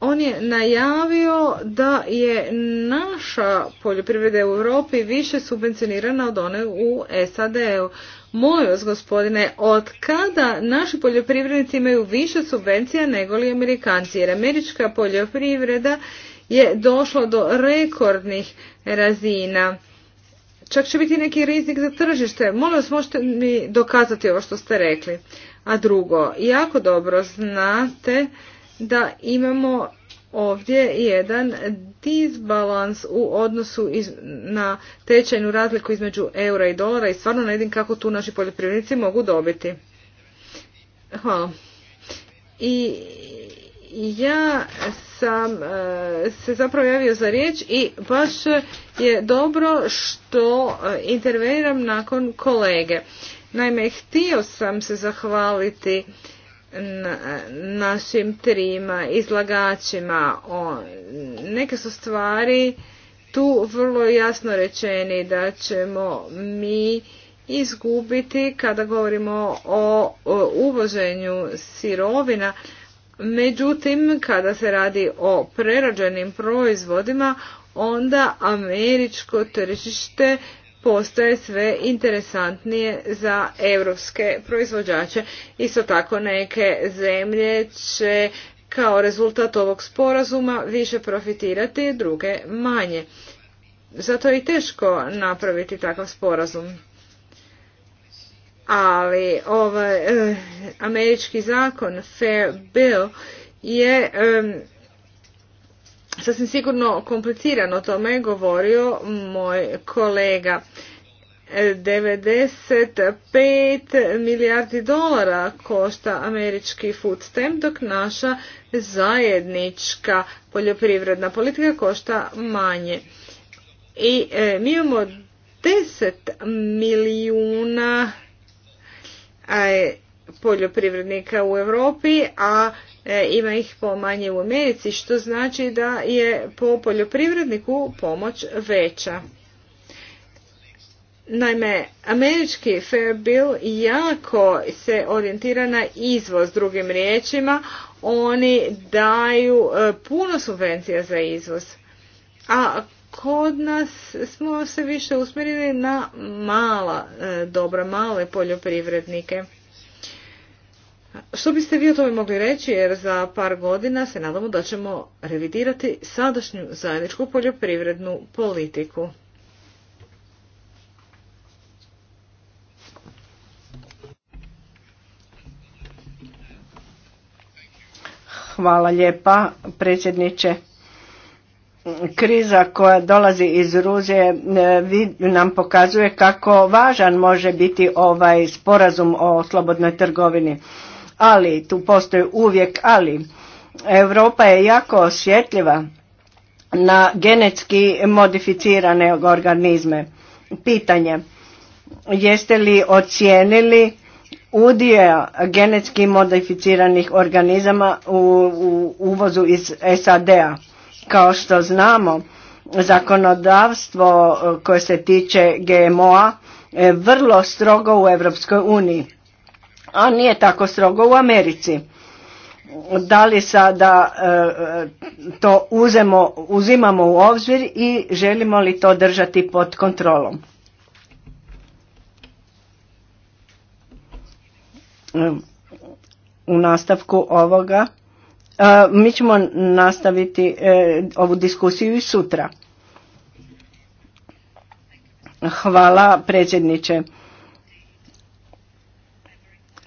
on je najavio da je naša poljoprivreda u Europi više subvencionirana od one u SAD-u. Molim vas gospodine, od kada naši poljoprivrednici imaju više subvencija nego li Amerikanci? Jer američka poljoprivreda je došla do rekordnih razina. Čak će biti neki rizik za tržište. Molim vas, možete mi dokazati ovo što ste rekli. A drugo, jako dobro znate da imamo ovdje jedan disbalans u odnosu na tečajnu razliku između eura i dolara i stvarno ne vidim kako tu naši poljoprivrednici mogu dobiti. Hvala. I ja sam e, se zapravo javio za riječ i baš je dobro što e, interveniram nakon kolege. Naime, htio sam se zahvaliti našim trima izlagačima. O, neke su stvari tu vrlo jasno rečeni da ćemo mi izgubiti kada govorimo o, o uvoženju sirovina Međutim, kada se radi o prerađenim proizvodima, onda američko tržište postaje sve interesantnije za europske proizvođače. Isto tako neke zemlje će kao rezultat ovog sporazuma više profitirati, druge manje. Zato je i teško napraviti takav sporazum ali ovaj eh, američki zakon Fair Bill je sasvim sigurno komplicirano o tome je govorio moj kolega. 95 milijardi dolara košta američki food stamp, dok naša zajednička poljoprivredna politika košta manje. I eh, mi imamo 10 milijuna poljoprivrednika u Europi, a e, ima ih po manje u Americi, što znači da je po poljoprivredniku pomoć veća. Naime, američki fair bill jako se orijentira na izvoz, drugim riječima, oni daju e, puno subvencija za izvoz. A kod nas smo se više usmjerili na mala e, dobra, male poljoprivrednike. Što biste vi o tome mogli reći, jer za par godina se nadamo da ćemo revidirati sadašnju zajedničku poljoprivrednu politiku. Hvala lijepa, predsjedniče kriza koja dolazi iz Ruzije e, nam pokazuje kako važan može biti ovaj sporazum o slobodnoj trgovini. Ali, tu postoji uvijek ali, Europa je jako osjetljiva na genetski modificirane organizme. Pitanje, jeste li ocijenili udije genetski modificiranih organizama u, u uvozu iz SAD-a? Kao što znamo, zakonodavstvo e, koje se tiče GMO-a je vrlo strogo u Europskoj uniji, a nije tako strogo u Americi. Da li sada e, e, to uzimamo u obzir i želimo li to držati pod kontrolom? U nastavku ovoga mi ćemo nastaviti e, ovu diskusiju i sutra. Hvala predsjedniče.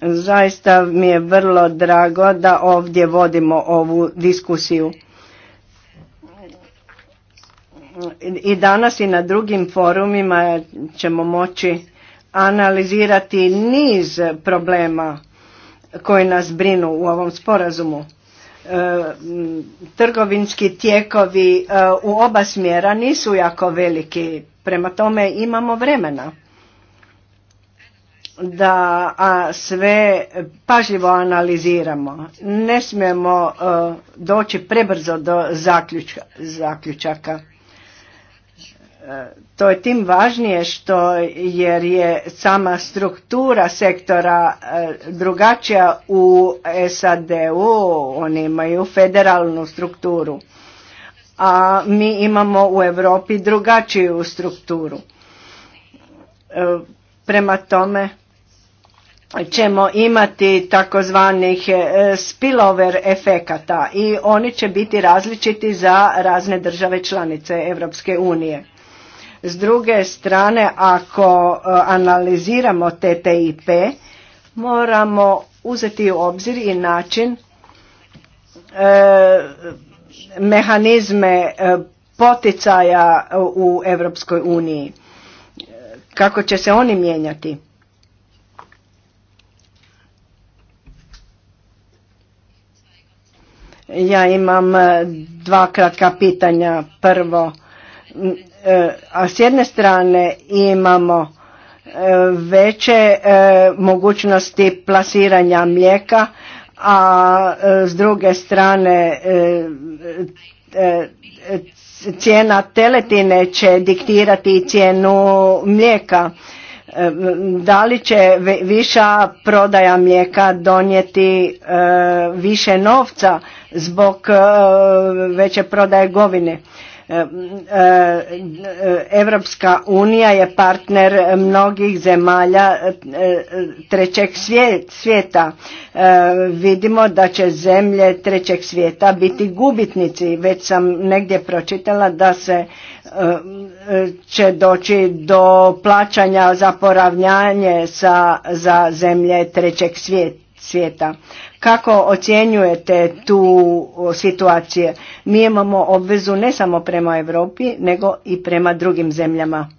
Zaista mi je vrlo drago da ovdje vodimo ovu diskusiju. I danas i na drugim forumima ćemo moći analizirati niz problema koji nas brinu u ovom sporazumu. E, trgovinski tijekovi e, u oba smjera nisu jako veliki. Prema tome imamo vremena da sve pažljivo analiziramo. Ne smijemo e, doći prebrzo do zaključaka to je tim važnije što jer je sama struktura sektora e, drugačija u SAD-u, oni imaju federalnu strukturu, a mi imamo u Europi drugačiju strukturu. E, prema tome ćemo imati takozvanih e, spillover efekata i oni će biti različiti za razne države članice Europske unije s druge strane, ako e, analiziramo TTIP, moramo uzeti u obzir i način e, mehanizme e, poticaja u Europskoj uniji. Kako će se oni mijenjati? Ja imam dva kratka pitanja. Prvo, E, a s jedne strane imamo e, veće e, mogućnosti plasiranja mlijeka, a s druge strane cijena teletine će diktirati cijenu mlijeka. Da li će viša prodaja mlijeka donijeti više novca zbog veće prodaje govine? Evropska unija je partner mnogih zemalja e, trećeg svijeta. E, vidimo da će zemlje trećeg svijeta biti gubitnici. Već sam negdje pročitala da se e, će doći do plaćanja za poravnjanje za zemlje trećeg svijeta svijeta. Kako ocjenjujete tu situaciju? Mi imamo obvezu ne samo prema Europi, nego i prema drugim zemljama.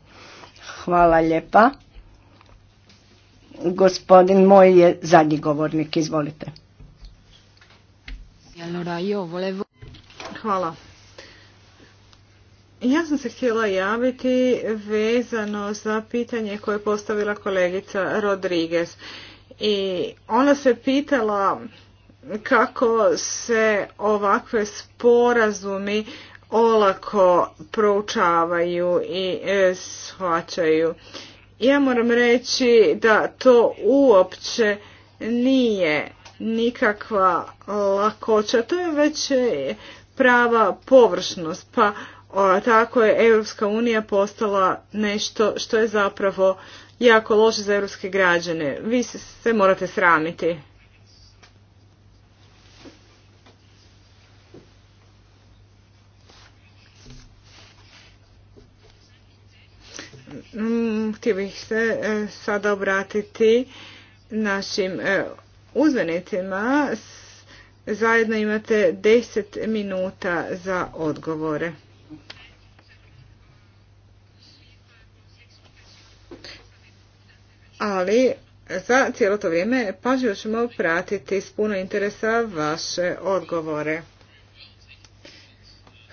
Hvala lijepa. Gospodin moj je zadnji govornik, izvolite. Hvala. Ja sam se htjela javiti vezano za pitanje koje je postavila kolegica Rodriguez i ona se pitala kako se ovakve sporazumi olako proučavaju i e, shvaćaju. Ja moram reći da to uopće nije nikakva lakoća, to je već e, prava površnost, pa tako je Europska unija postala nešto što je zapravo jako loše za europske građane. Vi se, sve morate sramiti. Mm, htio bih se e, sada obratiti našim e, uzvanicima. Zajedno imate 10 minuta za odgovore. ali za cijelo to vrijeme pažljivo ćemo pratiti s puno interesa vaše odgovore.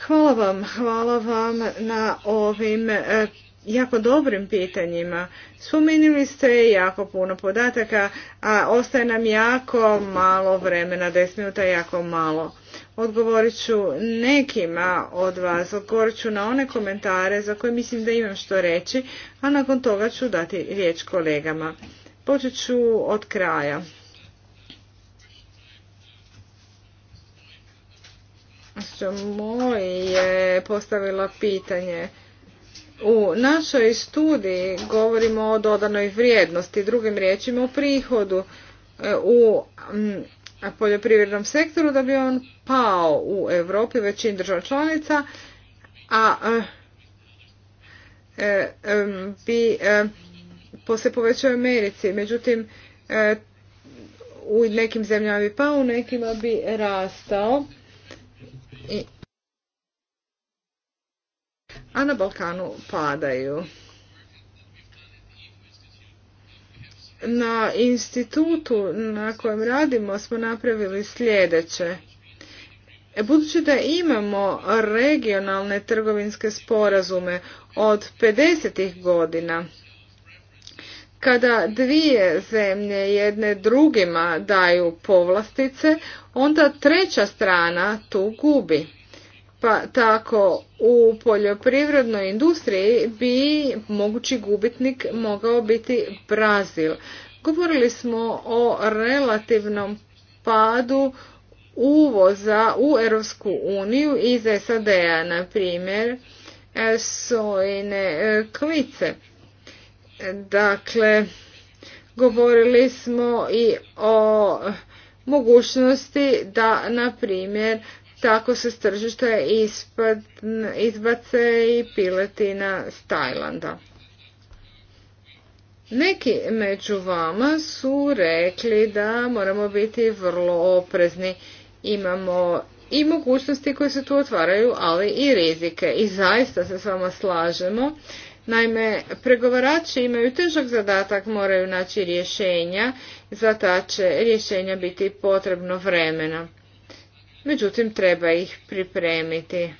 Hvala vam, hvala vam na ovim e, jako dobrim pitanjima. Spomenuli ste jako puno podataka, a ostaje nam jako malo vremena, 10 minuta jako malo. Odgovorit ću nekima od vas, odgovorit ću na one komentare za koje mislim da imam što reći, a nakon toga ću dati riječ kolegama. Počet ću od kraja. Moj je postavila pitanje. U našoj studiji govorimo o dodanoj vrijednosti, drugim riječima o prihodu. E, u poljoprivrednom sektoru da bi on pao u Europi većin država članica, a e, e, bi e, poslije povećao Americi. Međutim, u nekim zemljama bi pao, u nekima bi rastao. a na Balkanu padaju. na institutu na kojem radimo smo napravili sljedeće. E, budući da imamo regionalne trgovinske sporazume od 50. godina, kada dvije zemlje jedne drugima daju povlastice, onda treća strana tu gubi. Pa tako u poljoprivrednoj industriji bi mogući gubitnik mogao biti Brazil. Govorili smo o relativnom padu uvoza u Europsku uniju iz SAD-a, na primjer, sojne e, klice. Dakle, govorili smo i o mogućnosti da, na primjer, tako se s tržišta izbace i piletina s Tajlanda. Neki među vama su rekli da moramo biti vrlo oprezni. Imamo i mogućnosti koje se tu otvaraju, ali i rizike. I zaista se s vama slažemo. Naime, pregovarači imaju težak zadatak, moraju naći rješenja, za ta će rješenja biti potrebno vremena međutim treba ih pripremiti.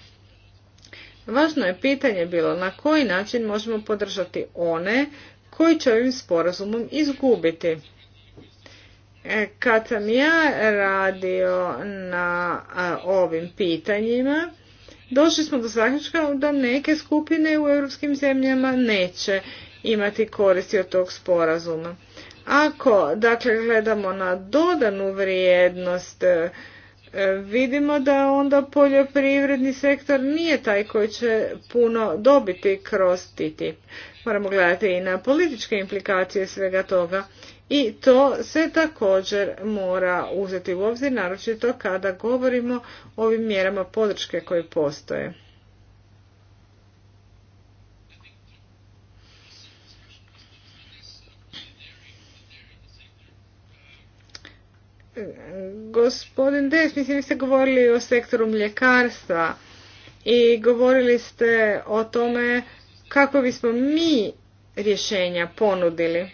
Važno je pitanje bilo na koji način možemo podržati one koji će ovim sporazumom izgubiti. E, kad sam ja radio na ovim pitanjima, došli smo do zaključka da neke skupine u europskim zemljama neće imati koristi od tog sporazuma. Ako dakle gledamo na dodanu vrijednost E, vidimo da onda poljoprivredni sektor nije taj koji će puno dobiti kroz TTIP. Moramo gledati i na političke implikacije svega toga i to se također mora uzeti u obzir, naročito kada govorimo o ovim mjerama podrške koje postoje. Gospodin Des, mislim, vi ste govorili o sektoru mljekarstva i govorili ste o tome kako bismo mi rješenja ponudili.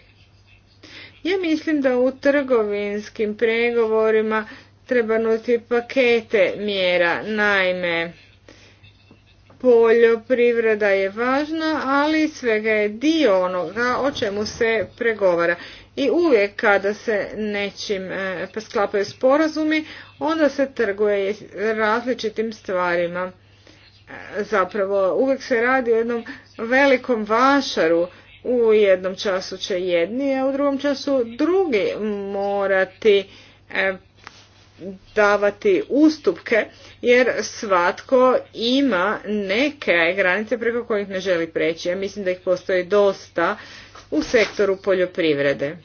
Ja mislim da u trgovinskim pregovorima treba nuti pakete mjera, naime poljoprivreda je važna, ali svega je dio onoga o čemu se pregovara. I uvijek kada se nečim e, sklapaju sporazumi, onda se trguje različitim stvarima. E, zapravo uvijek se radi o jednom velikom vašaru. U jednom času će jedni, a u drugom času drugi morati e, davati ustupke, jer svatko ima neke granice preko kojih ne želi preći. Ja mislim da ih postoji dosta u sektoru poljoprivrede.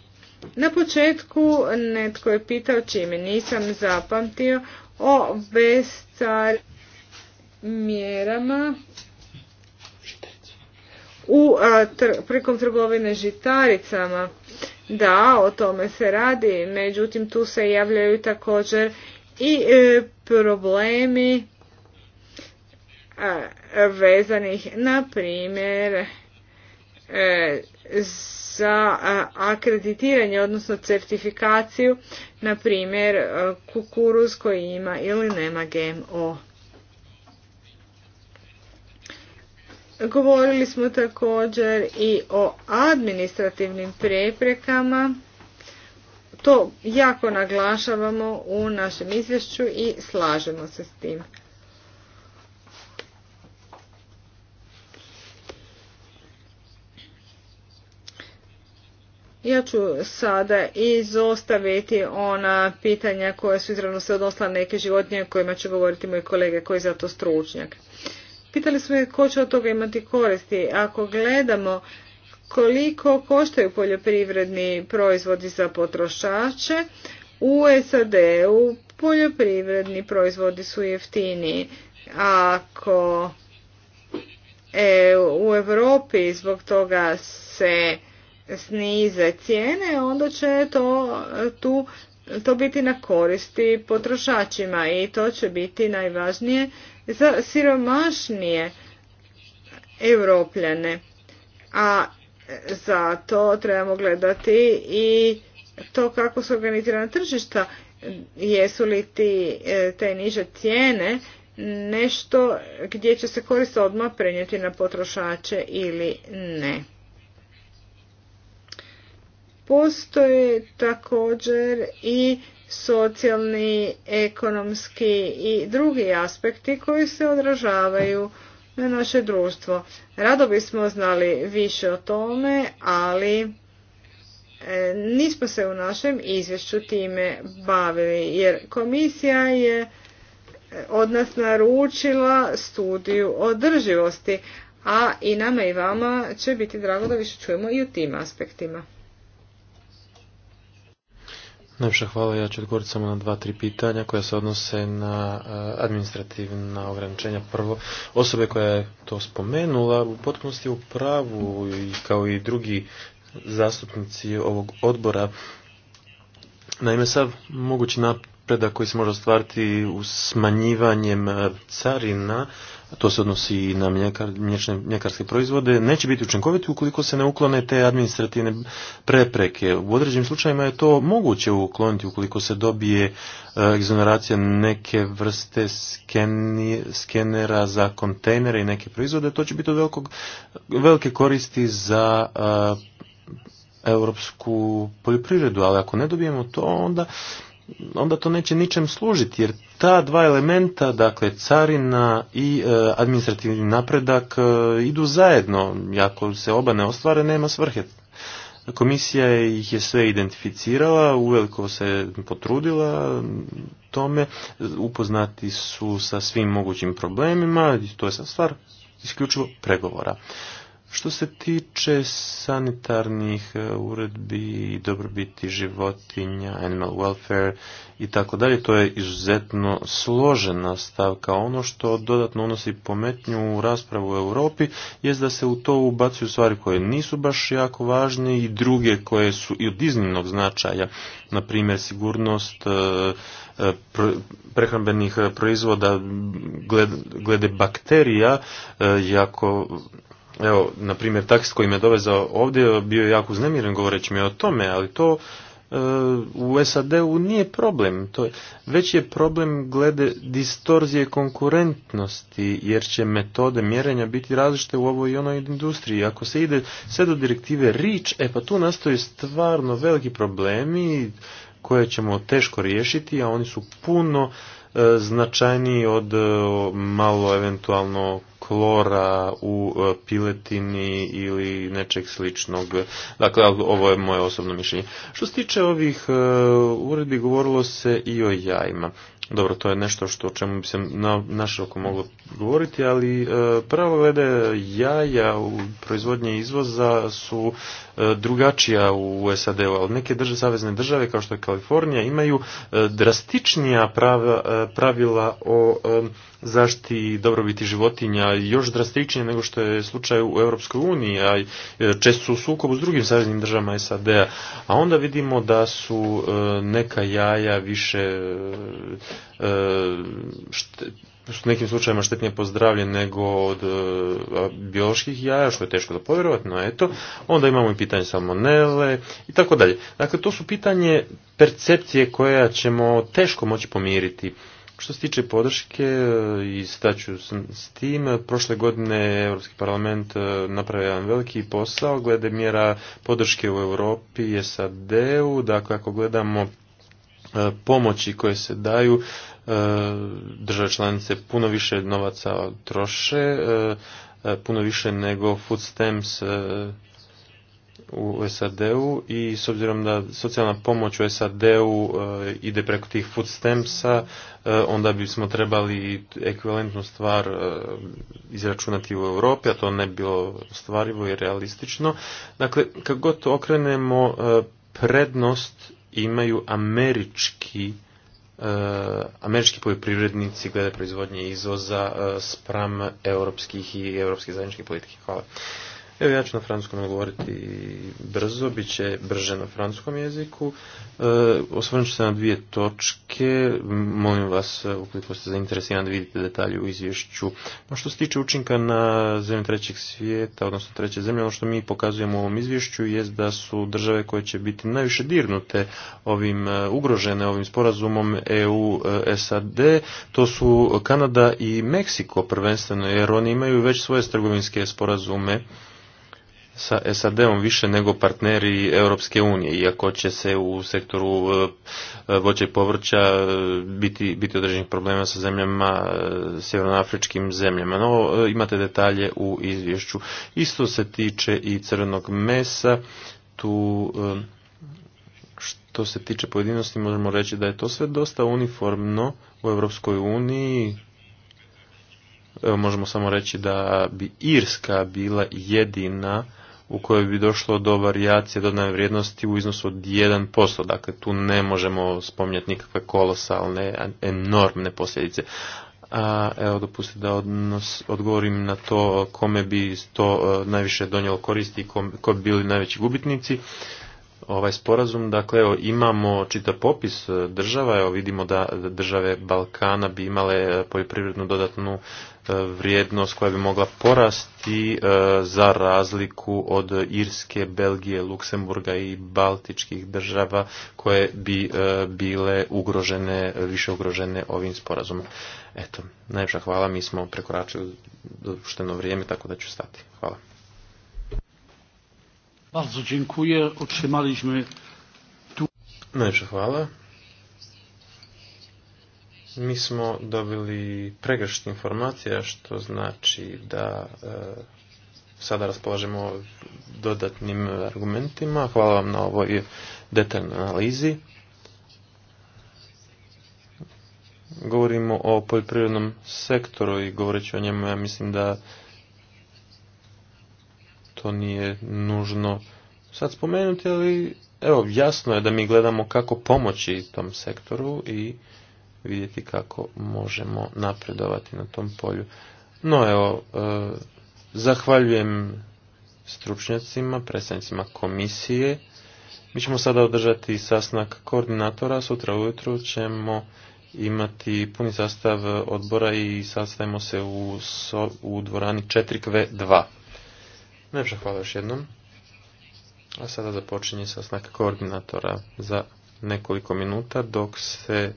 Na početku netko je pitao čime nisam zapamtio o bescar mjerama u a, trgovine žitaricama. Da, o tome se radi, međutim tu se javljaju također i e, problemi a, vezanih na primjer e, za akreditiranje, odnosno certifikaciju, na primjer e, kukuruz koji ima ili nema GMO. Govorili smo također i o administrativnim preprekama. To jako naglašavamo u našem izvješću i slažemo se s tim. Ja ću sada izostaviti ona pitanja koja su izravno se odnosila neke životinje o kojima će govoriti moji kolege koji je za stručnjak. Pitali smo je ko će od toga imati koristi. Ako gledamo koliko koštaju poljoprivredni proizvodi za potrošače, u SAD-u poljoprivredni proizvodi su jeftiniji. Ako e, u Europi zbog toga se snize cijene, onda će to, tu, to biti na koristi potrošačima i to će biti najvažnije za siromašnije europljane. A za to trebamo gledati i to kako su organizirana tržišta, jesu li ti, e, te niže cijene nešto gdje će se korist odmah prenijeti na potrošače ili ne. Postoje također i socijalni, ekonomski i drugi aspekti koji se odražavaju na naše društvo. Rado bismo znali više o tome, ali e, nismo se u našem izvješću time bavili, jer komisija je e, od nas naručila studiju održivosti, a i nama i vama će biti drago da više čujemo i u tim aspektima. Najviše hvala, ja ću odgovoriti samo na dva, tri pitanja koja se odnose na e, administrativna ograničenja. Prvo, osobe koja je to spomenula u potpunosti u pravu i kao i drugi zastupnici ovog odbora. Naime, sav mogući napredak koji se može ostvariti u smanjivanjem e, carina to se odnosi i na mljekarske proizvode, neće biti učinkoviti ukoliko se ne uklone te administrativne prepreke. U određenim slučajima je to moguće ukloniti ukoliko se dobije e, egzoneracija neke vrste skenera za kontejnere i neke proizvode. To će biti od velike koristi za e, europsku poljoprivredu, ali ako ne dobijemo to, onda onda to neće ničem služiti jer ta dva elementa, dakle carina i e, administrativni napredak e, idu zajedno. Ako se oba ne ostvare, nema svrhe. Komisija ih je sve identificirala, uveliko se potrudila tome, upoznati su sa svim mogućim problemima, to je sad stvar isključivo pregovora. Što se tiče sanitarnih e, uredbi i dobrobiti životinja, animal welfare i tako dalje, to je izuzetno složena stavka. Ono što dodatno unosi pometnju u raspravu u Europi je da se u to ubacuju stvari koje nisu baš jako važne i druge koje su i od iznimnog značaja, na primjer sigurnost e, e, prehrambenih proizvoda glede bakterija, jako Evo, na primjer, tekst koji me dovezao ovdje bio je jako uznemiren govoreći mi o tome, ali to e, u SAD-u nije problem. To je, već je problem glede distorzije konkurentnosti, jer će metode mjerenja biti različite u ovoj i onoj industriji. Ako se ide sve do direktive REACH, e pa tu nastoje stvarno veliki problemi koje ćemo teško riješiti, a oni su puno E, značajniji od e, malo eventualno klora u e, piletini ili nečeg sličnog. Dakle, ovo je moje osobno mišljenje. Što se tiče ovih uredbi, govorilo se i o jajima. Dobro, to je nešto što o čemu bi se na, oko moglo govoriti, ali e, pravo glede jaja u proizvodnje izvoza su e, drugačija u SAD-u, ali neke države, savezne države kao što je Kalifornija imaju e, drastičnija prava, e, pravila o zaštiti dobrobiti životinja još drastičnije nego što je slučaj u Europskoj uniji, a e, često su u sukobu s drugim saveznim državama SAD-a. A onda vidimo da su e, neka jaja više e, u nekim slučajima štetnije po nego od bioloških jaja, što je teško da povjerovati, no eto. Onda imamo i pitanje salmonele i tako dalje. Dakle, to su pitanje percepcije koja ćemo teško moći pomiriti. Što se tiče podrške e, i staću s tim, prošle godine Europski parlament e, napravio jedan veliki posao glede mjera podrške u Europi i SAD-u. Dakle, ako gledamo e, pomoći koje se daju, države članice puno više novaca troše, puno više nego food stamps u SAD-u i s obzirom da socijalna pomoć u SAD-u e, ide preko tih food stampsa, e, onda bismo trebali ekvivalentnu stvar e, izračunati u Europi, a to ne bi bilo stvarivo i realistično. Dakle, kako god to okrenemo, prednost imaju američki američki poljoprivrednici glede proizvodnje izvoza spram europskih i europskih zajedničkih politike. Hvala. Evo ja ću na francuskom govoriti brzo, bit će brže na francuskom jeziku. E, Osvrnut ću se na dvije točke. Molim vas, ukoliko ste zainteresirani, vidite detalje u izvješću. No pa što se tiče učinka na zemlje trećeg svijeta, odnosno treće zemlje, ono što mi pokazujemo u ovom izvješću je da su države koje će biti najviše dirnute ovim e, ugrožene ovim sporazumom EU-SAD, e, to su Kanada i Meksiko prvenstveno, jer oni imaju već svoje trgovinske sporazume sa SAD-om više nego partneri Europske unije, iako će se u sektoru e, e, voća i povrća e, biti, biti određenih problema sa zemljama, sjevernoafričkim zemljama. No, imate detalje u izvješću. Isto se tiče i crvenog mesa, tu što se tiče pojedinosti možemo reći da je to sve dosta uniformno u Europskoj uniji, Evo, možemo samo reći da bi Irska bila jedina u kojoj bi došlo do varijacije dodane vrijednosti u iznosu od 1%. Dakle, tu ne možemo spominjati nikakve kolosalne, enormne posljedice. A evo dopustite da odnos, odgovorim na to kome bi to e, najviše donijelo koristi i ko bi bili najveći gubitnici ovaj sporazum. Dakle, evo, imamo čita popis e, država, evo vidimo da države Balkana bi imale e, poljoprivrednu dodatnu e, vrijednost koja bi mogla porasti za razliku od Irske, Belgije, Luksemburga i Baltičkih država koje bi bile ugrožene, više ugrožene ovim sporazumom. Eto, najviše hvala, mi smo prekoračili dopušteno vrijeme, tako da ću stati. Hvala. Bardzo dziękuję. Otrzymaliśmy tu... Najlepsze hvala. Mi smo dobili pregršt informacija, što znači da e, sada raspolažemo dodatnim argumentima. Hvala vam na ovoj detaljnoj analizi. Govorimo o poljoprivrednom sektoru i govoreći o njemu, ja mislim da to nije nužno sad spomenuti, ali evo, jasno je da mi gledamo kako pomoći tom sektoru i vidjeti kako možemo napredovati na tom polju. No evo, e, zahvaljujem stručnjacima, predstavnicima komisije. Mi ćemo sada održati sasnak koordinatora, sutra ujutru ćemo imati puni sastav odbora i sastajemo se u, u dvorani 4Q2. Najpša hvala još jednom. A sada započinje sa snak koordinatora za nekoliko minuta dok se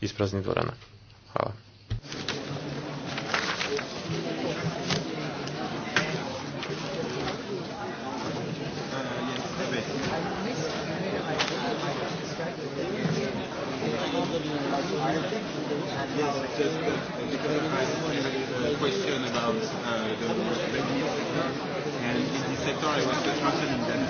isprazni dvorana. Hvala. Just And the sector, was